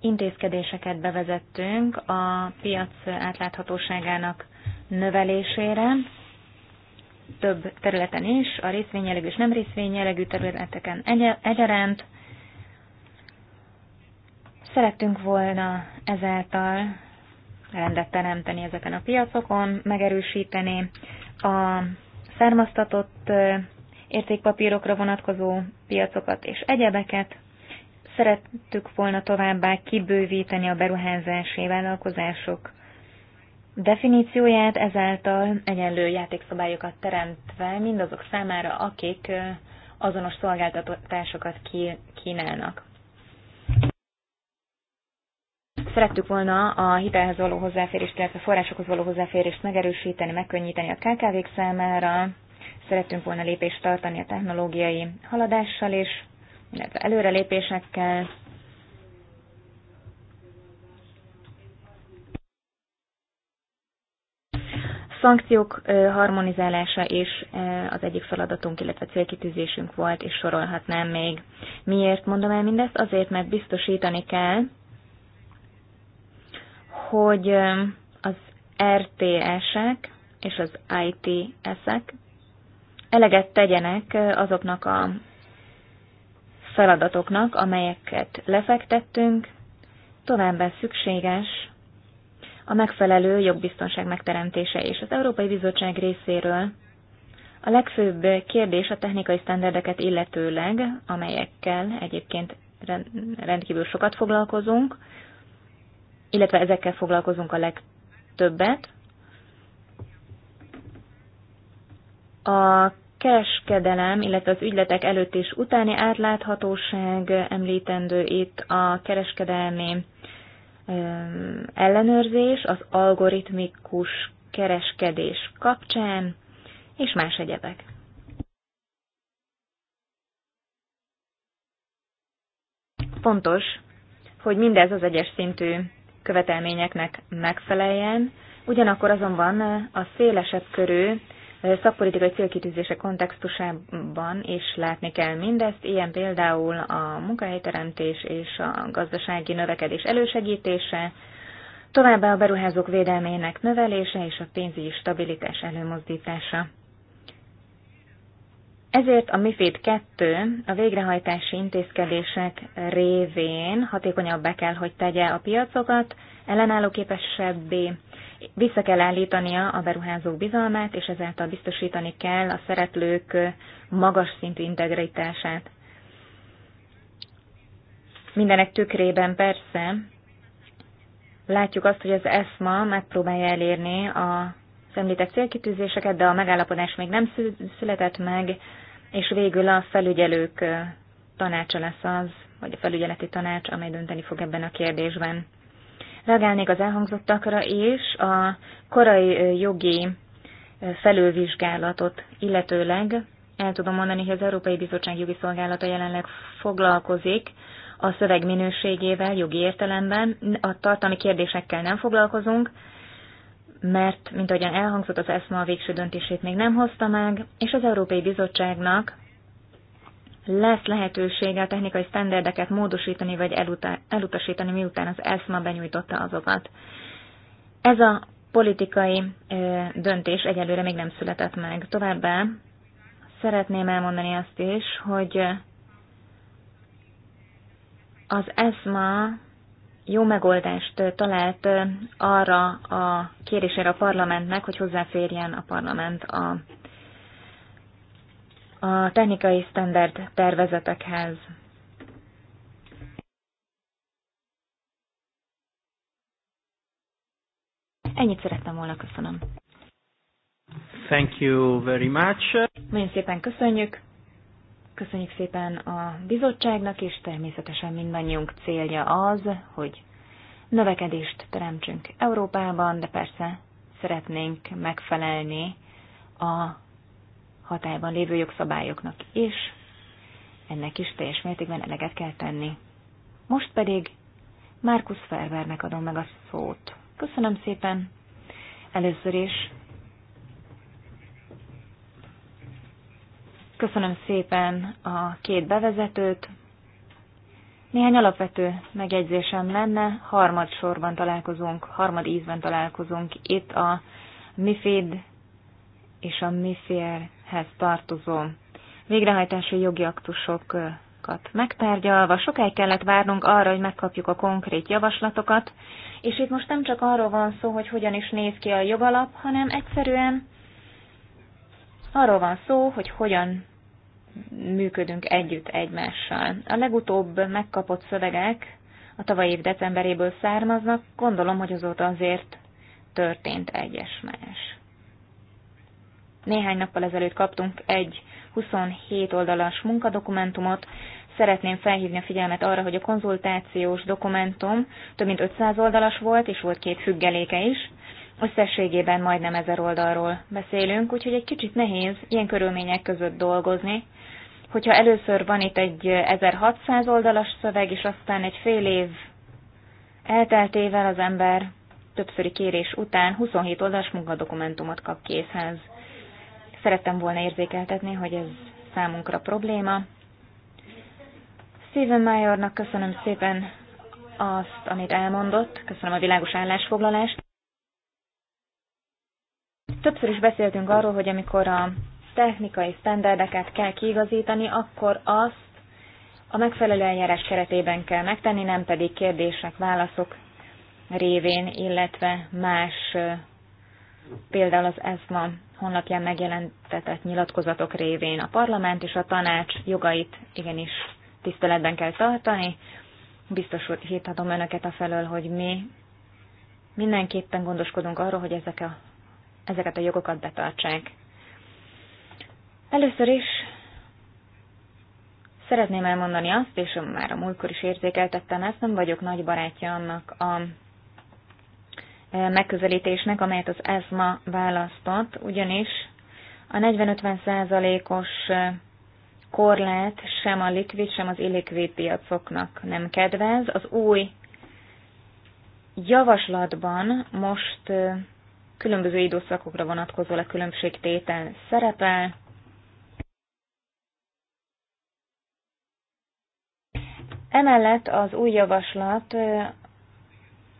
intézkedéseket bevezettünk a piac átláthatóságának növelésére, több területen is, a részvényjelegű és nem részvényjelegű területeken egyaránt. Szerettünk volna ezáltal rendet teremteni ezeken a piacokon, megerősíteni a származtatott értékpapírokra vonatkozó piacokat és egyebeket. Szerettük volna továbbá kibővíteni a beruházási vállalkozások definícióját, ezáltal egyenlő játékszabályokat teremtve mindazok számára, akik azonos szolgáltatásokat kínálnak. Szerettük volna a hitelhez való hozzáférést, illetve forrásokhoz való hozzáférést megerősíteni, megkönnyíteni a KKV-k számára. Szerettünk volna lépést tartani a technológiai haladással is, illetve előrelépésekkel. szankciók harmonizálása is az egyik feladatunk, illetve célkitűzésünk volt, és sorolhatnám még. Miért mondom el mindezt? Azért, mert biztosítani kell, hogy az RTS-ek er és az ITS-ek eleget tegyenek azoknak a feladatoknak, amelyeket lefektettünk, továbbá szükséges a megfelelő jogbiztonság megteremtése és az Európai Bizottság részéről a legfőbb kérdés a technikai sztenderdeket illetőleg, amelyekkel egyébként rendkívül sokat foglalkozunk, illetve ezekkel foglalkozunk a legtöbbet. A kereskedelem, illetve az ügyletek előtt és utáni átláthatóság említendő itt a kereskedelmi ellenőrzés az algoritmikus kereskedés kapcsán, és más egyebek. Fontos, hogy mindez az egyes szintű követelményeknek megfeleljen, ugyanakkor azonban a szélesebb körű szakpolitikai célkitűzése kontextusában is látni kell mindezt, ilyen például a munkahelyteremtés és a gazdasági növekedés elősegítése, továbbá a beruházók védelmének növelése és a pénzügyi stabilitás előmozdítása. Ezért a MIFID 2 a végrehajtási intézkedések révén hatékonyabbá kell, hogy tegye a piacokat, képesebbé, vissza kell állítania a beruházók bizalmát, és ezáltal biztosítani kell a szereplők magas szintű integritását. Mindenek tükrében persze látjuk azt, hogy az ESMA megpróbálja elérni a említett célkitűzéseket, de a megállapodás még nem született meg, és végül a felügyelők tanácsa lesz az, vagy a felügyeleti tanács, amely dönteni fog ebben a kérdésben reagálnék az elhangzottakra, és a korai jogi felülvizsgálatot illetőleg el tudom mondani, hogy az Európai Bizottság jogi szolgálata jelenleg foglalkozik a szöveg minőségével jogi értelemben. A tartalmi kérdésekkel nem foglalkozunk, mert, mint ahogyan elhangzott, az ESMA a végső döntését még nem hozta meg, és az Európai Bizottságnak lesz lehetősége a technikai sztenderdeket módosítani vagy elutasítani, miután az ESMA benyújtotta azokat. Ez a politikai ö, döntés egyelőre még nem született meg. Továbbá szeretném elmondani azt is, hogy az ESMA jó megoldást talált arra a kérésére a parlamentnek, hogy hozzáférjen a parlament a a technikai standard tervezetekhez. Ennyit szerettem volna, köszönöm. Thank you very much. Nagyon szépen köszönjük. Köszönjük szépen a bizottságnak, és természetesen mindannyiunk célja az, hogy növekedést teremtsünk Európában, de persze szeretnénk megfelelni a hatályban lévő jogszabályoknak is, ennek is teljes mértékben eleget kell tenni. Most pedig Markus Ferbernek adom meg a szót. Köszönöm szépen. Először is köszönöm szépen a két bevezetőt. Néhány alapvető megjegyzésem lenne, harmad sorban találkozunk, harmad ízben találkozunk itt a MIFID és a MIFIR hez tartozó végrehajtási jogi aktusokat megtárgyalva. Sokáig kellett várnunk arra, hogy megkapjuk a konkrét javaslatokat, és itt most nem csak arról van szó, hogy hogyan is néz ki a jogalap, hanem egyszerűen arról van szó, hogy hogyan működünk együtt egymással. A legutóbb megkapott szövegek a tavaly év decemberéből származnak, gondolom, hogy azóta azért történt egyes más. Néhány nappal ezelőtt kaptunk egy 27 oldalas munkadokumentumot. Szeretném felhívni a figyelmet arra, hogy a konzultációs dokumentum több mint 500 oldalas volt, és volt két függeléke is. Összességében majdnem ezer oldalról beszélünk, úgyhogy egy kicsit nehéz ilyen körülmények között dolgozni. Hogyha először van itt egy 1600 oldalas szöveg, és aztán egy fél év elteltével az ember többszöri kérés után 27 oldalas munkadokumentumot kap készhez. Szerettem volna érzékeltetni, hogy ez számunkra probléma. Stephen Mayornak köszönöm szépen azt, amit elmondott, köszönöm a világos állásfoglalást. Többször is beszéltünk arról, hogy amikor a technikai sztenderdeket kell kiigazítani, akkor azt a megfelelő eljárás keretében kell megtenni, nem pedig kérdések, válaszok révén, illetve más például az ESMA honlapján megjelentetett nyilatkozatok révén a parlament és a tanács jogait igenis tiszteletben kell tartani. Biztosíthatom önöket a felől, hogy mi mindenképpen gondoskodunk arról, hogy ezek a, ezeket a jogokat betartsák. Először is szeretném elmondani azt, és már a múltkor is érzékeltettem ezt, nem vagyok nagy barátja annak a megközelítésnek, amelyet az ESMA választott, ugyanis a 40-50 százalékos korlát sem a likvid, sem az illikvid piacoknak nem kedvez. Az új javaslatban most különböző időszakokra vonatkozó a különbségtétel szerepel. Emellett az új javaslat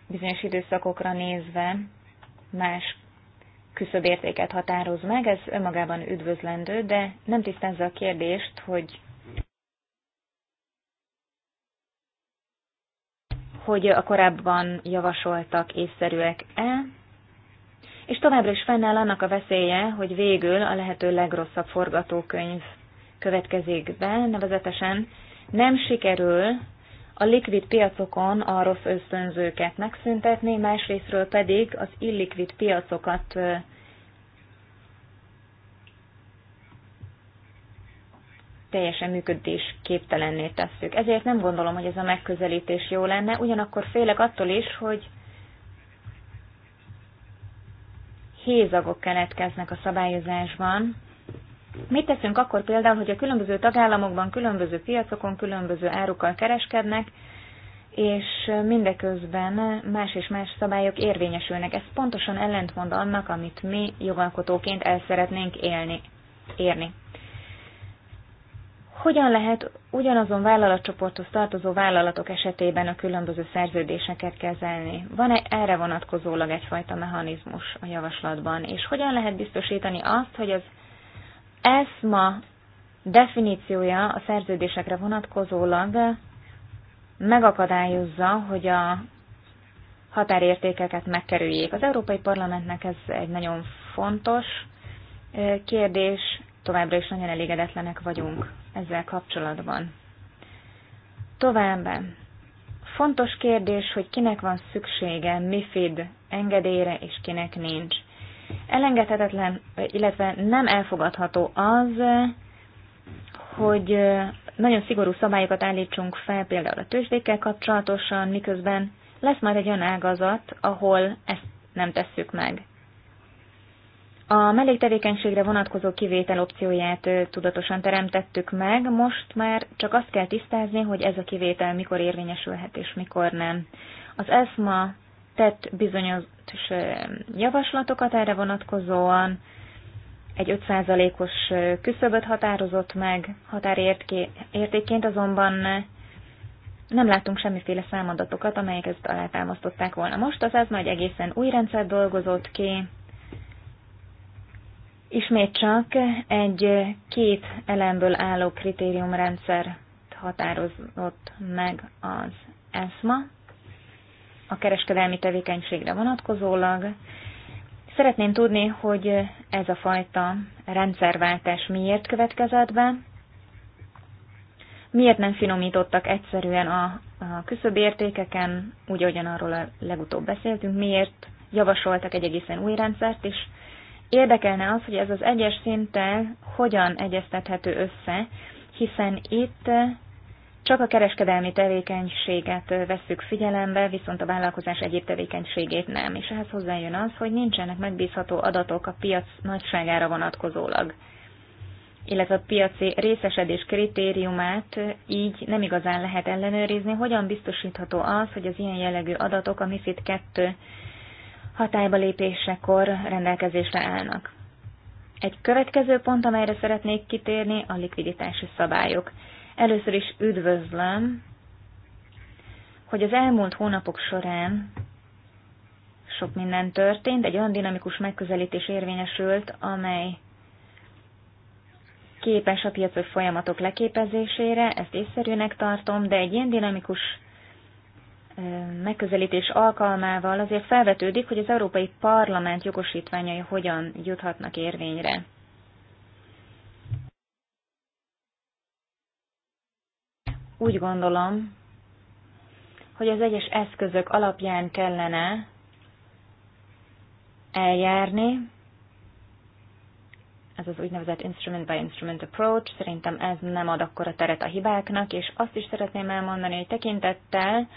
bizonyos időszakokra nézve más küszöbértéket határoz meg, ez önmagában üdvözlendő, de nem tisztázza a kérdést, hogy hogy a korábban javasoltak észszerűek-e, és továbbra is fennáll annak a veszélye, hogy végül a lehető legrosszabb forgatókönyv következik be, nevezetesen nem sikerül a likvid piacokon a rossz ösztönzőket megszüntetni, másrésztről pedig az illikvid piacokat teljesen működés képtelenné tesszük. Ezért nem gondolom, hogy ez a megközelítés jó lenne, ugyanakkor félek attól is, hogy hézagok keletkeznek a szabályozásban, Mit teszünk akkor például, hogy a különböző tagállamokban, különböző piacokon, különböző árukkal kereskednek, és mindeközben más és más szabályok érvényesülnek. Ez pontosan ellentmond annak, amit mi jogalkotóként el szeretnénk élni, érni. Hogyan lehet ugyanazon vállalatcsoporthoz tartozó vállalatok esetében a különböző szerződéseket kezelni? Van-e erre vonatkozólag egyfajta mechanizmus a javaslatban? És hogyan lehet biztosítani azt, hogy az ESMA definíciója a szerződésekre vonatkozólag megakadályozza, hogy a határértékeket megkerüljék. Az Európai Parlamentnek ez egy nagyon fontos kérdés, továbbra is nagyon elégedetlenek vagyunk ezzel kapcsolatban. Továbbá, fontos kérdés, hogy kinek van szüksége MIFID engedélyre, és kinek nincs. Elengedhetetlen, illetve nem elfogadható az, hogy nagyon szigorú szabályokat állítsunk fel például a tőzsdékkel kapcsolatosan, miközben lesz már egy olyan ágazat, ahol ezt nem tesszük meg. A melléktevékenységre vonatkozó kivétel opcióját tudatosan teremtettük meg, most már csak azt kell tisztázni, hogy ez a kivétel mikor érvényesülhet és mikor nem. Az ESMA tett bizonyos javaslatokat erre vonatkozóan, egy 5%-os küszöböt határozott meg határértékként, azonban nem láttunk semmiféle számadatokat, amelyek ezt alátámasztották volna. Most az ez nagy egészen új rendszer dolgozott ki, ismét csak egy két elemből álló kritériumrendszer határozott meg az ESMA, a kereskedelmi tevékenységre vonatkozólag. Szeretném tudni, hogy ez a fajta rendszerváltás miért következett be, miért nem finomítottak egyszerűen a, a küszöbértékeken, úgy, ahogyan arról a legutóbb beszéltünk, miért javasoltak egy egészen új rendszert, és érdekelne az, hogy ez az egyes szinttel hogyan egyeztethető össze, hiszen itt csak a kereskedelmi tevékenységet vesszük figyelembe, viszont a vállalkozás egyéb tevékenységét nem, és ehhez hozzájön az, hogy nincsenek megbízható adatok a piac nagyságára vonatkozólag illetve a piaci részesedés kritériumát így nem igazán lehet ellenőrizni, hogyan biztosítható az, hogy az ilyen jellegű adatok a MIFID 2 hatályba lépésekor rendelkezésre állnak. Egy következő pont, amelyre szeretnék kitérni, a likviditási szabályok. Először is üdvözlöm, hogy az elmúlt hónapok során sok minden történt, egy olyan dinamikus megközelítés érvényesült, amely képes a piaci folyamatok leképezésére, ezt észszerűnek tartom, de egy ilyen dinamikus megközelítés alkalmával azért felvetődik, hogy az Európai Parlament jogosítványai hogyan juthatnak érvényre. úgy gondolom, hogy az egyes eszközök alapján kellene eljárni, ez az úgynevezett instrument by instrument approach, szerintem ez nem ad akkora teret a hibáknak, és azt is szeretném elmondani, hogy tekintettel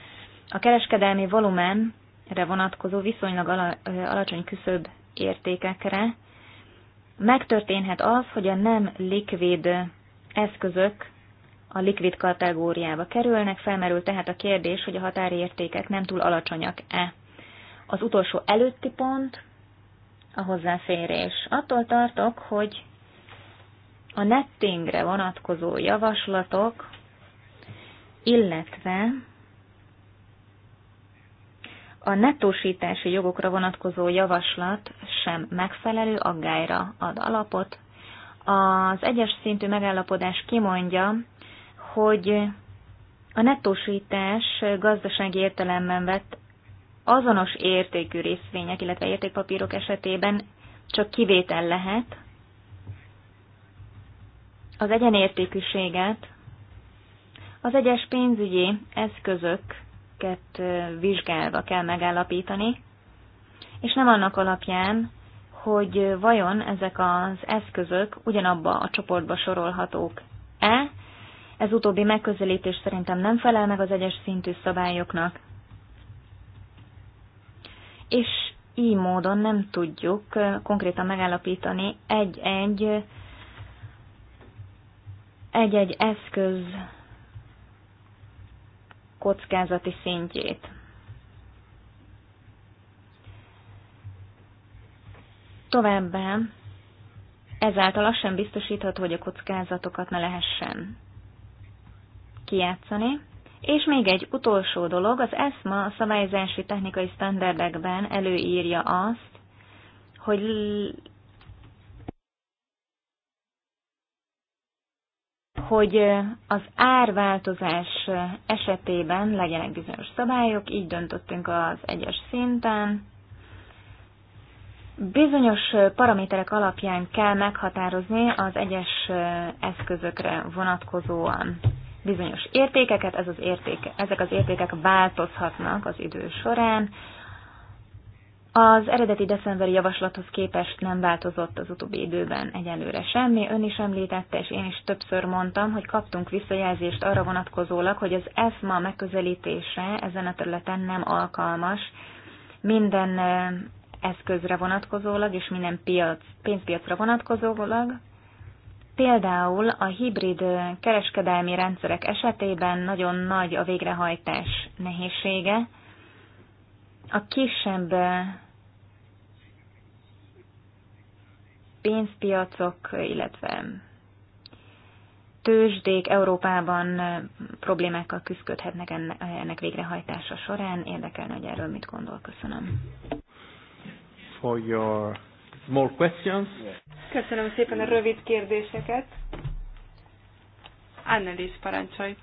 a kereskedelmi volumenre vonatkozó viszonylag ala, alacsony küszöbb értékekre megtörténhet az, hogy a nem likvid eszközök a likvid kategóriába kerülnek, felmerül tehát a kérdés, hogy a határértékek nem túl alacsonyak-e. Az utolsó előtti pont a hozzáférés. Attól tartok, hogy a nettingre vonatkozó javaslatok, illetve a nettósítási jogokra vonatkozó javaslat sem megfelelő aggályra ad alapot. Az egyes szintű megállapodás kimondja, hogy a nettósítás gazdasági értelemben vett azonos értékű részvények, illetve értékpapírok esetében csak kivétel lehet. Az egyenértékűséget az egyes pénzügyi eszközöket vizsgálva kell megállapítani, és nem annak alapján, hogy vajon ezek az eszközök ugyanabba a csoportba sorolhatók-e, ez utóbbi megközelítés szerintem nem felel meg az egyes szintű szabályoknak, és így módon nem tudjuk konkrétan megállapítani egy-egy egy-egy eszköz kockázati szintjét. Továbbá ezáltal az sem biztosítható, hogy a kockázatokat ne lehessen kijátszani. És még egy utolsó dolog, az ESMA a szabályozási technikai standardekben előírja azt, hogy hogy az árváltozás esetében legyenek bizonyos szabályok, így döntöttünk az egyes szinten. Bizonyos paraméterek alapján kell meghatározni az egyes eszközökre vonatkozóan bizonyos értékeket, ez az értéke, ezek az értékek változhatnak az idő során. Az eredeti decemberi javaslathoz képest nem változott az utóbbi időben egyelőre semmi. Ön is említette, és én is többször mondtam, hogy kaptunk visszajelzést arra vonatkozólag, hogy az ESMA megközelítése ezen a területen nem alkalmas minden eh, eszközre vonatkozólag és minden piac, pénzpiacra vonatkozólag, Például a hibrid kereskedelmi rendszerek esetében nagyon nagy a végrehajtás nehézsége. A kisebb pénzpiacok, illetve tőzsdék Európában problémákkal küzdködhetnek ennek végrehajtása során. Érdekelne, hogy erről mit gondol. Köszönöm. For your more questions. Köszönöm szépen a rövid kérdéseket. Annelis parancsolj.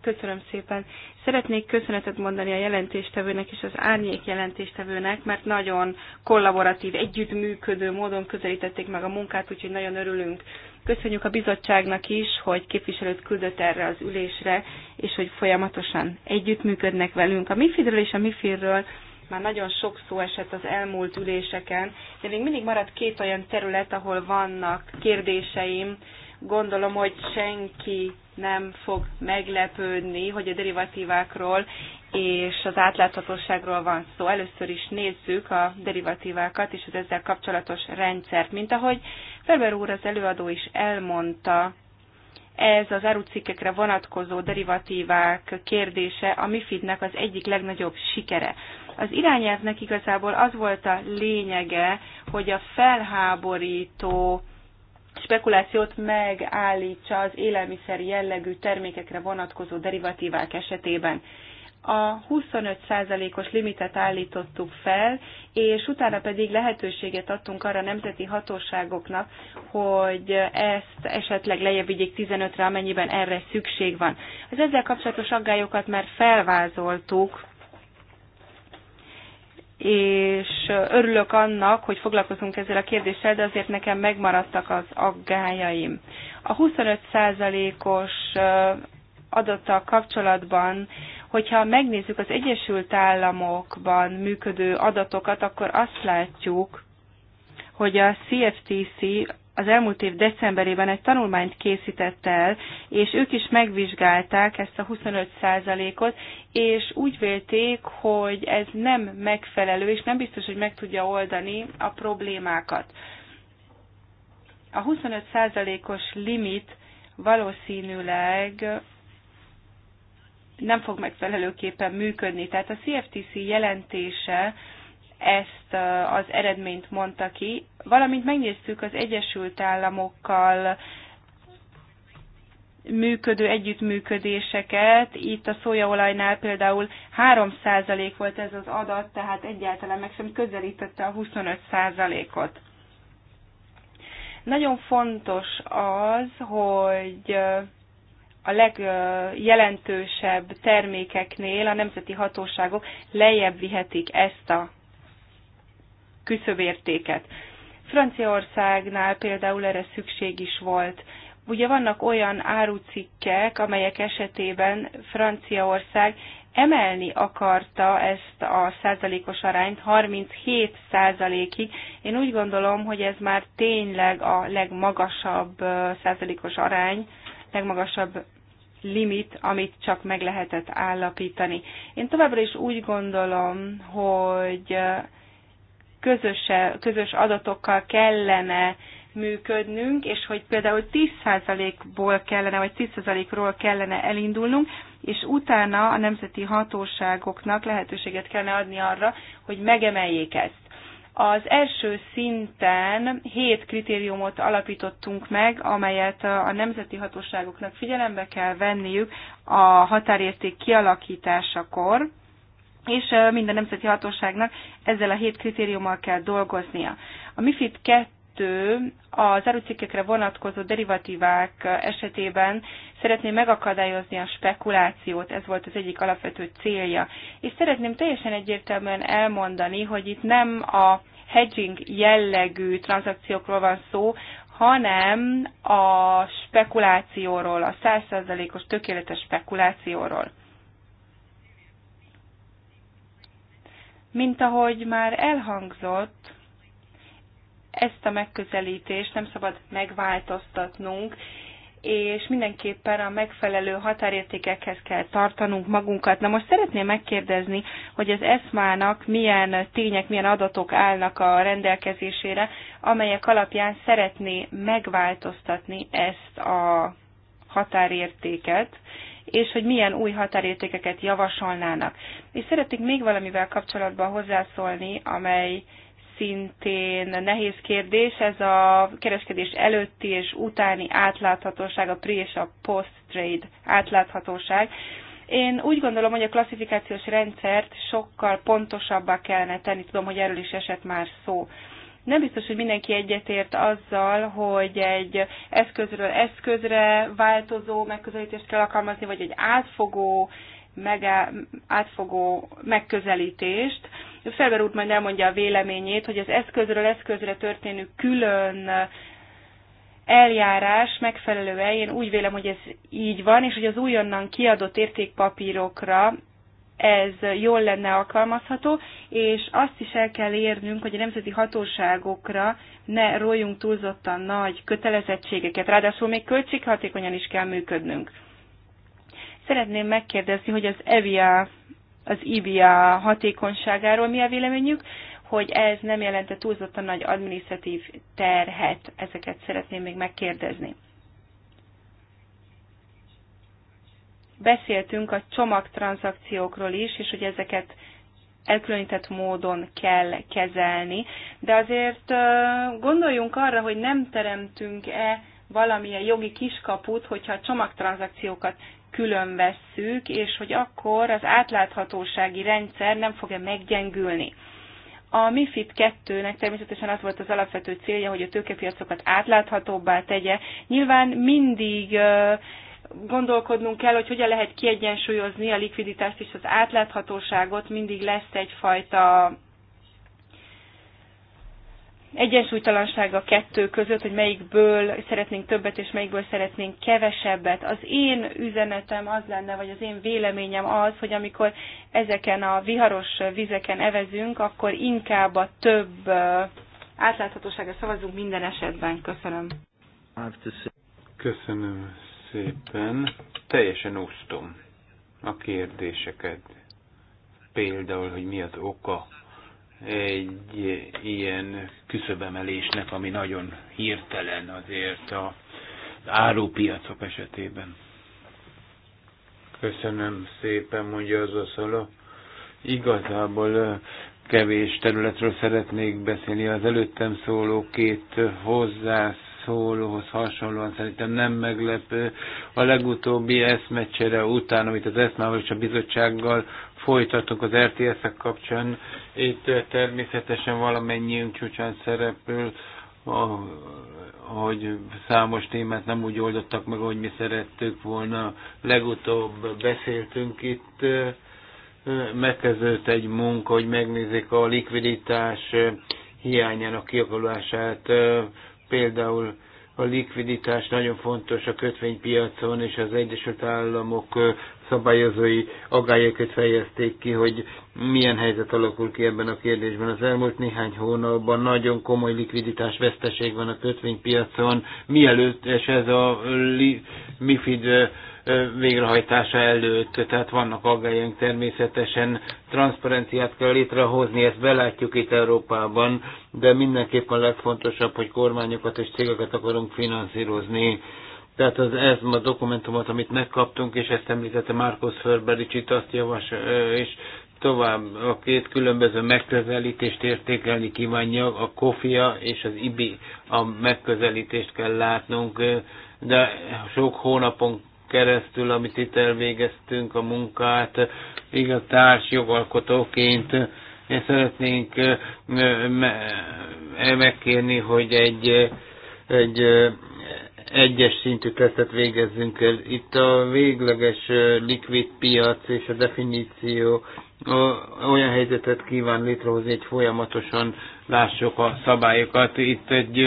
Köszönöm szépen. Szeretnék köszönetet mondani a jelentéstevőnek és az árnyék jelentéstevőnek, mert nagyon kollaboratív, együttműködő módon közelítették meg a munkát, úgyhogy nagyon örülünk. Köszönjük a bizottságnak is, hogy képviselőt küldött erre az ülésre, és hogy folyamatosan együttműködnek velünk. A MIFID-ről és a MIFIR-ről már nagyon sok szó esett az elmúlt üléseken, de még mindig maradt két olyan terület, ahol vannak kérdéseim. Gondolom, hogy senki nem fog meglepődni, hogy a derivatívákról és az átláthatóságról van szó. Először is nézzük a derivatívákat és az ezzel kapcsolatos rendszert. Mint ahogy Ferber úr az előadó is elmondta, ez az árucikkekre vonatkozó derivatívák kérdése a MIFID-nek az egyik legnagyobb sikere. Az irányelvnek igazából az volt a lényege, hogy a felháborító spekulációt megállítsa az élelmiszer jellegű termékekre vonatkozó derivatívák esetében. A 25%-os limitet állítottuk fel, és utána pedig lehetőséget adtunk arra a nemzeti hatóságoknak, hogy ezt esetleg lejjebb vigyék 15-re, amennyiben erre szükség van. Az ezzel kapcsolatos aggályokat már felvázoltuk és örülök annak, hogy foglalkozunk ezzel a kérdéssel, de azért nekem megmaradtak az aggájaim. A 25%-os adata kapcsolatban, hogyha megnézzük az Egyesült Államokban működő adatokat, akkor azt látjuk, hogy a CFTC az elmúlt év decemberében egy tanulmányt készített el, és ők is megvizsgálták ezt a 25%-ot, és úgy vélték, hogy ez nem megfelelő, és nem biztos, hogy meg tudja oldani a problémákat. A 25%-os limit valószínűleg nem fog megfelelőképpen működni. Tehát a CFTC jelentése ezt az eredményt mondta ki, valamint megnéztük az Egyesült Államokkal működő együttműködéseket. Itt a szójaolajnál például 3% volt ez az adat, tehát egyáltalán meg sem közelítette a 25%-ot. Nagyon fontos az, hogy a legjelentősebb termékeknél a nemzeti hatóságok lejjebb vihetik ezt a küszöbértéket. Franciaországnál például erre szükség is volt. Ugye vannak olyan árucikkek, amelyek esetében Franciaország emelni akarta ezt a százalékos arányt 37 százalékig. Én úgy gondolom, hogy ez már tényleg a legmagasabb százalékos arány, legmagasabb limit, amit csak meg lehetett állapítani. Én továbbra is úgy gondolom, hogy közös, közös adatokkal kellene működnünk, és hogy például 10%-ból kellene, vagy 10%-ról kellene elindulnunk, és utána a nemzeti hatóságoknak lehetőséget kellene adni arra, hogy megemeljék ezt. Az első szinten hét kritériumot alapítottunk meg, amelyet a nemzeti hatóságoknak figyelembe kell venniük a határérték kialakításakor, és minden nemzeti hatóságnak ezzel a hét kritériummal kell dolgoznia. A MIFID 2 kettő az árucikkekre vonatkozó derivatívák esetében szeretné megakadályozni a spekulációt, ez volt az egyik alapvető célja. És szeretném teljesen egyértelműen elmondani, hogy itt nem a hedging jellegű tranzakciókról van szó, hanem a spekulációról, a százszerzalékos tökéletes spekulációról. Mint ahogy már elhangzott, ezt a megközelítést nem szabad megváltoztatnunk, és mindenképpen a megfelelő határértékekhez kell tartanunk magunkat. Na most szeretném megkérdezni, hogy az eszmának milyen tények, milyen adatok állnak a rendelkezésére, amelyek alapján szeretné megváltoztatni ezt a határértéket, és hogy milyen új határértékeket javasolnának. És szeretnék még valamivel kapcsolatban hozzászólni, amely szintén nehéz kérdés, ez a kereskedés előtti és utáni átláthatóság, a pre és a post-trade átláthatóság. Én úgy gondolom, hogy a klasszifikációs rendszert sokkal pontosabbá kellene tenni, tudom, hogy erről is esett már szó nem biztos, hogy mindenki egyetért azzal, hogy egy eszközről eszközre változó megközelítést kell alkalmazni, vagy egy átfogó, meg, átfogó megközelítést. Felber úr majd elmondja a véleményét, hogy az eszközről eszközre történő külön eljárás megfelelő én úgy vélem, hogy ez így van, és hogy az újonnan kiadott értékpapírokra ez jól lenne alkalmazható, és azt is el kell érnünk, hogy a nemzeti hatóságokra ne rójunk túlzottan nagy kötelezettségeket, ráadásul még költséghatékonyan is kell működnünk. Szeretném megkérdezni, hogy az EVIA, az e IBIA hatékonyságáról mi a véleményük, hogy ez nem jelente túlzottan nagy adminisztratív terhet, ezeket szeretném még megkérdezni. Beszéltünk a csomagtranszakciókról is, és hogy ezeket elkülönített módon kell kezelni, de azért gondoljunk arra, hogy nem teremtünk-e valamilyen jogi kiskaput, hogyha a csomagtranszakciókat külön vesszük, és hogy akkor az átláthatósági rendszer nem fog-e meggyengülni. A MIFID 2-nek természetesen az volt az alapvető célja, hogy a tőkepiacokat átláthatóbbá tegye. Nyilván mindig gondolkodnunk kell, hogy hogyan lehet kiegyensúlyozni a likviditást és az átláthatóságot, mindig lesz egyfajta egyensúlytalanság a kettő között, hogy melyikből szeretnénk többet és melyikből szeretnénk kevesebbet. Az én üzenetem az lenne, vagy az én véleményem az, hogy amikor ezeken a viharos vizeken evezünk, akkor inkább a több átláthatóságra szavazunk minden esetben. Köszönöm. Köszönöm szépen. Teljesen úsztom a kérdéseket. Például, hogy mi az oka egy ilyen küszöbemelésnek, ami nagyon hirtelen azért a az árupiacok esetében. Köszönöm szépen, mondja az szala. Igazából kevés területről szeretnék beszélni. Az előttem szóló két hozzász szólóhoz hasonlóan szerintem nem meglepő. A legutóbbi eszmecsere után, amit az eszmával és a bizottsággal folytatunk az RTS-ek kapcsán, itt természetesen valamennyiünk csúcsán szerepül, hogy számos témát nem úgy oldottak meg, ahogy mi szerettük volna. Legutóbb beszéltünk itt, megkezdődött egy munka, hogy megnézzék a likviditás hiányának kiakulását, Például a likviditás nagyon fontos a kötvénypiacon, és az Egyesült Államok szabályozói agályokat fejezték ki, hogy milyen helyzet alakul ki ebben a kérdésben. Az elmúlt néhány hónapban nagyon komoly likviditás veszteség van a kötvénypiacon, mielőtt és ez a MIFID végrehajtása előtt, tehát vannak aggályunk természetesen, transzparenciát kell létrehozni, ezt belátjuk itt Európában, de mindenképpen a legfontosabb, hogy kormányokat és cégeket akarunk finanszírozni. Tehát az ESMA dokumentumot, amit megkaptunk, és ezt említette Márkusz Förberics, itt azt javas, és tovább a két különböző megközelítést értékelni kívánja, a kofia és az IBI a megközelítést kell látnunk, de sok hónapon keresztül, amit itt elvégeztünk a munkát, társ jogalkotóként. Én szeretnénk megkérni, hogy egy, egy egyes szintű tesztet végezzünk el. Itt a végleges likvid piac és a definíció olyan helyzetet kíván létrehozni, hogy folyamatosan lássuk a szabályokat. Itt egy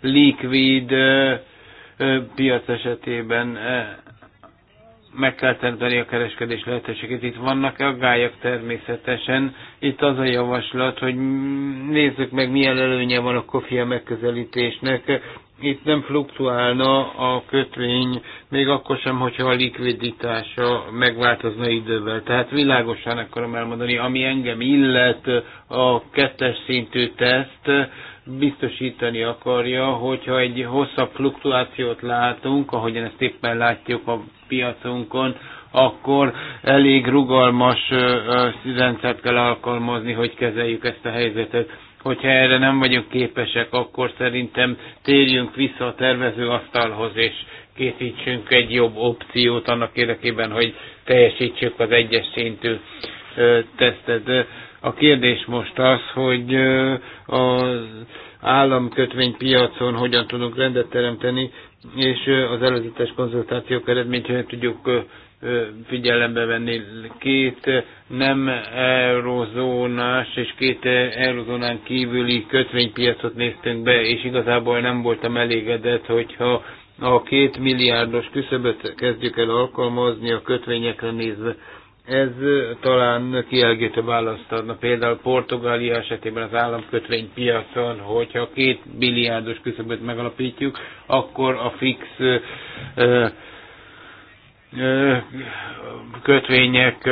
likvid piac esetében meg kell teremteni a kereskedés lehetőségét. Itt vannak aggályok természetesen. Itt az a javaslat, hogy nézzük meg, milyen előnye van a kofia megközelítésnek. Itt nem fluktuálna a kötvény, még akkor sem, hogyha a likviditása megváltozna idővel. Tehát világosan akarom elmondani, ami engem illet, a kettes szintű teszt, biztosítani akarja, hogyha egy hosszabb fluktuációt látunk, ahogyan ezt éppen látjuk a piacunkon, akkor elég rugalmas rendszert kell alkalmazni, hogy kezeljük ezt a helyzetet. Hogyha erre nem vagyunk képesek, akkor szerintem térjünk vissza a tervezőasztalhoz, és készítsünk egy jobb opciót annak érdekében, hogy teljesítsük az egyes szintű tesztet. A kérdés most az, hogy az államkötvénypiacon hogyan tudunk rendet teremteni, és az előzetes konzultációk eredményeit tudjuk figyelembe venni. Két nem eurozónás és két eurozónán kívüli kötvénypiacot néztünk be, és igazából nem voltam elégedett, hogyha a két milliárdos küszöböt kezdjük el alkalmazni a kötvényekre nézve, ez talán kielgítő választ adna. Például Portugália esetében az piacon, hogyha két milliárdos küszöböt megalapítjuk, akkor a fix ö, ö, kötvények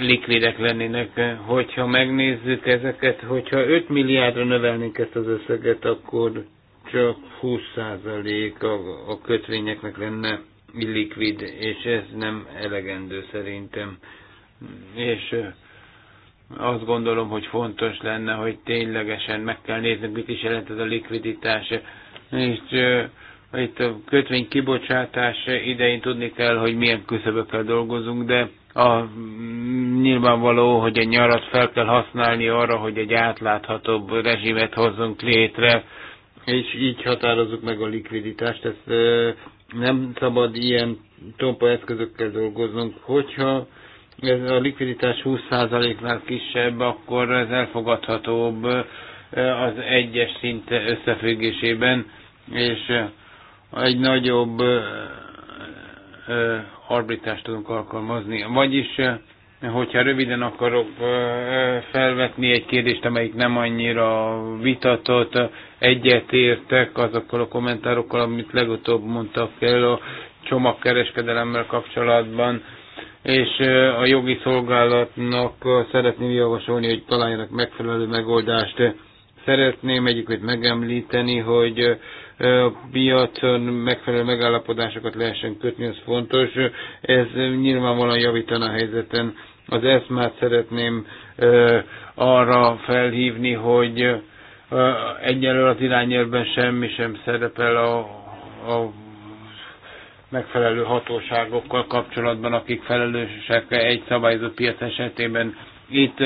likvidek lennének. Hogyha megnézzük ezeket, hogyha 5 milliárdra növelnénk ezt az összeget, akkor csak 20% a, a kötvényeknek lenne illikvid, és ez nem elegendő szerintem. És azt gondolom, hogy fontos lenne, hogy ténylegesen meg kell nézni, mit is jelent ez a likviditás. És itt a kötvény kibocsátás idején tudni kell, hogy milyen küszöbökkel dolgozunk, de a, nyilvánvaló, hogy a nyarat fel kell használni arra, hogy egy átláthatóbb rezsimet hozzunk létre, és így határozzuk meg a likviditást, ezt nem szabad ilyen tompa eszközökkel dolgoznunk. Hogyha ez a likviditás 20%-nál kisebb, akkor ez elfogadhatóbb eh, az egyes szint összefüggésében, és eh, egy nagyobb eh, arbitrást tudunk alkalmazni. Vagyis hogyha röviden akarok felvetni egy kérdést, amelyik nem annyira vitatott, egyetértek azokkal a kommentárokkal, amit legutóbb mondtak el a csomagkereskedelemmel kapcsolatban, és a jogi szolgálatnak szeretném javasolni, hogy találjanak megfelelő megoldást. Szeretném egyiket megemlíteni, hogy a piacon megfelelő megállapodásokat lehessen kötni, az fontos. Ez nyilvánvalóan javítana a helyzeten. Az eszmát t szeretném arra felhívni, hogy egyelőre az irányelvben semmi sem szerepel a, a megfelelő hatóságokkal kapcsolatban, akik felelősek egy szabályozott piac esetében. Itt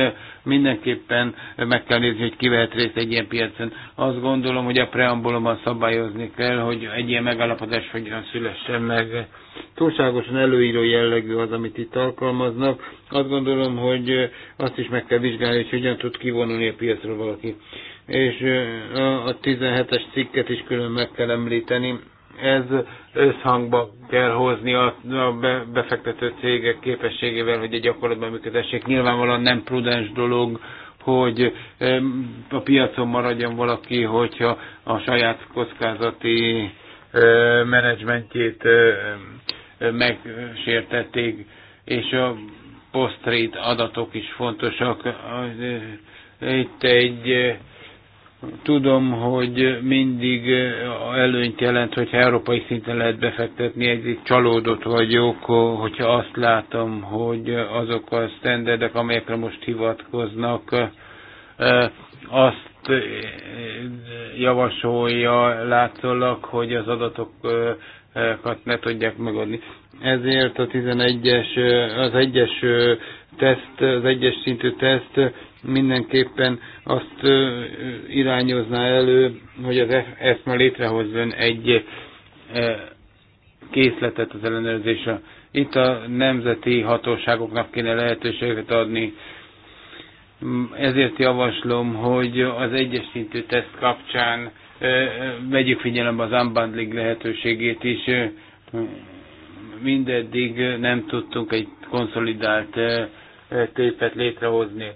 mindenképpen meg kell nézni, hogy ki vehet részt egy ilyen piacon. Azt gondolom, hogy a preambulumban szabályozni kell, hogy egy ilyen megállapodás hogyan szülessen meg túlságosan előíró jellegű az, amit itt alkalmaznak. Azt gondolom, hogy azt is meg kell vizsgálni, hogy hogyan tud kivonulni a piacról valaki. És a 17-es cikket is külön meg kell említeni. Ez összhangba kell hozni a, befektető cégek képességével, hogy egy gyakorlatban működessék. Nyilvánvalóan nem prudens dolog, hogy a piacon maradjon valaki, hogyha a saját kockázati menedzsmentjét megsértették, és a posztrét adatok is fontosak. Eh, itt egy eh, tudom, hogy mindig eh, előnyt jelent, hogy európai szinten lehet befektetni, egy csalódott vagyok, hogyha azt látom, hogy azok a standardek, amelyekre most hivatkoznak, azt javasolja látszólag, hogy az adatok ne tudják megadni. Ezért a 11-es, az egyes teszt, az egyes szintű teszt mindenképpen azt irányozná elő, hogy az ESMA létrehozzon egy készletet az ellenőrzésre. Itt a nemzeti hatóságoknak kéne lehetőséget adni. Ezért javaslom, hogy az egyes szintű teszt kapcsán vegyük figyelembe az unbundling lehetőségét is. Mindeddig nem tudtunk egy konszolidált tépet létrehozni.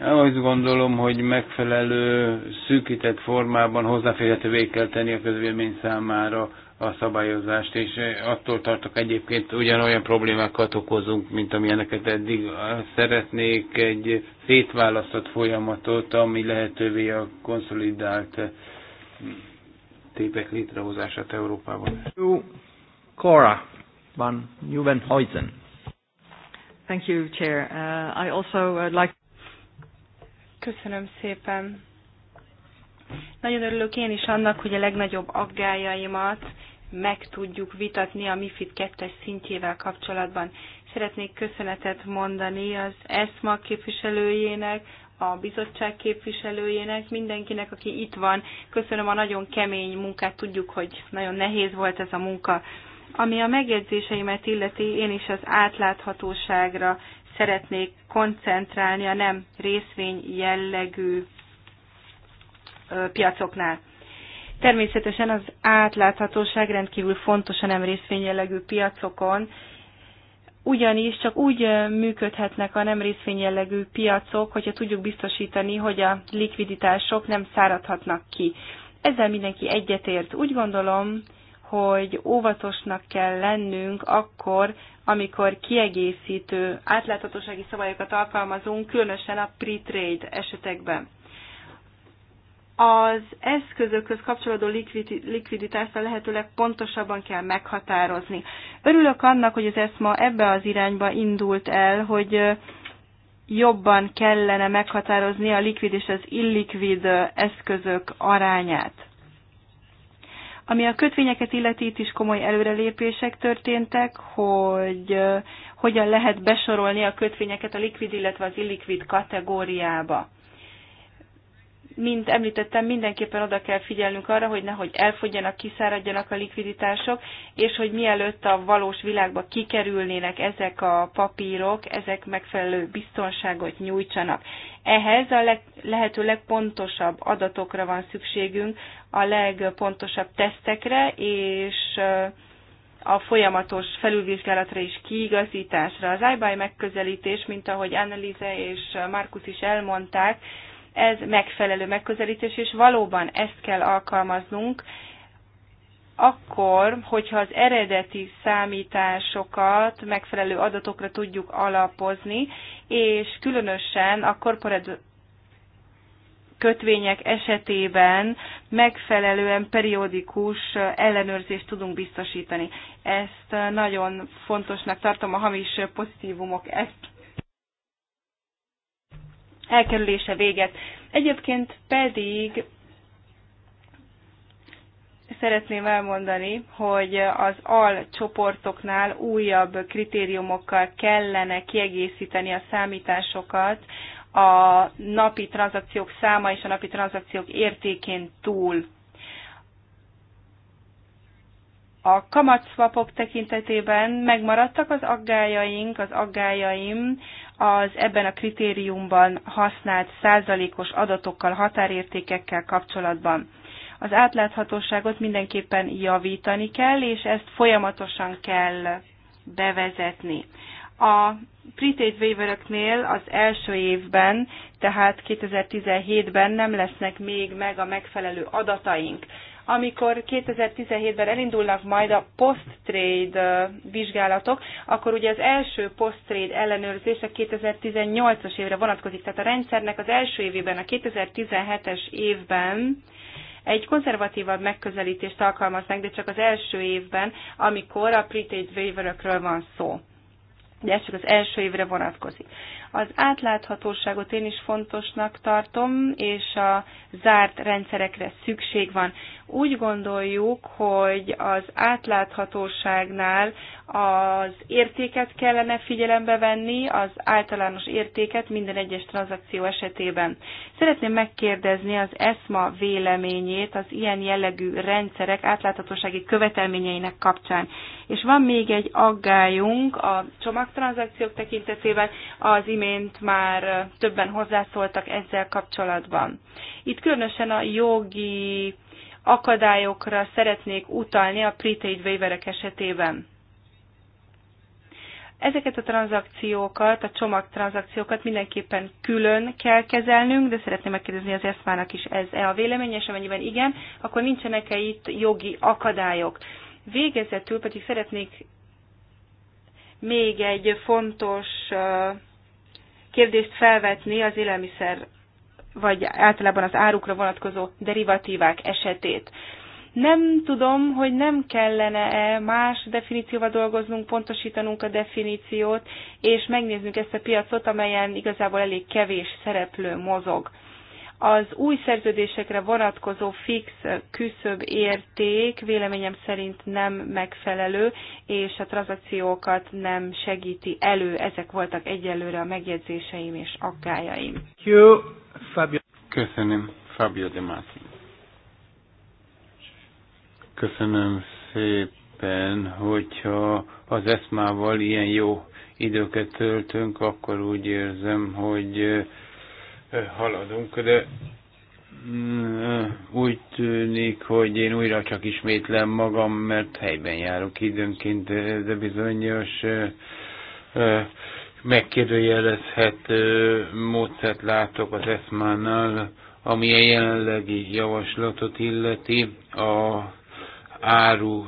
Azt gondolom, hogy megfelelő szűkített formában hozzáférhetővé kell tenni a közvélemény számára a szabályozást, és attól tartok egyébként ugyanolyan problémákat okozunk, mint amilyeneket eddig. Szeretnék egy szétválasztott folyamatot, ami lehetővé a konszolidált tépek létrehozását Európában. Jó, Cora van Juvenhuizen. Thank you, Chair. Uh, I also would uh, like... Köszönöm szépen. Nagyon örülök én is annak, hogy a legnagyobb aggájaimat meg tudjuk vitatni a MIFID 2 szintjével kapcsolatban. Szeretnék köszönetet mondani az ESMA képviselőjének, a bizottság képviselőjének, mindenkinek, aki itt van. Köszönöm a nagyon kemény munkát, tudjuk, hogy nagyon nehéz volt ez a munka. Ami a megjegyzéseimet illeti, én is az átláthatóságra szeretnék koncentrálni a nem részvény jellegű piacoknál. Természetesen az átláthatóság rendkívül fontos a nem részvényjellegű piacokon, ugyanis csak úgy működhetnek a nem részvényjellegű piacok, hogyha tudjuk biztosítani, hogy a likviditások nem száradhatnak ki. Ezzel mindenki egyetért. Úgy gondolom, hogy óvatosnak kell lennünk akkor, amikor kiegészítő átláthatósági szabályokat alkalmazunk, különösen a pre-trade esetekben az eszközökhöz kapcsolódó likviditást a lehetőleg pontosabban kell meghatározni. Örülök annak, hogy az ESMA ebbe az irányba indult el, hogy jobban kellene meghatározni a likvid és az illikvid eszközök arányát. Ami a kötvényeket illeti, itt is komoly előrelépések történtek, hogy hogyan lehet besorolni a kötvényeket a likvid, illetve az illikvid kategóriába mint említettem, mindenképpen oda kell figyelnünk arra, hogy nehogy elfogyjanak, kiszáradjanak a likviditások, és hogy mielőtt a valós világba kikerülnének ezek a papírok, ezek megfelelő biztonságot nyújtsanak. Ehhez a leg, lehető legpontosabb adatokra van szükségünk, a legpontosabb tesztekre, és a folyamatos felülvizsgálatra és kiigazításra. Az iBuy megközelítés, mint ahogy Annelize és Markus is elmondták, ez megfelelő megközelítés, és valóban ezt kell alkalmaznunk, akkor, hogyha az eredeti számításokat megfelelő adatokra tudjuk alapozni, és különösen a korporát kötvények esetében megfelelően periódikus ellenőrzést tudunk biztosítani. Ezt nagyon fontosnak tartom, a hamis pozitívumok ezt elkerülése véget. Egyébként pedig szeretném elmondani, hogy az al csoportoknál újabb kritériumokkal kellene kiegészíteni a számításokat a napi tranzakciók száma és a napi tranzakciók értékén túl. A kamatszvapok tekintetében megmaradtak az aggájaink, az aggájaim az ebben a kritériumban használt százalékos adatokkal, határértékekkel kapcsolatban. Az átláthatóságot mindenképpen javítani kell, és ezt folyamatosan kell bevezetni. A prepaid waiver az első évben, tehát 2017-ben nem lesznek még meg a megfelelő adataink amikor 2017-ben elindulnak majd a post-trade vizsgálatok, akkor ugye az első post-trade ellenőrzés a 2018-as évre vonatkozik, tehát a rendszernek az első évében, a 2017-es évben egy konzervatívabb megközelítést alkalmaznak, de csak az első évben, amikor a pre-trade waiverökről van szó de ez csak az első évre vonatkozik. Az átláthatóságot én is fontosnak tartom, és a zárt rendszerekre szükség van. Úgy gondoljuk, hogy az átláthatóságnál az értéket kellene figyelembe venni, az általános értéket minden egyes tranzakció esetében. Szeretném megkérdezni az ESMA véleményét az ilyen jellegű rendszerek átláthatósági követelményeinek kapcsán. És van még egy aggályunk a csomagtranzakciók tekintetében, az imént már többen hozzászóltak ezzel kapcsolatban. Itt különösen a jogi akadályokra szeretnék utalni a pre-trade waiverek esetében Ezeket a tranzakciókat, a csomagtranzakciókat mindenképpen külön kell kezelnünk, de szeretném megkérdezni az ESZMÁ-nak is ez-e a véleménye, és amennyiben igen, akkor nincsenek-e itt jogi akadályok. Végezetül pedig szeretnék még egy fontos kérdést felvetni az élelmiszer vagy általában az árukra vonatkozó derivatívák esetét. Nem tudom, hogy nem kellene-e más definícióval dolgoznunk, pontosítanunk a definíciót, és megnéznünk ezt a piacot, amelyen igazából elég kevés szereplő mozog. Az új szerződésekre vonatkozó fix küszöb érték véleményem szerint nem megfelelő, és a tranzakciókat nem segíti elő. Ezek voltak egyelőre a megjegyzéseim és aggájaim. Köszönöm, Fabio de Masi. Köszönöm szépen, hogyha az eszmával ilyen jó időket töltünk, akkor úgy érzem, hogy haladunk, de mm, úgy tűnik, hogy én újra csak ismétlem magam, mert helyben járok időnként, de bizonyos megkérdőjelezhet módszert látok az eszmánál, ami a jelenlegi javaslatot illeti. A áru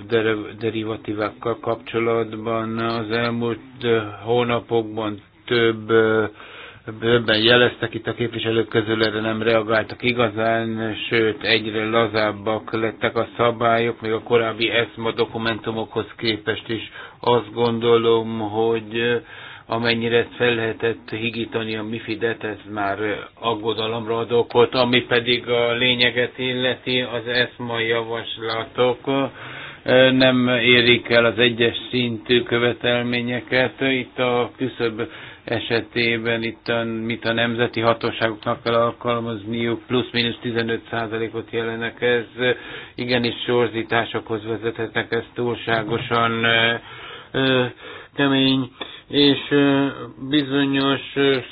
derivatívákkal kapcsolatban az elmúlt hónapokban több Többen jeleztek itt a képviselők közül, erre nem reagáltak igazán, sőt egyre lazábbak lettek a szabályok, még a korábbi ESMA dokumentumokhoz képest is. Azt gondolom, hogy amennyire ezt fel lehetett higítani a Mifidet, ez már aggodalomra ad okot, ami pedig a lényeget illeti, az ESMA javaslatok eh, nem érik el az egyes szintű követelményeket. Itt a küszöb esetében itt a, mit a nemzeti hatóságoknak kell alkalmazniuk, plusz-minusz 15%-ot jelenek ez. Igenis sorzításokhoz vezethetnek, ez túlságosan eh, eh, kemény. Uh, és bizonyos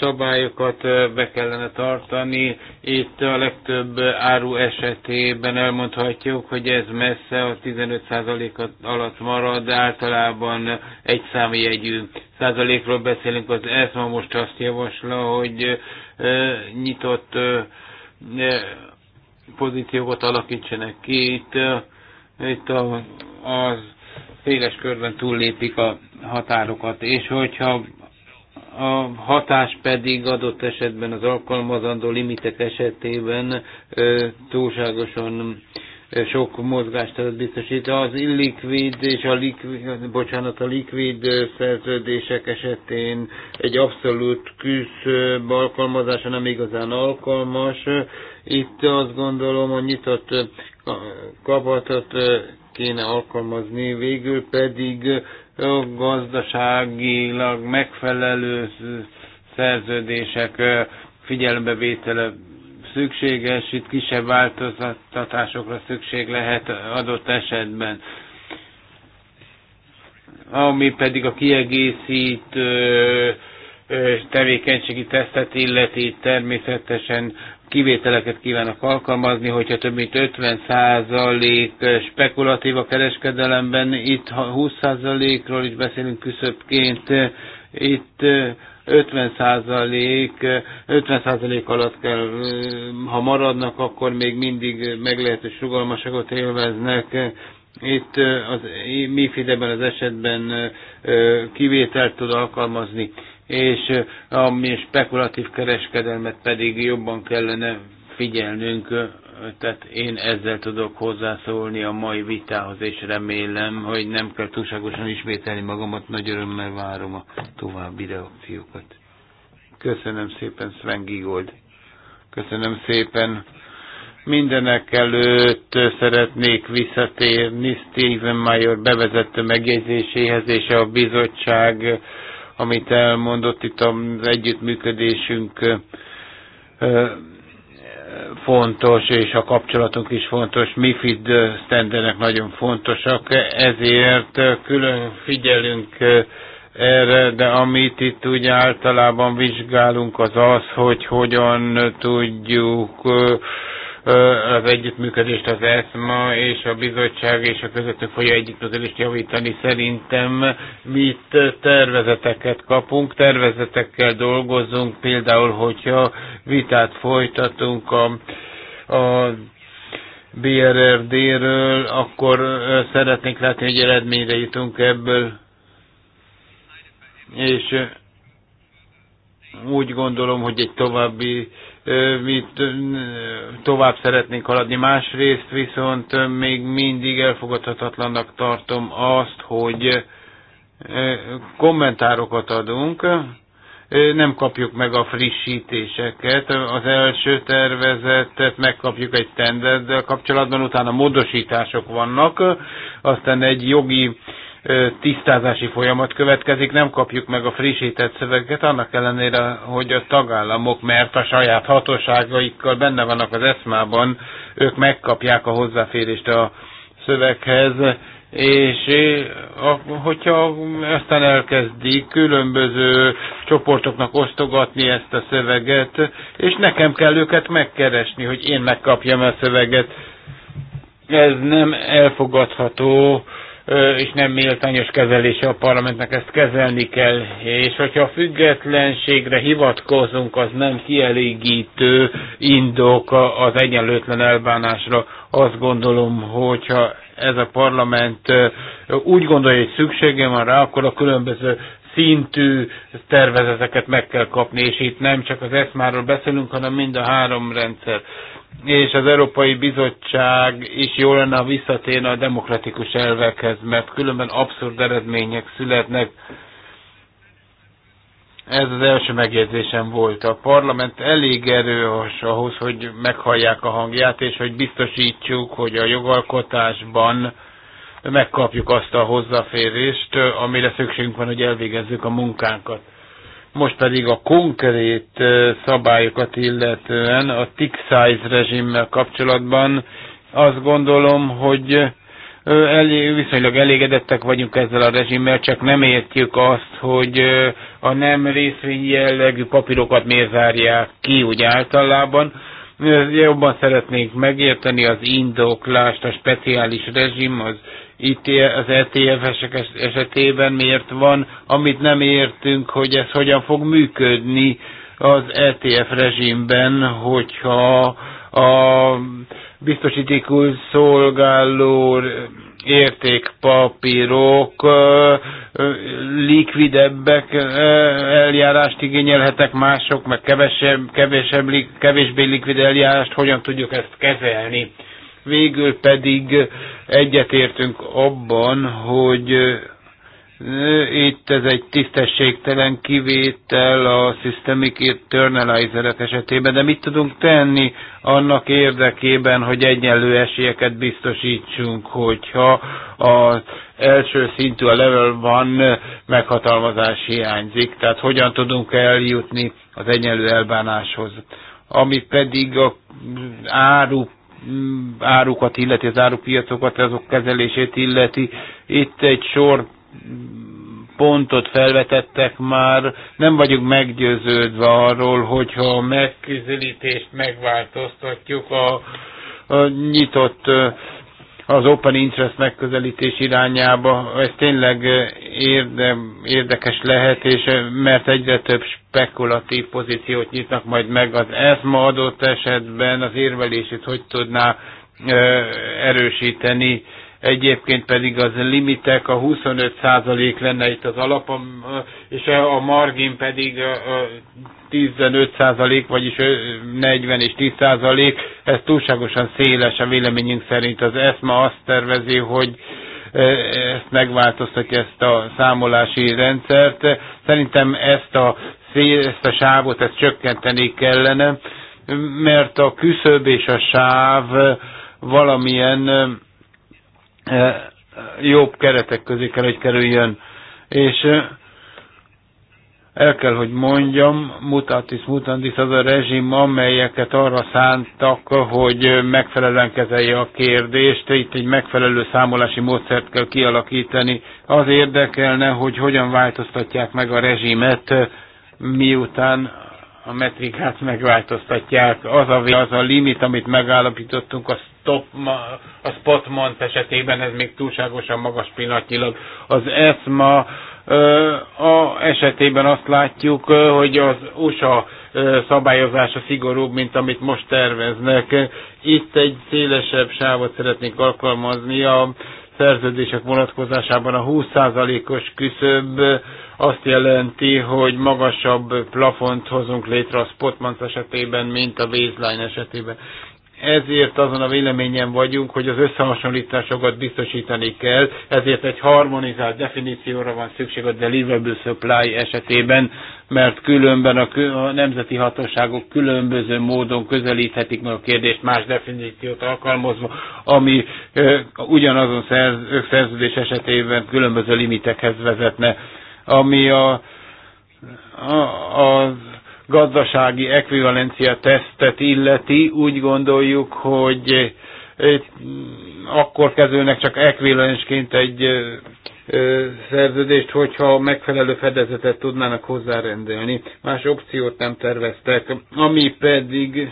szabályokat be kellene tartani. Itt a legtöbb áru esetében elmondhatjuk, hogy ez messze a 15% alatt marad, de általában egy számjegyű százalékról beszélünk. Az ESMA most azt javasla, hogy nyitott pozíciókat alakítsanak ki. Itt, itt az széles körben túllépik a határokat, és hogyha a hatás pedig adott esetben az alkalmazandó limitek esetében ö, túlságosan sok mozgást biztosít. Az illikvid és a likvid, bocsánat, a likvid szerződések esetén egy abszolút küszöb alkalmazása nem igazán alkalmas. Itt azt gondolom a nyitott kapatot kéne alkalmazni, végül pedig a gazdaságilag megfelelő szerződések figyelembevétele szükséges, itt kisebb változtatásokra szükség lehet adott esetben. Ami pedig a kiegészítő tevékenységi tesztet illeti, természetesen kivételeket kívánok alkalmazni, hogyha több mint 50% spekulatív a kereskedelemben, itt 20%-ról is beszélünk küszöbként, itt 50%, 50% alatt kell, ha maradnak, akkor még mindig meglehetős rugalmaságot élveznek. Itt az mi fideben az esetben kivételt tud alkalmazni és ami spekulatív kereskedelmet pedig jobban kellene figyelnünk, tehát én ezzel tudok hozzászólni a mai vitához, és remélem, hogy nem kell túlságosan ismételni magamat, nagy örömmel várom a további reakciókat. Köszönöm szépen, Sven Gigold. Köszönöm szépen. Mindenek előtt szeretnék visszatérni Steven Mayer bevezető megjegyzéséhez és a bizottság amit elmondott itt az együttműködésünk fontos, és a kapcsolatunk is fontos, MIFID sztenderek nagyon fontosak, ezért külön figyelünk erre, de amit itt úgy általában vizsgálunk az az, hogy hogyan tudjuk az együttműködést az ESMA és a bizottság és a közöttük folyó együttműködést javítani. Szerintem mit tervezeteket kapunk, tervezetekkel dolgozunk, például hogyha vitát folytatunk a, a BRRD-ről, akkor szeretnénk látni, hogy eredményre jutunk ebből. És úgy gondolom, hogy egy további mi tovább szeretnénk haladni. Másrészt viszont még mindig elfogadhatatlannak tartom azt, hogy kommentárokat adunk, nem kapjuk meg a frissítéseket. Az első tervezetet megkapjuk egy tenderrel kapcsolatban, utána módosítások vannak, aztán egy jogi tisztázási folyamat következik, nem kapjuk meg a frissített szövegeket, annak ellenére, hogy a tagállamok, mert a saját hatóságaikkal benne vannak az eszmában, ők megkapják a hozzáférést a szöveghez, és hogyha aztán elkezdik különböző csoportoknak osztogatni ezt a szöveget, és nekem kell őket megkeresni, hogy én megkapjam a szöveget, ez nem elfogadható és nem méltányos kezelése a parlamentnek, ezt kezelni kell. És hogyha a függetlenségre hivatkozunk, az nem kielégítő indok az egyenlőtlen elbánásra. Azt gondolom, hogyha ez a parlament úgy gondolja, hogy szüksége van rá, akkor a különböző szintű tervezeteket meg kell kapni, és itt nem csak az ESMÁ-ról beszélünk, hanem mind a három rendszer. És az Európai Bizottság is jól lenne, ha visszatérne a demokratikus elvekhez, mert különben abszurd eredmények születnek. Ez az első megjegyzésem volt. A parlament elég erős ahhoz, hogy meghallják a hangját, és hogy biztosítsuk, hogy a jogalkotásban megkapjuk azt a hozzáférést, amire szükségünk van, hogy elvégezzük a munkánkat. Most pedig a konkrét szabályokat illetően a tick size rezsimmel kapcsolatban azt gondolom, hogy elég, viszonylag elégedettek vagyunk ezzel a rezsimmel, csak nem értjük azt, hogy a nem részvény jellegű papírokat miért zárják ki úgy általában. Jobban szeretnénk megérteni az indoklást, a speciális rezsim, az itt az ETF-esek esetében miért van, amit nem értünk, hogy ez hogyan fog működni az ETF rezsimben, hogyha a biztosítékul szolgáló értékpapírok likvidebbek eljárást igényelhetek mások, meg kevesebb, kevesebb, kevésbé likvid eljárást, hogyan tudjuk ezt kezelni Végül pedig egyetértünk abban, hogy itt ez egy tisztességtelen kivétel a systemic internalizer esetében, de mit tudunk tenni annak érdekében, hogy egyenlő esélyeket biztosítsunk, hogyha az első szintű a level van meghatalmazás hiányzik, tehát hogyan tudunk eljutni az egyenlő elbánáshoz ami pedig a áru Hm, árukat illeti, az árupiacokat, azok kezelését illeti. Itt egy sor pontot felvetettek már, nem vagyunk meggyőződve arról, hogyha a megközelítést megváltoztatjuk a, a nyitott az open interest megközelítés irányába. Ez tényleg eh, érde, érdekes lehet, és eh, mert egyre több spekulatív pozíciót nyitnak majd meg az ESMA adott esetben az érvelését, hogy tudná eh, erősíteni egyébként pedig az limitek a 25% lenne itt az alapom, és a margin pedig 15%, vagyis 40 és 10%, ez túlságosan széles a véleményünk szerint. Az ESMA azt tervezi, hogy ezt megváltoztatja ezt a számolási rendszert. Szerintem ezt a, ezt a sávot ezt csökkenteni kellene, mert a küszöb és a sáv valamilyen Eh, jobb keretek közé kell, hogy kerüljön. És eh, el kell, hogy mondjam, mutatis mutandis az a rezsim, amelyeket arra szántak, hogy eh, megfelelően kezelje a kérdést. Itt egy megfelelő számolási módszert kell kialakítani. Az érdekelne, hogy hogyan változtatják meg a rezsimet, miután a metrikát megváltoztatják. Az a, az a limit, amit megállapítottunk, azt top, a spotmont esetében ez még túlságosan magas pillanatnyilag. Az ESMA a esetében azt látjuk, hogy az USA szabályozása szigorúbb, mint amit most terveznek. Itt egy szélesebb sávot szeretnénk alkalmazni a szerződések vonatkozásában a 20%-os küszöbb azt jelenti, hogy magasabb plafont hozunk létre a spotmans esetében, mint a baseline esetében ezért azon a véleményen vagyunk, hogy az összehasonlításokat biztosítani kell, ezért egy harmonizált definícióra van szükség a deliverable supply esetében, mert különben a, a nemzeti hatóságok különböző módon közelíthetik meg a kérdést, más definíciót alkalmazva, ami e, ugyanazon szerz, szerződés esetében különböző limitekhez vezetne, ami a, a, az gazdasági ekvivalencia tesztet illeti, úgy gondoljuk, hogy eh, mm, akkor kezdőnek csak ekvivalensként egy eh, eh, szerződést, hogyha megfelelő fedezetet tudnának hozzárendelni. Más opciót nem terveztek. Ami pedig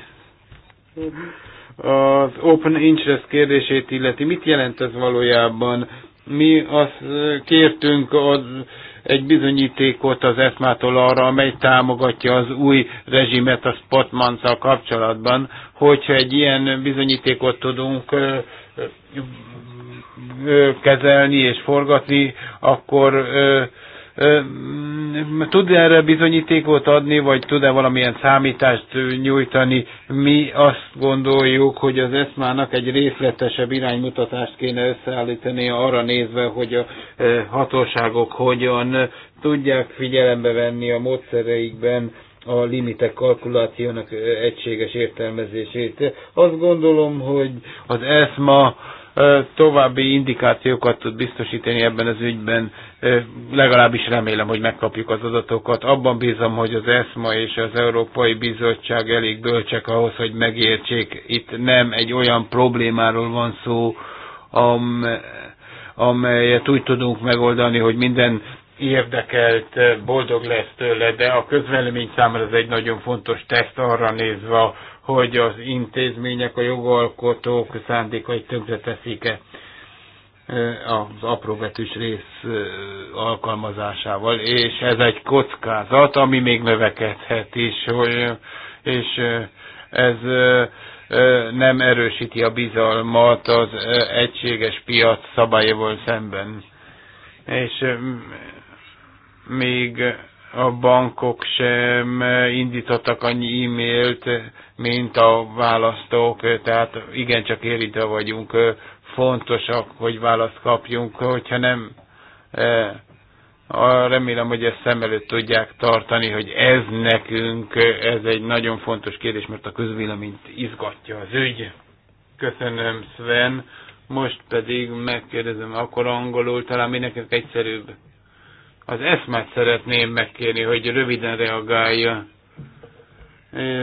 az open interest kérdését illeti, mit jelent ez valójában? Mi azt kértünk az egy bizonyítékot az ESMA-tól arra, amely támogatja az új rezsimet a Spotmanszal kapcsolatban, hogyha egy ilyen bizonyítékot tudunk kezelni és forgatni, akkor tud erre bizonyítékot adni, vagy tud-e valamilyen számítást nyújtani? Mi azt gondoljuk, hogy az ESMA-nak egy részletesebb iránymutatást kéne összeállítani arra nézve, hogy a hatóságok hogyan tudják figyelembe venni a módszereikben a limitek kalkulációnak egységes értelmezését. Azt gondolom, hogy az ESMA további indikációkat tud biztosítani ebben az ügyben. Legalábbis remélem, hogy megkapjuk az adatokat. Abban bízom, hogy az ESMA és az Európai Bizottság elég bölcsek ahhoz, hogy megértsék. Itt nem egy olyan problémáról van szó, amelyet úgy tudunk megoldani, hogy minden érdekelt, boldog lesz tőle, de a közvelemény számára ez egy nagyon fontos teszt arra nézve, hogy az intézmények, a jogalkotók szándékait tönkreteszik-e az apróbetűs rész alkalmazásával, és ez egy kockázat, ami még növekedhet is, hogy, és ez nem erősíti a bizalmat az egységes piac szabályával szemben. És még a bankok sem indítottak annyi e-mailt mint a választók, tehát igencsak érintve vagyunk, fontosak, hogy választ kapjunk, hogyha nem remélem, hogy ezt szem előtt tudják tartani, hogy ez nekünk, ez egy nagyon fontos kérdés, mert a közvéleményt izgatja az ügy. Köszönöm, Sven. Most pedig megkérdezem, akkor angolul talán mindenkinek egyszerűbb. Az eszmát szeretném megkérni, hogy röviden reagálja.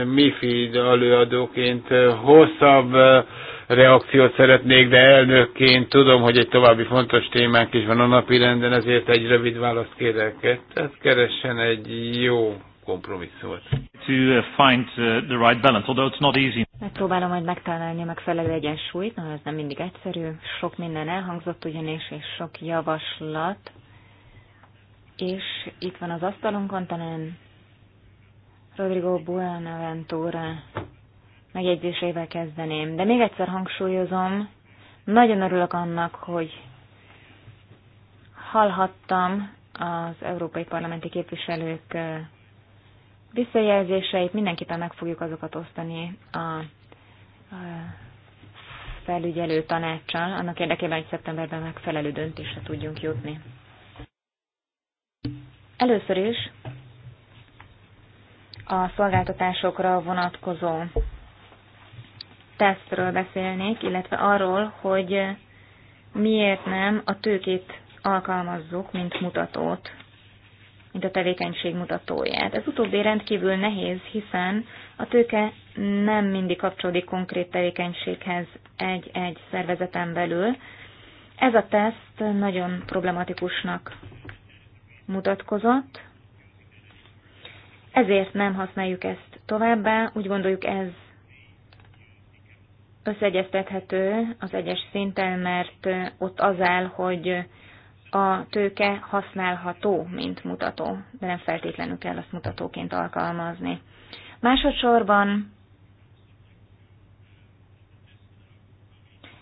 MIFID előadóként hosszabb eh, reakciót szeretnék, de elnökként tudom, hogy egy további fontos témánk is van a napi renden, ezért egy rövid választ kérek. Tehát keressen egy jó kompromisszumot. To uh, find uh, the right balance, although it's not easy. Megpróbálom majd megtalálni a megfelelő egyensúlyt, no, ez nem mindig egyszerű. Sok minden elhangzott ugyanis, és sok javaslat. És itt van az asztalunkon, talán Rodrigo Buenaventura megjegyzésével kezdeném. De még egyszer hangsúlyozom, nagyon örülök annak, hogy hallhattam az európai parlamenti képviselők visszajelzéseit, mindenképpen meg fogjuk azokat osztani a felügyelő tanácssal, annak érdekében, hogy szeptemberben megfelelő döntésre tudjunk jutni. Először is a szolgáltatásokra vonatkozó tesztről beszélnék, illetve arról, hogy miért nem a tőkét alkalmazzuk, mint mutatót, mint a tevékenység mutatóját. Ez utóbbi rendkívül nehéz, hiszen a tőke nem mindig kapcsolódik konkrét tevékenységhez egy-egy szervezeten belül. Ez a teszt nagyon problematikusnak mutatkozott, ezért nem használjuk ezt továbbá, úgy gondoljuk ez összeegyeztethető az egyes szinten, mert ott az áll, hogy a tőke használható, mint mutató, de nem feltétlenül kell azt mutatóként alkalmazni. Másodszorban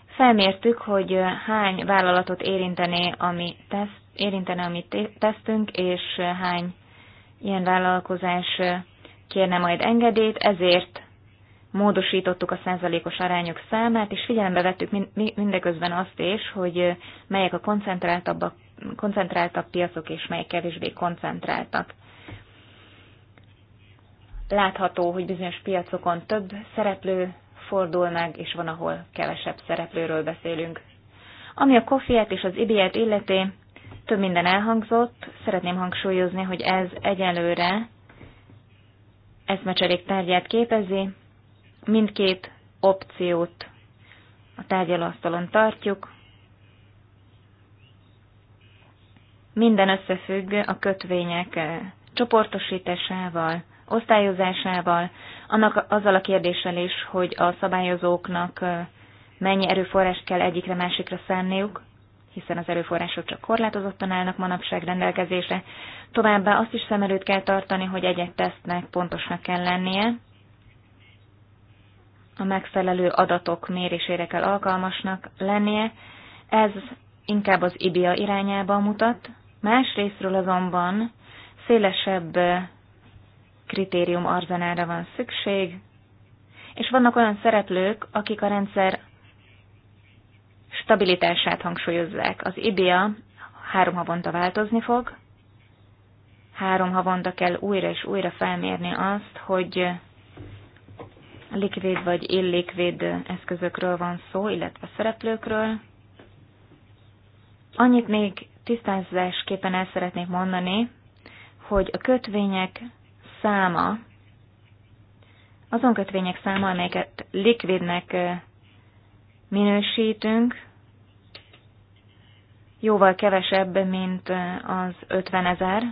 felmértük, hogy hány vállalatot érintené, ami teszt, érintene amit tesztünk, és hány ilyen vállalkozás kérne majd engedélyt, ezért módosítottuk a százalékos arányok számát, és figyelembe vettük mindeközben azt is, hogy melyek a koncentráltabbak, koncentráltabb piacok, és melyek kevésbé koncentráltak. Látható, hogy bizonyos piacokon több szereplő fordul meg, és van, ahol kevesebb szereplőről beszélünk. Ami a kofiát és az ibiát illeti, több minden elhangzott, szeretném hangsúlyozni, hogy ez egyelőre eszmecserék tárgyát képezi, mindkét opciót a tárgyalóasztalon tartjuk, minden összefügg a kötvények eh, csoportosításával, osztályozásával, annak azzal a kérdéssel is, hogy a szabályozóknak eh, mennyi erőforrást kell egyikre másikra szánniuk hiszen az erőforrások csak korlátozottan állnak manapság rendelkezésre. Továbbá azt is szem előtt kell tartani, hogy egy-egy tesztnek pontosnak kell lennie, a megfelelő adatok mérésére kell alkalmasnak lennie, ez inkább az IBIA irányába mutat, másrésztről azonban szélesebb kritérium arzenára van szükség, és vannak olyan szereplők, akik a rendszer stabilitását hangsúlyozzák. Az IBIA három havonta változni fog, három havonta kell újra és újra felmérni azt, hogy likvid vagy illikvid eszközökről van szó, illetve szereplőkről. Annyit még tisztázásképpen el szeretnék mondani, hogy a kötvények száma, azon kötvények száma, amelyeket likvidnek minősítünk, jóval kevesebb, mint az 50 ezer,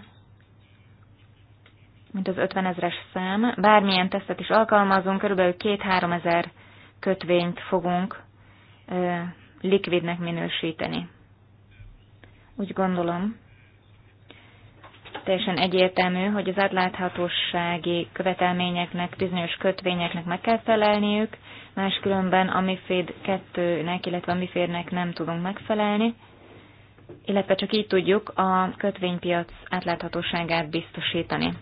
mint az 50 ezres szám. Bármilyen tesztet is alkalmazunk, körülbelül 2-3 ezer kötvényt fogunk likvidnek minősíteni. Úgy gondolom, teljesen egyértelmű, hogy az átláthatósági követelményeknek, bizonyos kötvényeknek meg kell felelniük, máskülönben a MIFID 2-nek, illetve a MIFIR-nek nem tudunk megfelelni illetve csak így tudjuk a kötvénypiac átláthatóságát biztosítani.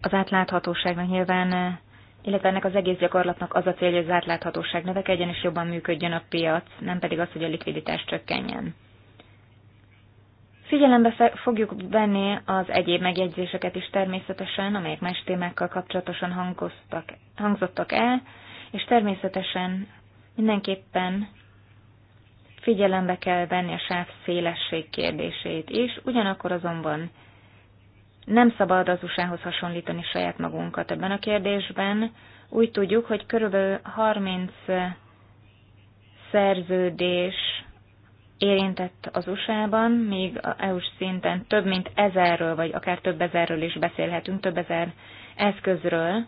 Az átláthatóságnak nyilván, illetve ennek az egész gyakorlatnak az a célja, hogy az átláthatóság növekedjen és jobban működjön a piac, nem pedig az, hogy a likviditás csökkenjen. Figyelembe fogjuk venni az egyéb megjegyzéseket is természetesen, amelyek más témákkal kapcsolatosan hangoztak, hangzottak el, és természetesen Mindenképpen figyelembe kell venni a sáv szélesség kérdését is, ugyanakkor azonban nem szabad az USA-hoz hasonlítani saját magunkat ebben a kérdésben. Úgy tudjuk, hogy körülbelül 30 szerződés érintett az USA-ban, míg EU-s szinten több mint ezerről, vagy akár több ezerről is beszélhetünk, több ezer eszközről,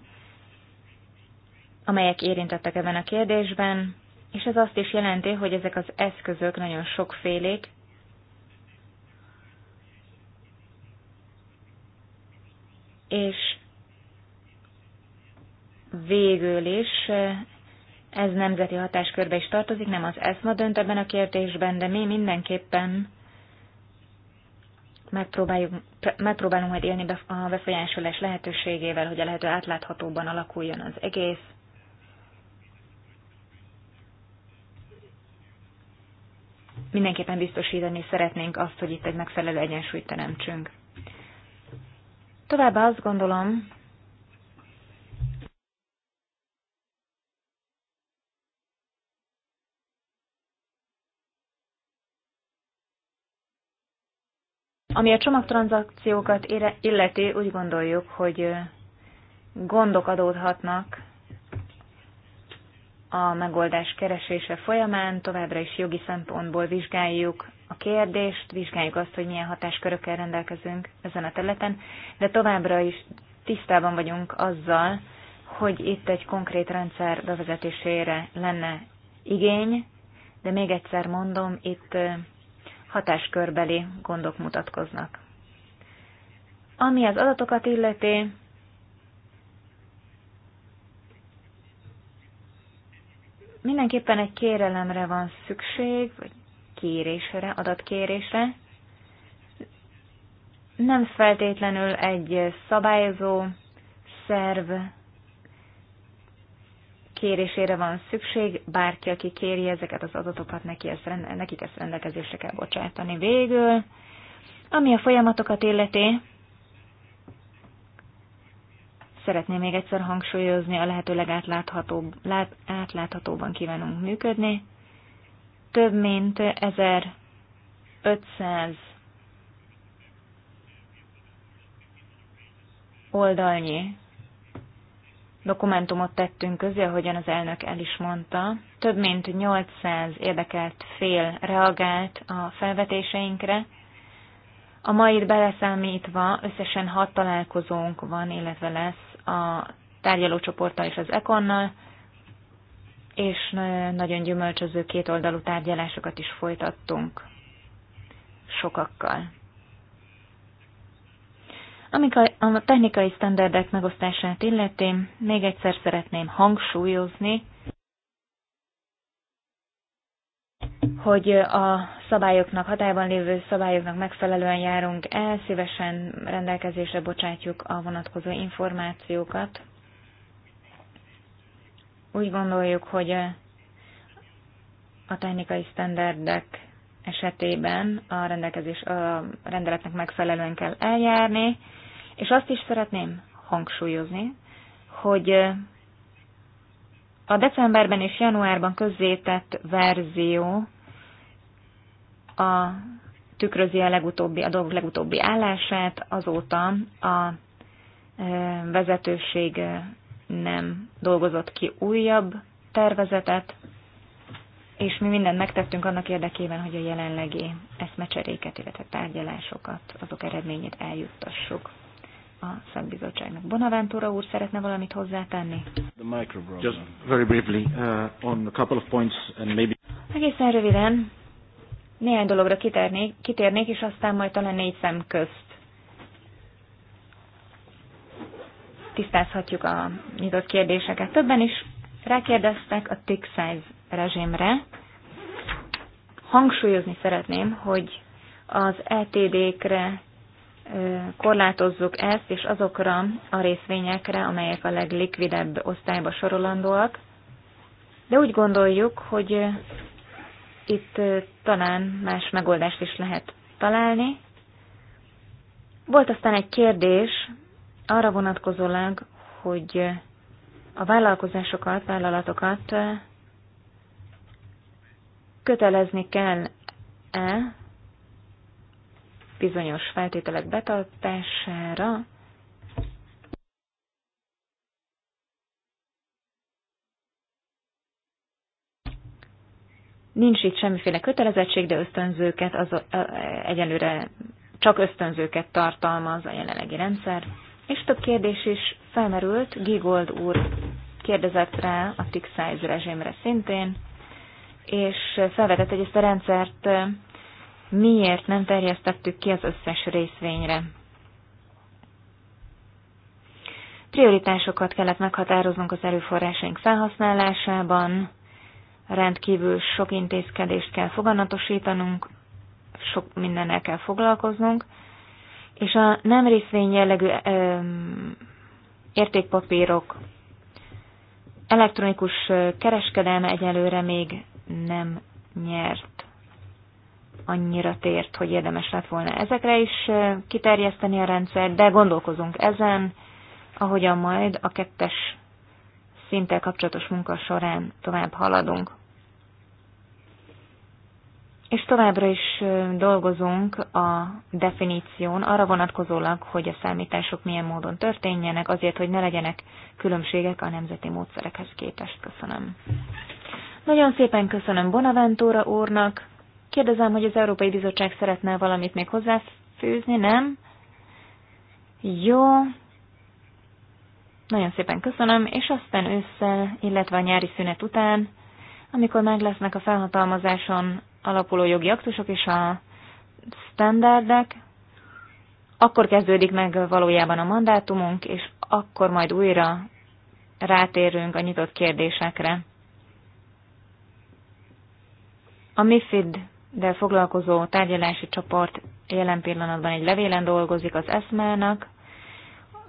amelyek érintettek ebben a kérdésben. És ez azt is jelenti, hogy ezek az eszközök nagyon sokfélék, és végül is ez nemzeti hatáskörbe is tartozik, nem az ESMA dönt ebben a kérdésben, de mi mindenképpen megpróbáljuk, megpróbálunk majd élni a befolyásolás lehetőségével, hogy a lehető átláthatóban alakuljon az egész. mindenképpen biztosítani szeretnénk azt, hogy itt egy megfelelő egyensúlyt teremtsünk. Továbbá azt gondolom, Ami a csomagtranzakciókat illeti, úgy gondoljuk, hogy gondok adódhatnak a megoldás keresése folyamán továbbra is jogi szempontból vizsgáljuk a kérdést, vizsgáljuk azt, hogy milyen hatáskörökkel rendelkezünk ezen a területen, de továbbra is tisztában vagyunk azzal, hogy itt egy konkrét rendszer bevezetésére lenne igény, de még egyszer mondom, itt hatáskörbeli gondok mutatkoznak. Ami az adatokat illeti, mindenképpen egy kérelemre van szükség, vagy kérésre, adatkérésre. Nem feltétlenül egy szabályozó szerv kérésére van szükség, bárki, aki kéri ezeket az adatokat, neki ezt, nekik ezt rendelkezésre kell bocsátani végül. Ami a folyamatokat illeti, Szeretném még egyszer hangsúlyozni, a lehető legátláthatóbb, lát, átláthatóban kívánunk működni. Több mint 1500 oldalnyi dokumentumot tettünk közé, ahogyan az elnök el is mondta. Több mint 800 érdekelt fél reagált a felvetéseinkre. A mait beleszámítva összesen hat találkozónk van, illetve lesz a tárgyalócsoporttal és az Econnal, és nagyon gyümölcsöző kétoldalú tárgyalásokat is folytattunk sokakkal. Amikor a technikai standardek megosztását illeti, még egyszer szeretném hangsúlyozni, hogy a szabályoknak, hatályban lévő szabályoknak megfelelően járunk el, szívesen rendelkezésre bocsátjuk a vonatkozó információkat. Úgy gondoljuk, hogy a technikai standardek esetében a, rendelkezés, a rendeletnek megfelelően kell eljárni, és azt is szeretném hangsúlyozni, hogy a decemberben és januárban közzétett verzió a tükrözi a legutóbbi, a dolgok legutóbbi állását, azóta a e, vezetőség nem dolgozott ki újabb tervezetet, és mi mindent megtettünk annak érdekében, hogy a jelenlegi eszmecseréket, illetve tárgyalásokat, azok eredményét eljuttassuk a szakbizottságnak. Bonaventura úr szeretne valamit hozzátenni? Just very briefly, uh, on a couple of points and maybe... Egészen röviden, néhány dologra kitérnék, kitérnék, és aztán majd talán négy szem közt tisztázhatjuk a nyitott kérdéseket. Többen is rákérdeztek a tick size rezsimre. Hangsúlyozni szeretném, hogy az ETD-kre korlátozzuk ezt, és azokra a részvényekre, amelyek a leglikvidebb osztályba sorolandóak. De úgy gondoljuk, hogy itt talán más megoldást is lehet találni. Volt aztán egy kérdés arra vonatkozólag, hogy a vállalkozásokat, vállalatokat kötelezni kell-e bizonyos feltételek betartására, Nincs itt semmiféle kötelezettség, de ösztönzőket az egyelőre csak ösztönzőket tartalmaz a jelenlegi rendszer. És több kérdés is felmerült, Gigold úr kérdezett rá a tick size rezsémre szintén, és felvetett, hogy ezt a rendszert miért nem terjesztettük ki az összes részvényre. Prioritásokat kellett meghatároznunk az erőforrásaink felhasználásában, rendkívül sok intézkedést kell foganatosítanunk, sok mindennel kell foglalkoznunk, és a nem részvény jellegű ö, értékpapírok elektronikus kereskedelme egyelőre még nem nyert annyira tért, hogy érdemes lett volna ezekre is kiterjeszteni a rendszert, de gondolkozunk ezen, ahogyan majd a kettes szinttel kapcsolatos munka során tovább haladunk és továbbra is dolgozunk a definíción arra vonatkozólag, hogy a számítások milyen módon történjenek, azért, hogy ne legyenek különbségek a nemzeti módszerekhez képest. Köszönöm. Nagyon szépen köszönöm Bonaventura úrnak. Kérdezem, hogy az Európai Bizottság szeretne valamit még hozzáfűzni, nem? Jó. Nagyon szépen köszönöm, és aztán ősszel, illetve a nyári szünet után amikor meg lesznek a felhatalmazáson alapuló jogi aktusok és a standardek, akkor kezdődik meg valójában a mandátumunk, és akkor majd újra rátérünk a nyitott kérdésekre. A MIFID-del foglalkozó tárgyalási csoport jelen pillanatban egy levélen dolgozik az eszmának,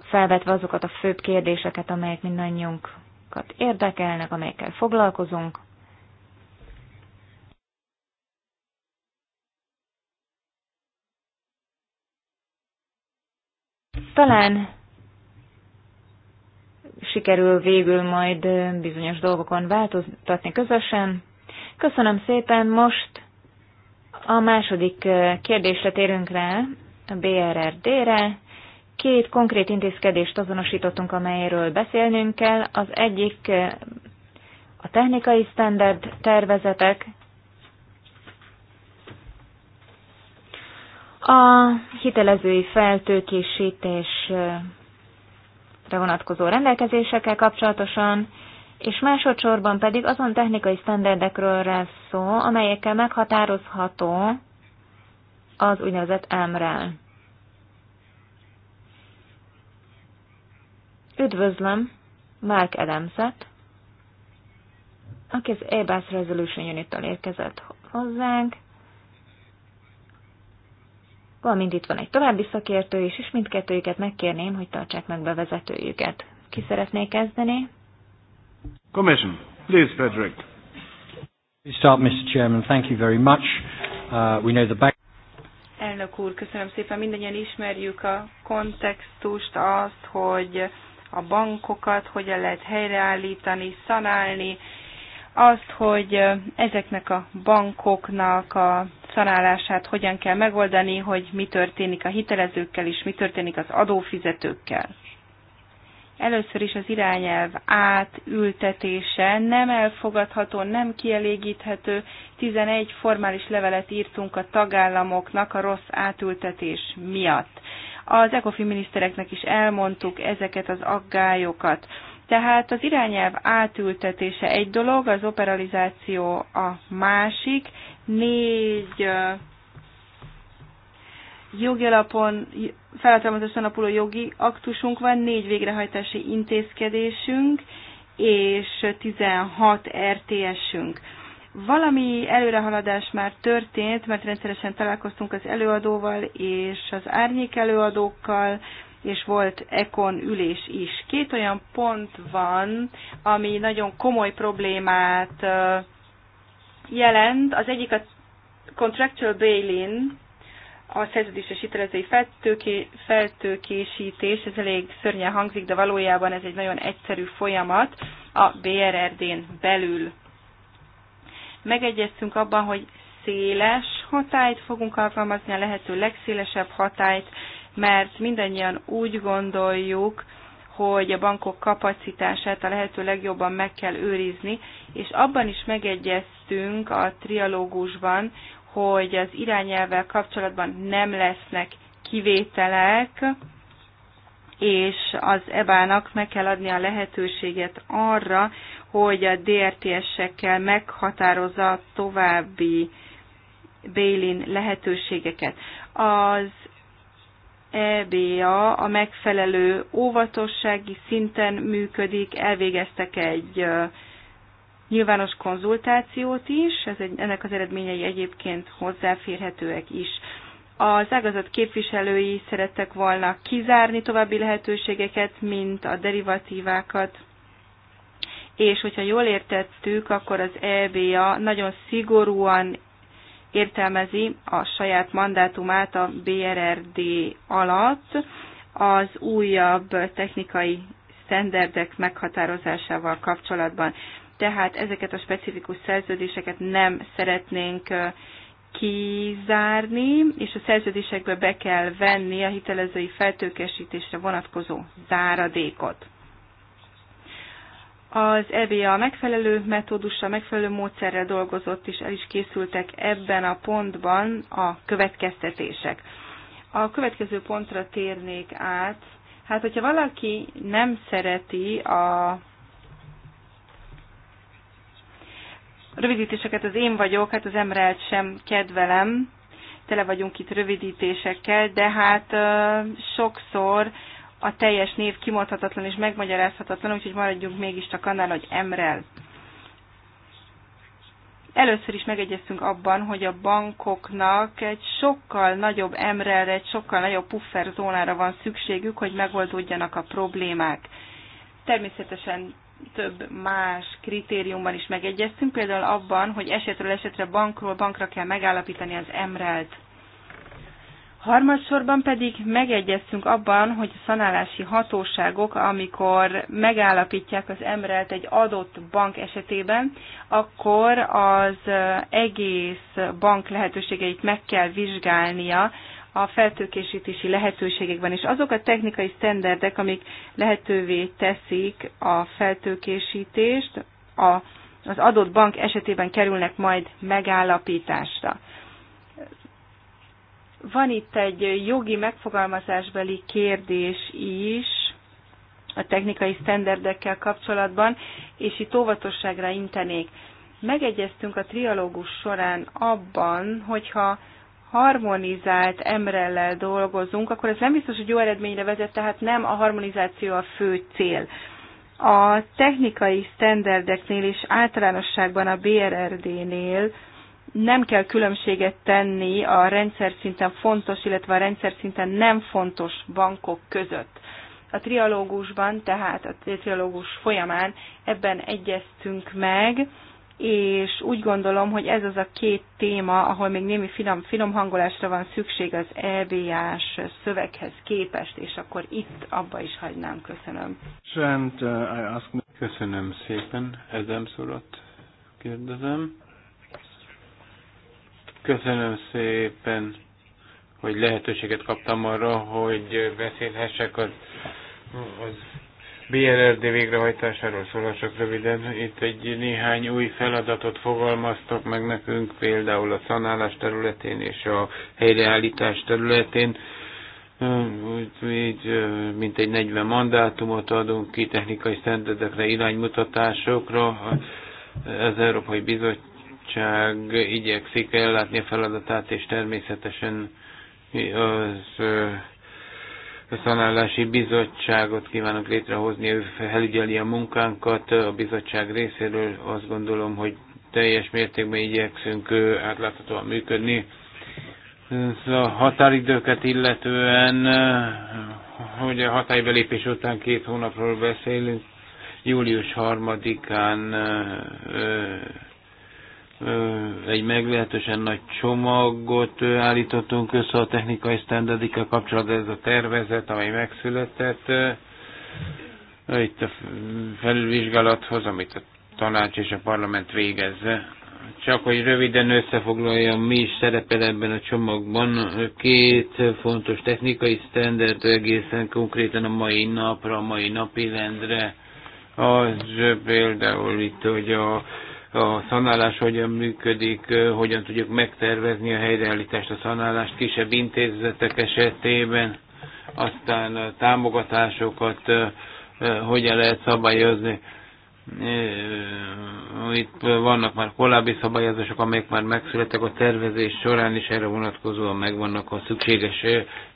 felvetve azokat a főbb kérdéseket, amelyek mindannyiunkat érdekelnek, amelyekkel foglalkozunk, Talán sikerül végül majd bizonyos dolgokon változtatni közösen. Köszönöm szépen, most a második kérdésre térünk rá, a BRRD-re. Két konkrét intézkedést azonosítottunk, amelyről beszélnünk kell. Az egyik a technikai standard tervezetek, A hitelezői feltőkésítésre vonatkozó rendelkezésekkel kapcsolatosan, és másodszorban pedig azon technikai standardekről lesz szó, amelyekkel meghatározható az úgynevezett MREL. Üdvözlöm Mark Adamset, aki az ABAS Resolution Unit-től érkezett hozzánk valamint itt van egy további szakértő is, és mindkettőjüket megkérném, hogy tartsák meg bevezetőjüket. Ki szeretné kezdeni? Commission, please, Frederick. start, Mr. Chairman. Thank you very much. Uh, we know the back Elnök úr, köszönöm szépen. Mindennyian ismerjük a kontextust, azt, hogy a bankokat hogyan lehet helyreállítani, szanálni, azt, hogy ezeknek a bankoknak a szanálását hogyan kell megoldani, hogy mi történik a hitelezőkkel és mi történik az adófizetőkkel. Először is az irányelv átültetése nem elfogadható, nem kielégíthető. 11 formális levelet írtunk a tagállamoknak a rossz átültetés miatt. Az ECOFI minisztereknek is elmondtuk ezeket az aggályokat. Tehát az irányelv átültetése egy dolog, az operalizáció a másik, négy jogi alapon felhatalmazáson alapuló jogi aktusunk van, négy végrehajtási intézkedésünk, és 16 RTS-ünk. Valami előrehaladás már történt, mert rendszeresen találkoztunk az előadóval és az árnyék előadókkal, és volt ekon ülés is. Két olyan pont van, ami nagyon komoly problémát jelent. Az egyik a contractual bail-in, a szerződéses hitelezői feltőké, feltőkésítés, ez elég szörnyen hangzik, de valójában ez egy nagyon egyszerű folyamat a BRRD-n belül. Megegyeztünk abban, hogy széles hatályt fogunk alkalmazni, a lehető legszélesebb hatályt, mert mindannyian úgy gondoljuk, hogy a bankok kapacitását a lehető legjobban meg kell őrizni, és abban is megegyeztünk, döntöttünk a trialógusban, hogy az irányelvvel kapcsolatban nem lesznek kivételek, és az EBA-nak meg kell adni a lehetőséget arra, hogy a DRTS-ekkel er meghatározza további bail lehetőségeket. Az EBA a megfelelő óvatossági szinten működik, elvégeztek egy nyilvános konzultációt is, ez egy, ennek az eredményei egyébként hozzáférhetőek is. Az ágazat képviselői szerettek volna kizárni további lehetőségeket, mint a derivatívákat, és hogyha jól értettük, akkor az EBA nagyon szigorúan értelmezi a saját mandátumát a BRRD alatt az újabb technikai sztenderdek meghatározásával kapcsolatban tehát ezeket a specifikus szerződéseket nem szeretnénk kizárni, és a szerződésekbe be kell venni a hitelezői feltőkesítésre vonatkozó záradékot. Az EBA megfelelő metódussal, megfelelő módszerrel dolgozott, és el is készültek ebben a pontban a következtetések. A következő pontra térnék át. Hát, hogyha valaki nem szereti a rövidítéseket az én vagyok, hát az Emrelt sem kedvelem, tele vagyunk itt rövidítésekkel, de hát sokszor a teljes név kimondhatatlan és megmagyarázhatatlan, úgyhogy maradjunk mégiscsak annál, hogy Emrel. Először is megegyeztünk abban, hogy a bankoknak egy sokkal nagyobb emrelre, egy sokkal nagyobb pufferzónára van szükségük, hogy megoldódjanak a problémák. Természetesen több más kritériumban is megegyeztünk, például abban, hogy esetről esetre bankról bankra kell megállapítani az emrelt. Harmadsorban pedig megegyeztünk abban, hogy a szanálási hatóságok, amikor megállapítják az emrelt egy adott bank esetében, akkor az egész bank lehetőségeit meg kell vizsgálnia a feltőkésítési lehetőségekben, és azok a technikai standardek, amik lehetővé teszik a feltőkésítést, a, az adott bank esetében kerülnek majd megállapításra. Van itt egy jogi megfogalmazásbeli kérdés is a technikai standardekkel kapcsolatban, és itt óvatosságra intenék. Megegyeztünk a trialógus során abban, hogyha harmonizált emrellel dolgozunk, akkor ez nem biztos, hogy jó eredményre vezet, tehát nem a harmonizáció a fő cél. A technikai standardeknél és általánosságban a BRRD-nél nem kell különbséget tenni a rendszer szinten fontos, illetve a rendszer szinten nem fontos bankok között. A trialógusban, tehát a trialógus folyamán ebben egyeztünk meg, és úgy gondolom, hogy ez az a két téma, ahol még némi finom, finom hangolásra van szükség az EBA-s szöveghez képest, és akkor itt abba is hagynám. Köszönöm. Uh, I. Köszönöm szépen. Ezem szorot kérdezem. Köszönöm szépen, hogy lehetőséget kaptam arra, hogy beszélhessek az, az BRRD végrehajtásáról szólva csak röviden. Itt egy néhány új feladatot fogalmaztak meg nekünk, például a szanálás területén és a helyreállítás területén. Úgy, mint egy 40 mandátumot adunk ki technikai szentedekre, iránymutatásokra. Az Európai Bizottság igyekszik ellátni a feladatát, és természetesen az szanálási bizottságot kívánok létrehozni, ő felügyeli a munkánkat a bizottság részéről. Azt gondolom, hogy teljes mértékben igyekszünk átláthatóan működni. A határidőket illetően, hogy a hatálybelépés után két hónapról beszélünk, július harmadikán egy meglehetősen nagy csomagot állítottunk össze a technikai standardikkal kapcsolatban, ez a tervezet, amely megszületett itt a felülvizsgálathoz, amit a tanács és a parlament végez. Csak hogy röviden összefoglaljam, mi is szerepel ebben a csomagban. Két fontos technikai standard egészen konkrétan a mai napra, a mai rendre. Az például itt, hogy a a szanálás hogyan működik, hogyan tudjuk megtervezni a helyreállítást a szanálást kisebb intézetek esetében, aztán a támogatásokat hogyan lehet szabályozni itt vannak már korábbi szabályozások, amelyek már megszülettek a tervezés során, és erre vonatkozóan megvannak a szükséges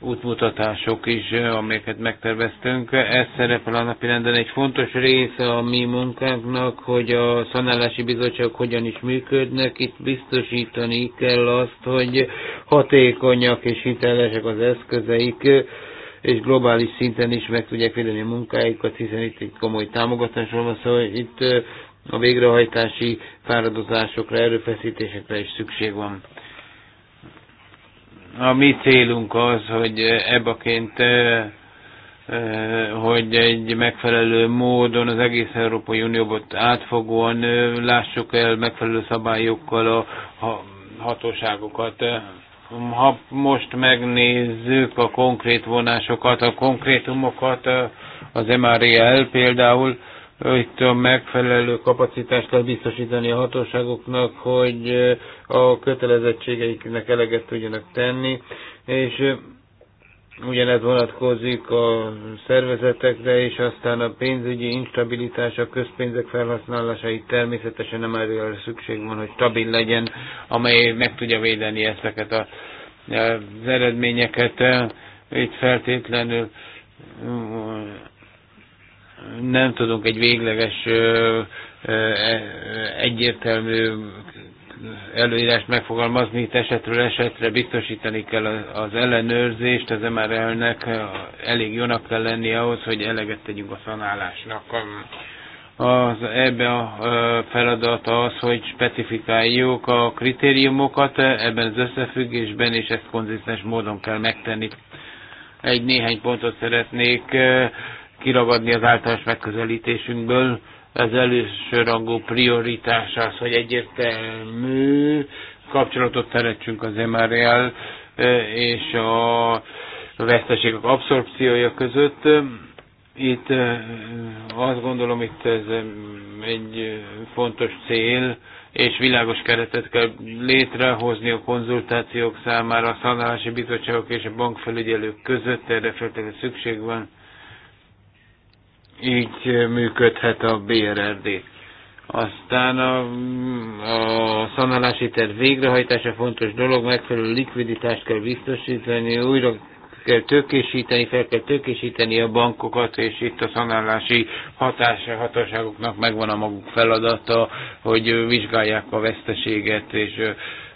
útmutatások is, amelyeket megterveztünk. Ez szerepel a napi renden egy fontos része a mi munkánknak, hogy a szanálási bizottságok hogyan is működnek. Itt biztosítani kell azt, hogy hatékonyak és hitelesek az eszközeik, és globális szinten is meg tudják védeni a munkáikat, hiszen itt egy komoly támogatásról van szóval itt a végrehajtási fáradozásokra, erőfeszítésekre is szükség van. A mi célunk az, hogy ebbaként hogy egy megfelelő módon az egész Európai Unióban átfogóan lássuk el megfelelő szabályokkal a hatóságokat ha most megnézzük a konkrét vonásokat, a konkrétumokat, az MRL e például, itt a megfelelő kapacitást kell biztosítani a hatóságoknak, hogy a kötelezettségeiknek eleget tudjanak tenni, és Ugyanez vonatkozik a szervezetekre, és aztán a pénzügyi instabilitás, a közpénzek felhasználásai természetesen nem erről szükség van, hogy stabil legyen, amely meg tudja védeni ezeket a, az eredményeket. Itt feltétlenül nem tudunk egy végleges e, egyértelmű előírást megfogalmazni, itt esetről esetre biztosítani kell az ellenőrzést, az MRL-nek elég jónak kell lenni ahhoz, hogy eleget tegyünk a szanálásnak. Az ebbe a feladat az, hogy specifikáljuk a kritériumokat ebben az összefüggésben, és ezt konzisztens módon kell megtenni. Egy néhány pontot szeretnék kiragadni az általános megközelítésünkből ez elősorangú prioritás az, hogy egyértelmű kapcsolatot teremtsünk az MRL és a veszteségek abszorpciója között. Itt azt gondolom, itt ez egy fontos cél, és világos keretet kell létrehozni a konzultációk számára a szanálási bizottságok és a bankfelügyelők között, erre feltétlenül szükség van így működhet a BRRD. Aztán a, a szanálási terv végrehajtása fontos dolog, megfelelő likviditást kell biztosítani, újra kell tökésíteni, fel kell tökésíteni a bankokat, és itt a szanálási hatása, hatóságoknak megvan a maguk feladata, hogy vizsgálják a veszteséget, és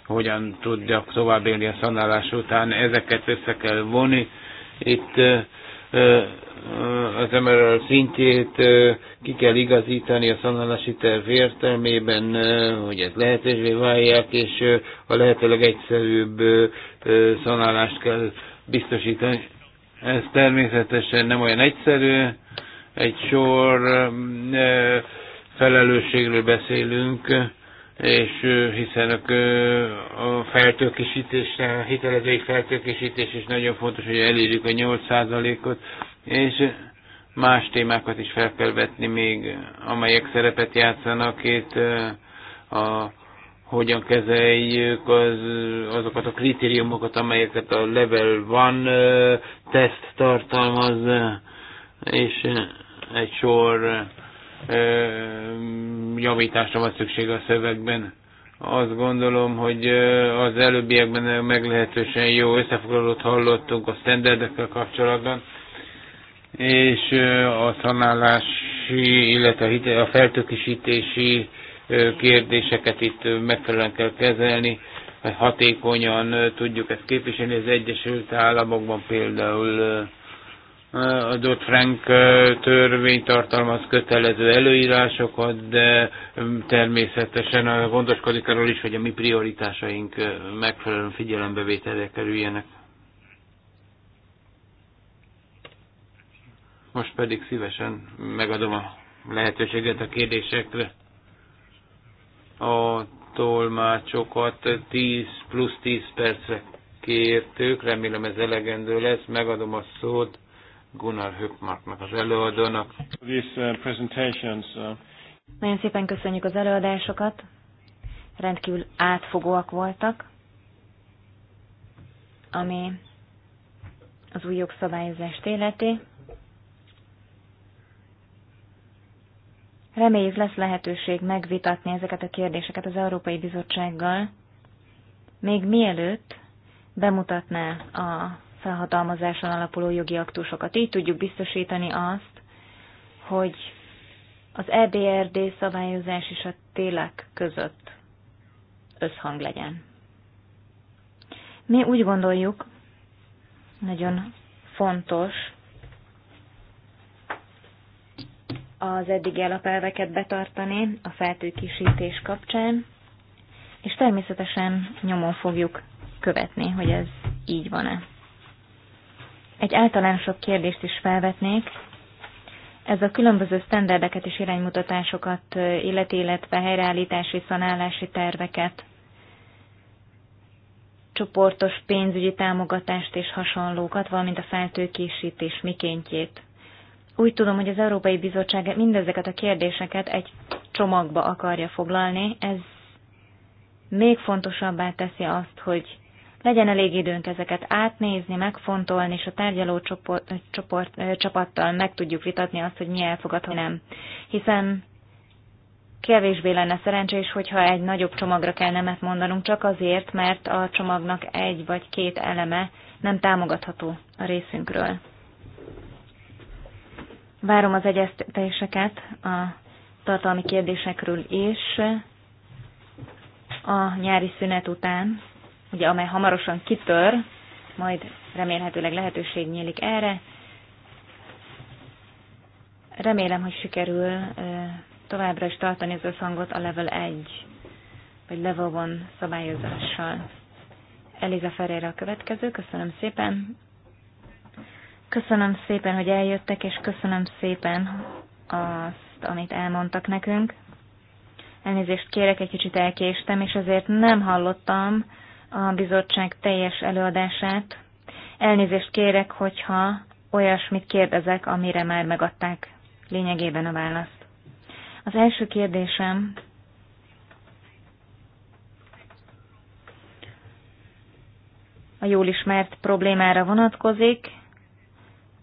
hogyan tudjak tovább élni a szanálás után. Ezeket össze kell vonni. Itt az MRL szintjét ki kell igazítani a szanálási terv értelmében, hogy ez lehetővé válják, és a lehetőleg egyszerűbb szanálást kell biztosítani. Ez természetesen nem olyan egyszerű, egy sor felelősségről beszélünk, és hiszen a feltökésítés, a hitelezői feltökésítés is nagyon fontos, hogy elérjük a 8%-ot, és más témákat is fel kell vetni még, amelyek szerepet játszanak itt, a, hogyan kezeljük az, azokat a kritériumokat, amelyeket a level van teszt tartalmaz, és egy sor javításra van szükség a szövegben. Azt gondolom, hogy az előbbiekben meglehetősen jó összefoglalót hallottunk a standardekkel kapcsolatban és a szanálási, illetve a feltökisítési kérdéseket itt megfelelően kell kezelni, hatékonyan tudjuk ezt képviselni. Az Egyesült Államokban például a Dodd-Frank törvény tartalmaz kötelező előírásokat, de természetesen gondoskodik arról is, hogy a mi prioritásaink megfelelően figyelembevételre kerüljenek. Most pedig szívesen megadom a lehetőséget a kérdésekre. A tolmácsokat 10 plusz 10 percre kértük, remélem ez elegendő lesz, megadom a szót Gunnar Höckmarknak, az előadónak. Uh, uh, Nagyon szépen köszönjük az előadásokat, rendkívül átfogóak voltak, ami az új jogszabályozást életi. Reméljük lesz lehetőség megvitatni ezeket a kérdéseket az Európai Bizottsággal, még mielőtt bemutatná a felhatalmazáson alapuló jogi aktusokat. Így tudjuk biztosítani azt, hogy az EBRD szabályozás és a télek között összhang legyen. Mi úgy gondoljuk, nagyon fontos, az eddigi alapelveket betartani a feltőkisítés kapcsán, és természetesen nyomon fogjuk követni, hogy ez így van-e. Egy általánosabb kérdést is felvetnék. Ez a különböző sztenderdeket és iránymutatásokat illeti, illetve helyreállítási, szanálási terveket, csoportos pénzügyi támogatást és hasonlókat, valamint a feltőkésítés mikéntjét úgy tudom, hogy az Európai Bizottság mindezeket a kérdéseket egy csomagba akarja foglalni. Ez még fontosabbá teszi azt, hogy legyen elég időnk ezeket átnézni, megfontolni, és a tárgyaló csoport, csoport, csapattal meg tudjuk vitatni azt, hogy mi elfogadható nem. Hiszen kevésbé lenne szerencsés, hogyha egy nagyobb csomagra kell nemet mondanunk, csak azért, mert a csomagnak egy vagy két eleme nem támogatható a részünkről. Várom az egyeztetéseket a tartalmi kérdésekről is a nyári szünet után, ugye amely hamarosan kitör, majd remélhetőleg lehetőség nyílik erre. Remélem, hogy sikerül továbbra is tartani az összhangot a level 1 vagy level 1 szabályozással. Eliza Ferreira a következő, köszönöm szépen. Köszönöm szépen, hogy eljöttek, és köszönöm szépen azt, amit elmondtak nekünk. Elnézést kérek, egy kicsit elkéstem, és azért nem hallottam a bizottság teljes előadását. Elnézést kérek, hogyha olyasmit kérdezek, amire már megadták lényegében a választ. Az első kérdésem a jól ismert problémára vonatkozik,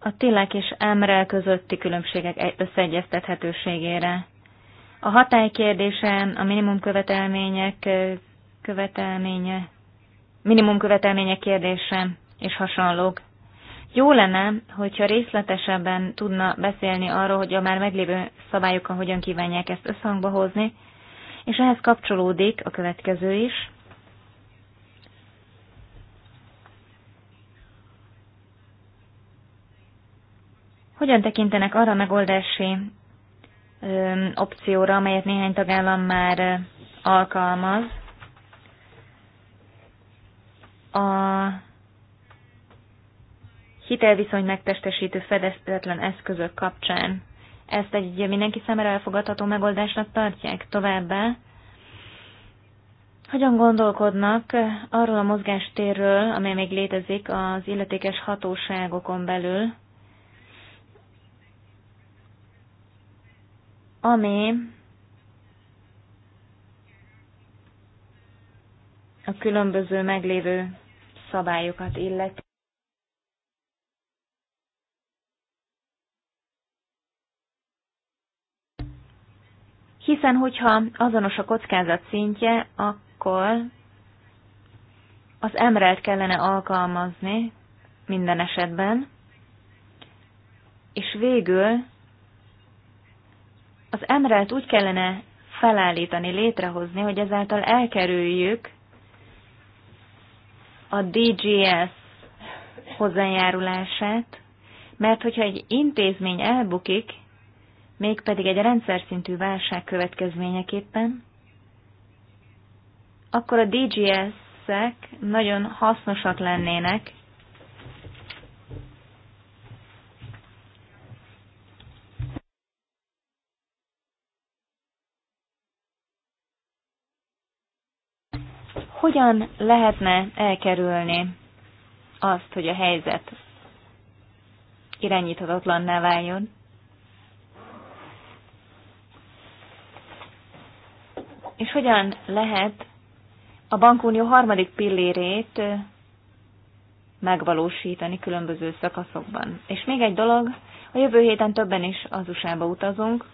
a Tilek és Emrel közötti különbségek összeegyeztethetőségére. A hatály kérdésen a minimum követelmények követelménye, minimum követelmények kérdése és hasonlók. Jó lenne, hogyha részletesebben tudna beszélni arról, hogy a már meglévő szabályokkal hogyan kívánják ezt összhangba hozni, és ehhez kapcsolódik a következő is. Hogyan tekintenek arra megoldási ö, opcióra, amelyet néhány tagállam már alkalmaz? A hitelviszony megtestesítő fedezetlen eszközök kapcsán. Ezt egy mindenki számára elfogadható megoldásnak tartják? Továbbá, hogyan gondolkodnak arról a mozgástérről, amely még létezik az illetékes hatóságokon belül, ami a különböző meglévő szabályokat illeti. Hiszen, hogyha azonos a kockázat szintje, akkor az emrelt kellene alkalmazni minden esetben, és végül az emrát úgy kellene felállítani, létrehozni, hogy ezáltal elkerüljük a DGS hozzájárulását, mert hogyha egy intézmény elbukik, mégpedig egy rendszer szintű válság következményeképpen, akkor a DGS-ek nagyon hasznosak lennének Hogyan lehetne elkerülni azt, hogy a helyzet irányíthatatlanná váljon? És hogyan lehet a bankunió harmadik pillérét megvalósítani különböző szakaszokban? És még egy dolog, a jövő héten többen is az USA-ba utazunk,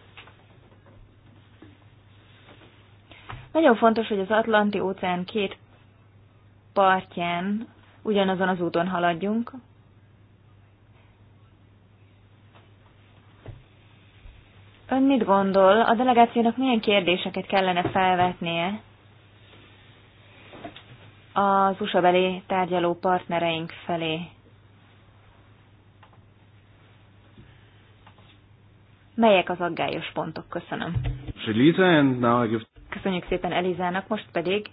Nagyon fontos, hogy az Atlanti óceán két partján ugyanazon az úton haladjunk. Ön mit gondol, a delegációnak milyen kérdéseket kellene felvetnie az USA belé tárgyaló partnereink felé? Melyek az aggályos pontok? Köszönöm. Köszönjük szépen Elizának, most pedig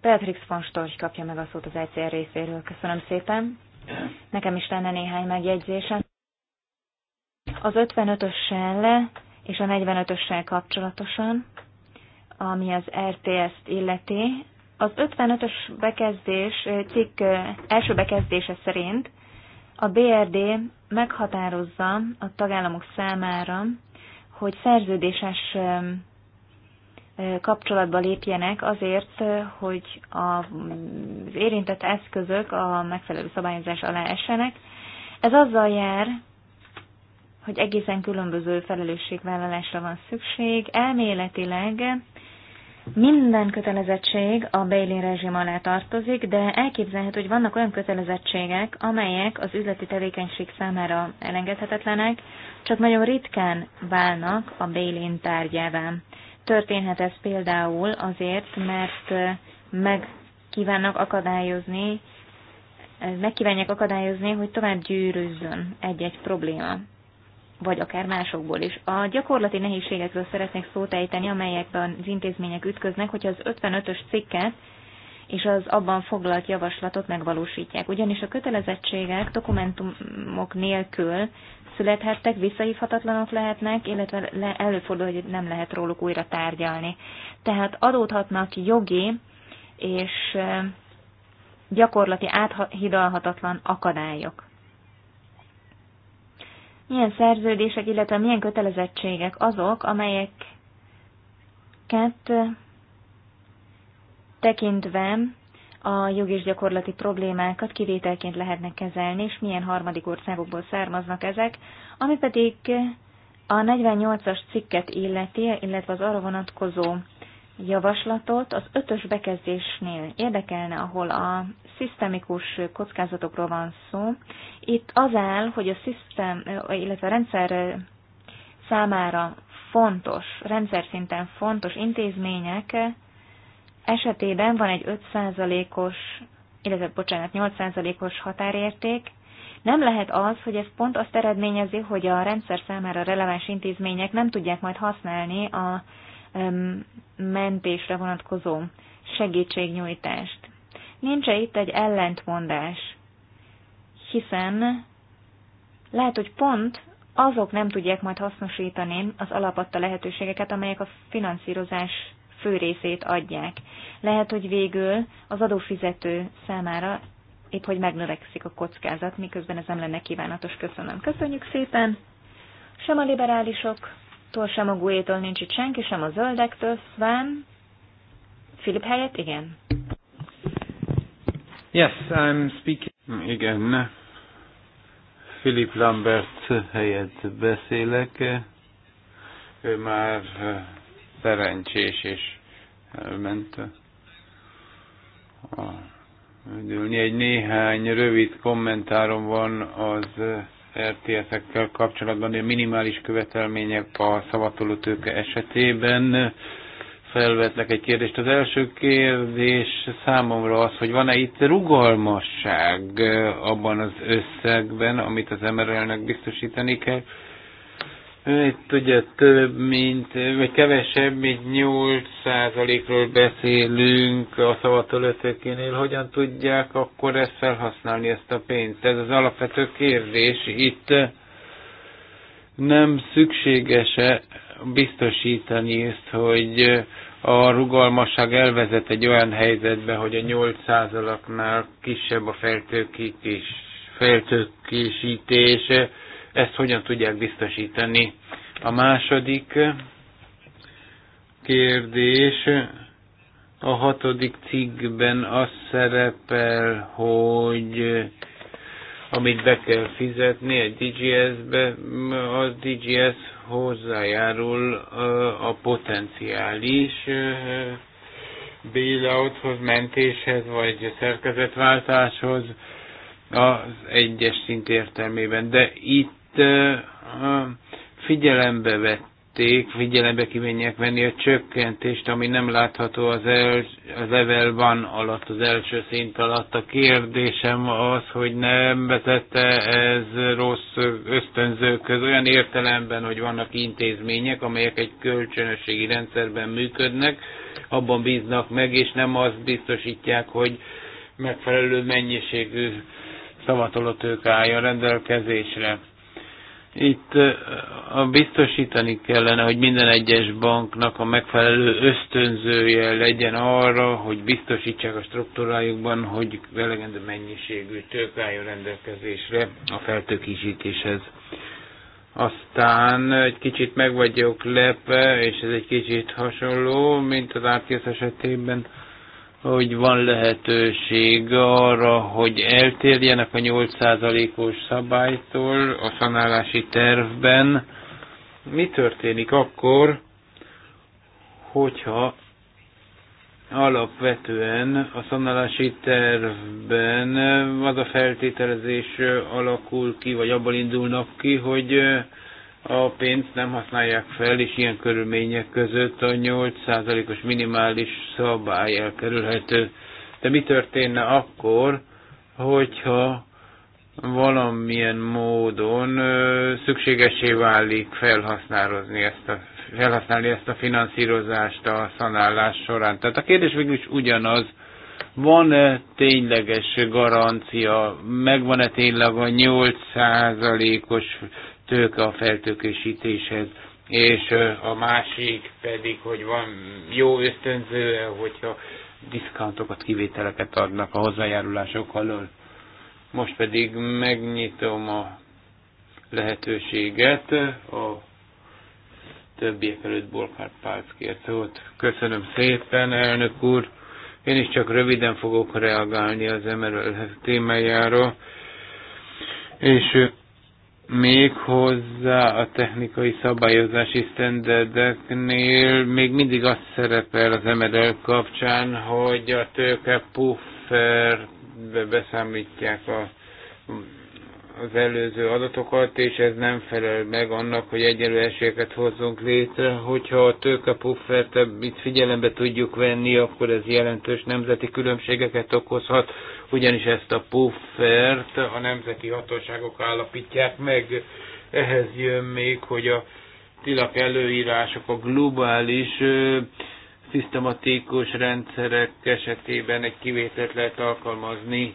Beatrix von Storch kapja meg a szót az ECR részéről. Köszönöm szépen. Nekem is lenne néhány megjegyzésem. Az 55-össel és a 45-össel kapcsolatosan, ami az RTS-t illeti, az 55-ös bekezdés, cikk első bekezdése szerint a BRD meghatározza a tagállamok számára, hogy szerződéses kapcsolatba lépjenek azért, hogy az érintett eszközök a megfelelő szabályozás alá essenek. Ez azzal jár, hogy egészen különböző felelősségvállalásra van szükség. Elméletileg minden kötelezettség a Bailey rezsim alá tartozik, de elképzelhető, hogy vannak olyan kötelezettségek, amelyek az üzleti tevékenység számára elengedhetetlenek, csak nagyon ritkán válnak a Bailey tárgyává. Történhet ez például azért, mert meg kívánnak akadályozni, megkívánják akadályozni, hogy tovább gyűrűzzön egy-egy probléma, vagy akár másokból is. A gyakorlati nehézségekről szeretnék szót ejteni, amelyekben az intézmények ütköznek, hogyha az 55-ös cikket és az abban foglalt javaslatot megvalósítják. Ugyanis a kötelezettségek dokumentumok nélkül születhettek, visszahívhatatlanok lehetnek, illetve le, előfordul, hogy nem lehet róluk újra tárgyalni. Tehát adódhatnak jogi és gyakorlati áthidalhatatlan akadályok. Milyen szerződések, illetve milyen kötelezettségek azok, amelyeket tekintve a jog és gyakorlati problémákat kivételként lehetnek kezelni, és milyen harmadik országokból származnak ezek, ami pedig a 48-as cikket illeti, illetve az arra vonatkozó javaslatot az ötös bekezdésnél érdekelne, ahol a szisztemikus kockázatokról van szó. Itt az áll, hogy a szisztem, illetve a rendszer számára fontos, rendszer szinten fontos intézmények esetében van egy 5%-os, illetve bocsánat, 8%-os határérték, nem lehet az, hogy ez pont azt eredményezi, hogy a rendszer számára releváns intézmények nem tudják majd használni a mentésre vonatkozó segítségnyújtást. nincs -e itt egy ellentmondás? Hiszen lehet, hogy pont azok nem tudják majd hasznosítani az alapadta lehetőségeket, amelyek a finanszírozás fő részét adják. Lehet, hogy végül az adófizető számára épp hogy megnövekszik a kockázat, miközben ez nem lenne kívánatos. Köszönöm. Köszönjük szépen! Sem a liberálisoktól, sem a gue nincs itt senki, sem a zöldektől. van. Filip helyett, igen. Yes, I'm speaking. Igen, Philip Lambert helyett beszélek. Ő már szerencsés, és elment üdülni. Egy néhány rövid kommentárom van az RTS-ekkel kapcsolatban, a minimális követelmények a szavatoló tőke esetében felvetlek egy kérdést. Az első kérdés számomra az, hogy van-e itt rugalmasság abban az összegben, amit az mrl biztosítani kell, itt ugye több mint, vagy kevesebb, mint 8%-ról beszélünk a szavatölötökénél. Hogyan tudják akkor ezt felhasználni, ezt a pénzt? Ez az alapvető kérdés. Itt nem szükséges-e biztosítani ezt, hogy a rugalmasság elvezet egy olyan helyzetbe, hogy a 8%-nál kisebb a feltőkítés, feltőkésítése, ezt hogyan tudják biztosítani? A második kérdés, a hatodik cikkben az szerepel, hogy amit be kell fizetni egy DGS-be, az DGS hozzájárul a potenciális bailouthoz, mentéshez, vagy szerkezetváltáshoz az egyes szint értelmében. De itt figyelembe vették, figyelembe kivények venni a csökkentést, ami nem látható az, el, az level van alatt, az első szint alatt. A kérdésem az, hogy nem vezette ez rossz ösztönzőköz olyan értelemben, hogy vannak intézmények, amelyek egy kölcsönösségi rendszerben működnek, abban bíznak meg, és nem azt biztosítják, hogy megfelelő mennyiségű szavatolatők állja rendelkezésre itt a biztosítani kellene, hogy minden egyes banknak a megfelelő ösztönzője legyen arra, hogy biztosítsák a struktúrájukban, hogy elegendő mennyiségű tők álljon rendelkezésre a feltökésítéshez. Aztán egy kicsit meg vagyok lepve, és ez egy kicsit hasonló, mint az RTS esetében, hogy van lehetőség arra, hogy eltérjenek a 8%-os szabálytól a szanálási tervben. Mi történik akkor, hogyha alapvetően a szanálási tervben az a feltételezés alakul ki, vagy abból indulnak ki, hogy a pénzt nem használják fel, és ilyen körülmények között a 8%-os minimális szabály elkerülhető. De mi történne akkor, hogyha valamilyen módon ö, szükségesé válik felhasználni ezt, a, felhasználni ezt a finanszírozást a szanálás során. Tehát a kérdés végül is ugyanaz, van-e tényleges garancia, megvan-e tényleg a 8%-os tőke a feltőkésítéshez, és a másik pedig, hogy van jó ösztönző, hogyha diszkántokat, kivételeket adnak a hozzájárulások alól. Most pedig megnyitom a lehetőséget a többiek előtt Borkár Pálckért szót. Köszönöm szépen, elnök úr. Én is csak röviden fogok reagálni az MRL témájára, és még hozzá a technikai szabályozási sztenderdeknél még mindig az szerepel az emedel kapcsán, hogy a tőke pufferbe beszámítják a az előző adatokat, és ez nem felel meg annak, hogy egyenlő esélyeket hozzunk létre. Hogyha a tőkepuffert itt figyelembe tudjuk venni, akkor ez jelentős nemzeti különbségeket okozhat, ugyanis ezt a puffert a nemzeti hatóságok állapítják meg. Ehhez jön még, hogy a tilak előírások a globális szisztematikus rendszerek esetében egy kivételt lehet alkalmazni,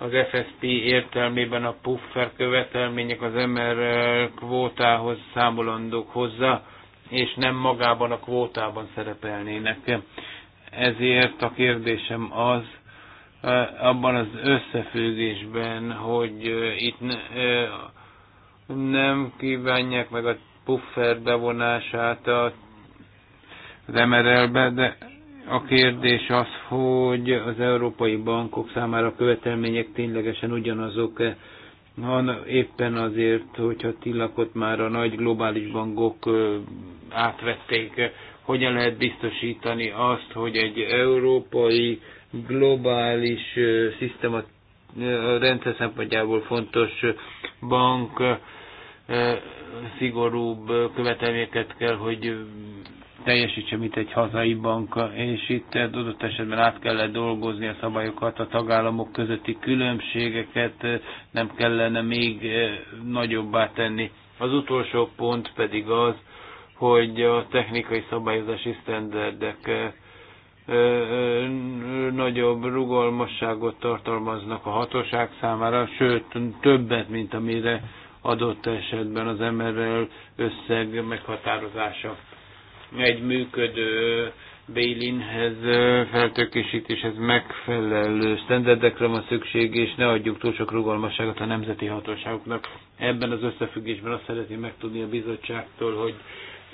az FSP értelmében a puffer követelmények az MR kvótához számolandók hozzá, és nem magában a kvótában szerepelnének. Ezért a kérdésem az, abban az összefüggésben, hogy itt nem kívánják meg a puffer bevonását az MRL-be, de a kérdés az, hogy az európai bankok számára a követelmények ténylegesen ugyanazok-e, van éppen azért, hogyha Tillakot már a nagy globális bankok átvették, hogyan lehet biztosítani azt, hogy egy európai globális szisztema rendszer szempontjából fontos bank szigorúbb követelményeket kell, hogy teljesítse, mint egy hazai banka, és itt adott esetben át kellett dolgozni a szabályokat, a tagállamok közötti különbségeket nem kellene még eh, nagyobbá tenni. Az utolsó pont pedig az, hogy a technikai szabályozási sztenderdek eh, eh, nagyobb rugalmasságot tartalmaznak a hatóság számára, sőt többet, mint amire adott esetben az MRL összeg meghatározása egy működő Bélinhez, feltökésítéshez megfelelő standardekre van szükség, és ne adjuk túl sok rugalmasságot a nemzeti hatóságoknak. Ebben az összefüggésben azt szeretném megtudni a bizottságtól, hogy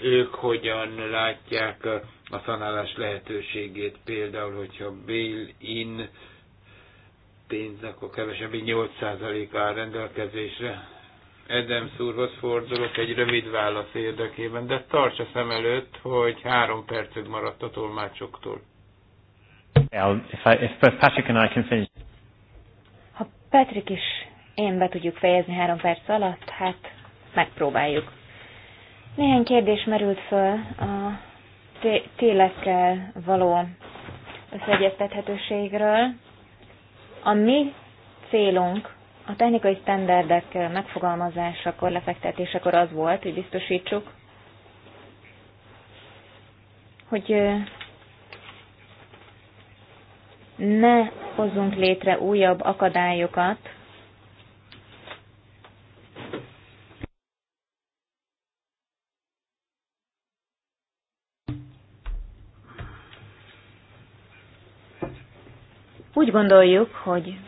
ők hogyan látják a szanálás lehetőségét, például, hogyha bail-in pénznek akkor kevesebb, 8% áll rendelkezésre. Edem úrhoz fordulok egy rövid válasz érdekében, de tartsa szem előtt, hogy három percig maradt a tolmácsoktól. Ha Patrick is én be tudjuk fejezni három perc alatt, hát megpróbáljuk. Néhány kérdés merült föl a télekkel való összeegyeztethetőségről. A mi célunk a technikai standardek megfogalmazásakor, lefektetésekor az volt, hogy biztosítsuk, hogy ne hozzunk létre újabb akadályokat, Úgy gondoljuk, hogy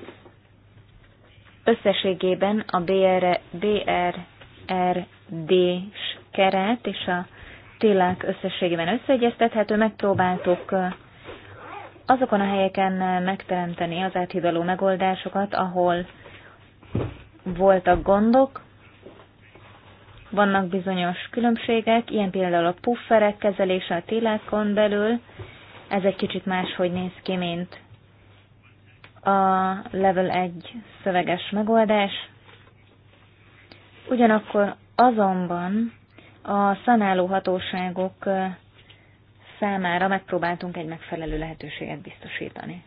Összességében a BR, BRRD-s keret és a télák összességében összeegyeztethető, megpróbáltuk azokon a helyeken megteremteni az áthidaló megoldásokat, ahol voltak gondok, vannak bizonyos különbségek, ilyen például a pufferek kezelése a télákon belül, ez egy kicsit máshogy néz ki, mint a level 1 szöveges megoldás. Ugyanakkor azonban a hatóságok számára megpróbáltunk egy megfelelő lehetőséget biztosítani.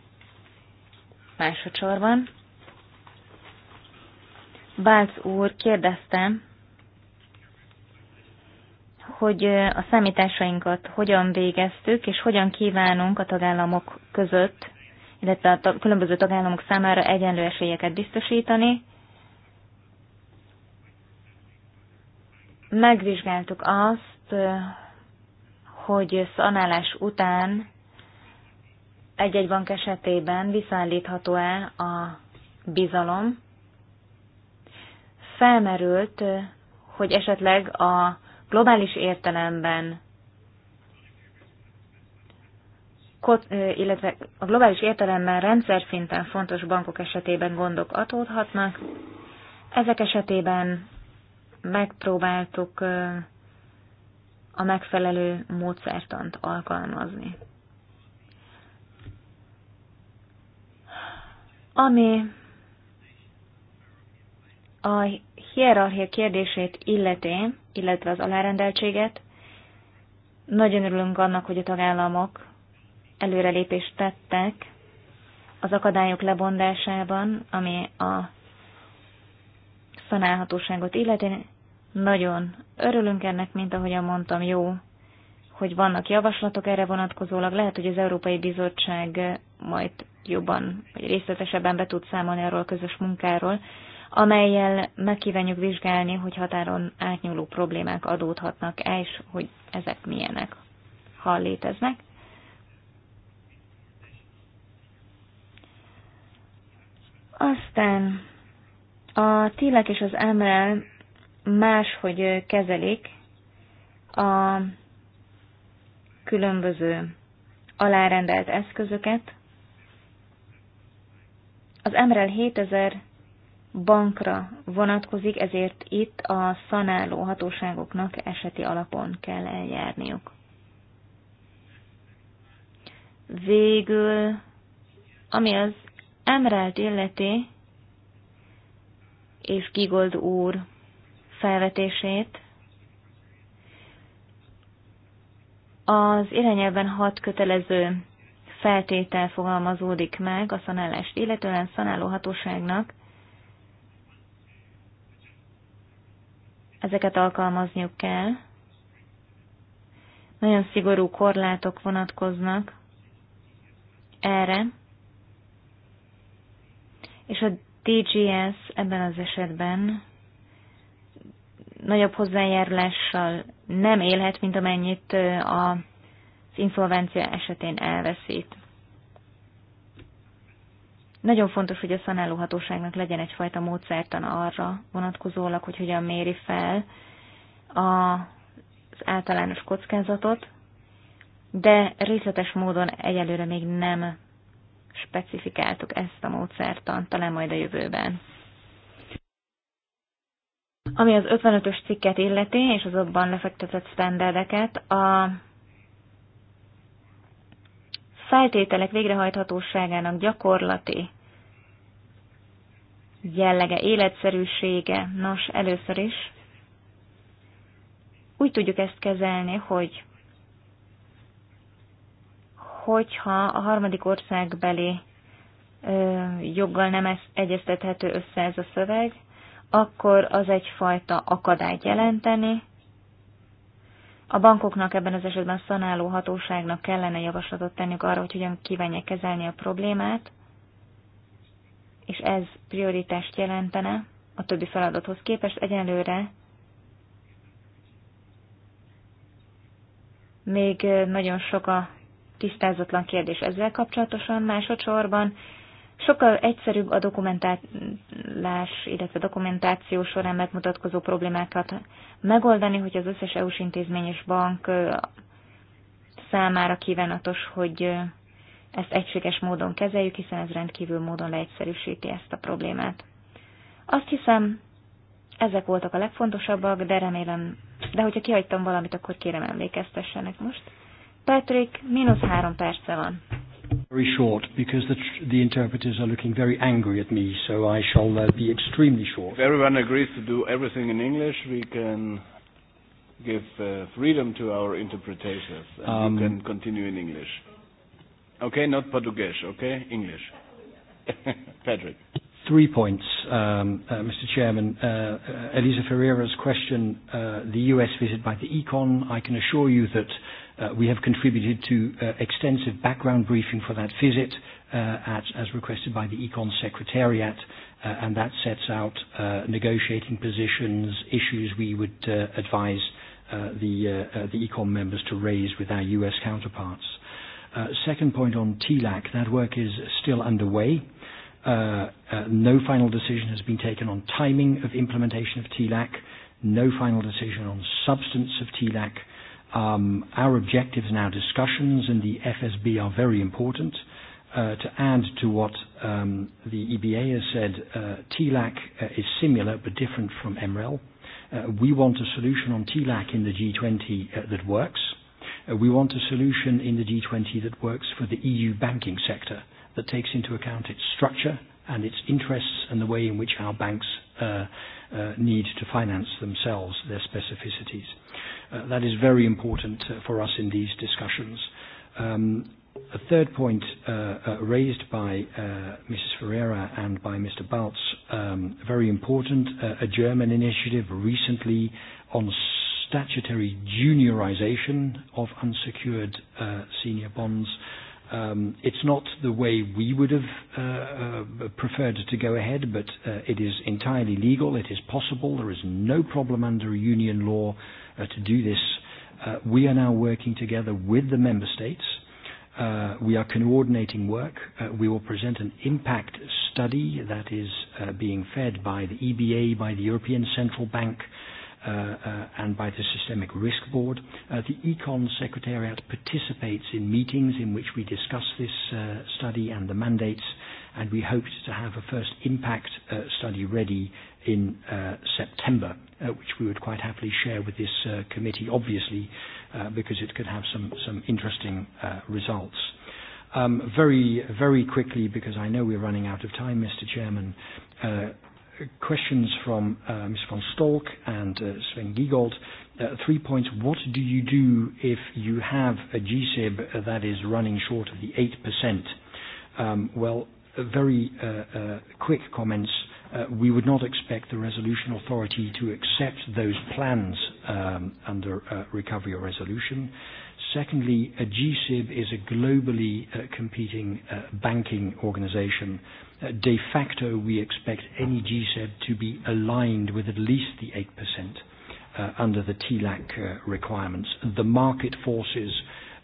Másodszorban Bálc úr kérdezte, hogy a számításainkat hogyan végeztük, és hogyan kívánunk a tagállamok között illetve a különböző tagállamok számára egyenlő esélyeket biztosítani. Megvizsgáltuk azt, hogy szanálás után egy-egy bank esetében visszaállítható-e a bizalom. Felmerült, hogy esetleg a globális értelemben illetve a globális értelemben rendszer szinten fontos bankok esetében gondok adódhatnak. Ezek esetében megpróbáltuk a megfelelő módszertant alkalmazni. Ami a hierarchia kérdését illeti, illetve az alárendeltséget, nagyon örülünk annak, hogy a tagállamok előrelépést tettek az akadályok lebondásában, ami a szanálhatóságot illeti. Nagyon örülünk ennek, mint ahogyan mondtam, jó, hogy vannak javaslatok erre vonatkozólag. Lehet, hogy az Európai Bizottság majd jobban, vagy részletesebben be tud számolni arról a közös munkáról, amelyel megkívánjuk vizsgálni, hogy határon átnyúló problémák adódhatnak-e, és hogy ezek milyenek, ha léteznek. Aztán a tilek és az emrel máshogy kezelik a különböző alárendelt eszközöket. Az emrel 7000 bankra vonatkozik, ezért itt a szanáló hatóságoknak eseti alapon kell eljárniuk. Végül, ami az Emrelt illeti, és Gigold úr felvetését, az irányelven hat kötelező feltétel fogalmazódik meg a szanálást, illetően szanálóhatóságnak ezeket alkalmazniuk kell. Nagyon szigorú korlátok vonatkoznak erre, és a DGS ebben az esetben nagyobb hozzájárulással nem élhet, mint amennyit az inszolvencia esetén elveszít. Nagyon fontos, hogy a szanálóhatóságnak legyen egyfajta módszertan arra vonatkozólag, hogy hogyan méri fel az általános kockázatot, de részletes módon egyelőre még nem specifikáltuk ezt a módszertan, talán majd a jövőben. Ami az 55-ös cikket illeti, és az abban lefektetett standardeket, a feltételek végrehajthatóságának gyakorlati jellege, életszerűsége, nos, először is úgy tudjuk ezt kezelni, hogy hogyha a harmadik országbeli joggal nem egyeztethető össze ez a szöveg, akkor az egyfajta akadályt jelenteni. A bankoknak ebben az esetben szanáló hatóságnak kellene javaslatot tenniük arra, hogy hogyan kívánják kezelni a problémát, és ez prioritást jelentene a többi feladathoz képest egyelőre. Még nagyon sok a tisztázatlan kérdés ezzel kapcsolatosan. Másodszorban sokkal egyszerűbb a dokumentálás, illetve dokumentáció során megmutatkozó problémákat megoldani, hogy az összes EU-s intézmény és bank számára kívánatos, hogy ezt egységes módon kezeljük, hiszen ez rendkívül módon leegyszerűsíti ezt a problémát. Azt hiszem, ezek voltak a legfontosabbak, de remélem, de hogyha kihagytam valamit, akkor kérem emlékeztessenek most. Patrick, mínusz három perce van. Very short, because the, the interpreters are looking very angry at me, so I shall uh, be extremely short. If everyone agrees to do everything in English, we can give uh, freedom to our interpreters, and um, you can continue in English. Okay, not Portuguese, okay? English. Patrick. Three points, um, uh, Mr. Chairman. Uh, uh, Elisa Ferreira's question, uh, the US visit by the Econ, I can assure you that Uh, we have contributed to uh, extensive background briefing for that visit, uh, at, as requested by the Econ Secretariat, uh, and that sets out uh, negotiating positions, issues we would uh, advise uh, the, uh, uh, the Econ members to raise with our US counterparts. Uh, second point on TLAC, that work is still underway. Uh, uh, no final decision has been taken on timing of implementation of TLAC, no final decision on substance of TLAC, uh, Um, our objectives and our discussions in the FSB are very important. Uh, to add to what um, the EBA has said, uh, TLAC uh, is similar but different from MREL. Uh, we want a solution on TLAC in the G20 uh, that works. Uh, we want a solution in the G20 that works for the EU banking sector, that takes into account its structure and its interests and the way in which our banks uh, uh, need to finance themselves, their specificities. Uh, that is very important uh, for us in these discussions. Um, a third point uh, uh, raised by uh, Mrs. Ferreira and by Mr. Baltz, um, very important, uh, a German initiative recently on statutory juniorization of unsecured uh, senior bonds. Um, it's not the way we would have uh, uh, preferred to go ahead, but uh, it is entirely legal, it is possible, there is no problem under union law uh, to do this. Uh, we are now working together with the member states. Uh, we are coordinating work. Uh, we will present an impact study that is uh, being fed by the EBA, by the European Central Bank, uh, uh, and by the Systemic Risk Board. Uh, the Econ Secretariat participates in meetings in which we discuss this uh, study and the mandates, and we hope to have a first impact uh, study ready in uh, September uh, which we would quite happily share with this uh, committee, obviously, uh, because it could have some, some interesting uh, results. Um, very, very quickly, because I know we're running out of time, Mr. Chairman, uh, questions from uh, Ms. von Stolk and uh, Sven Giegold. Uh, three points. What do you do if you have a GSIB that is running short of the 8%? Um, well, very uh, uh, quick comments. Uh, we would not expect the resolution authority to accept those plans um, under uh, recovery or resolution. Secondly, a GSIB is a globally uh, competing uh, banking organization. Uh, de facto, we expect any GSIB to be aligned with at least the 8% uh, under the TLAC uh, requirements. The market forces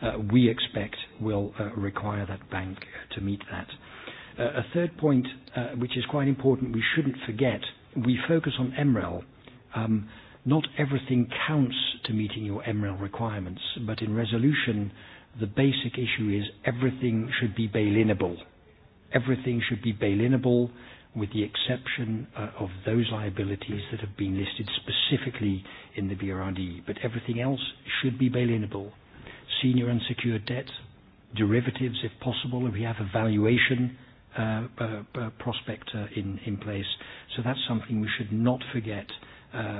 uh, we expect will uh, require that bank to meet that. Uh, a third point, uh, which is quite important, we shouldn't forget, we focus on MREL. Um, not everything counts to meeting your MREL requirements, but in resolution, the basic issue is everything should be bail-inable. Everything should be bail-inable with the exception uh, of those liabilities that have been listed specifically in the BRRD, but everything else should be bail-inable. Senior unsecured debt, derivatives if possible, if we have a valuation Uh, uh, uh, prospect in, place. So that's something we should not forget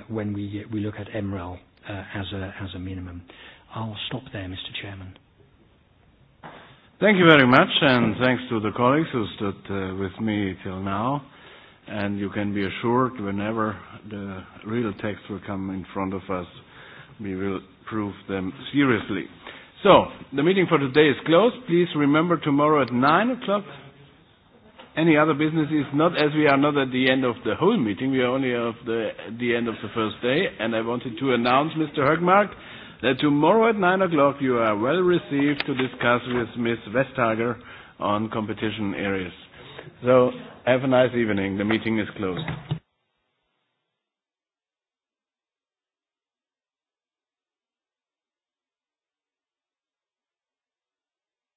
when we, we look at MREL as, a, as a minimum. I'll stop there, Mr. Chairman. Thank you very much, and thanks to the colleagues who stood with me till now. And you can be assured whenever the real text will come in front of us, we will prove them seriously. So, the meeting for today is closed. Please remember tomorrow at 9:00 o'clock any other business is not as we are not at the end of the whole meeting, we are only at the, the end of the first day, and I wanted to announce, Mr. Högmark, that tomorrow at 9 o'clock you are well received to discuss with Ms. Vestager on competition areas. So have a nice evening. The meeting is closed.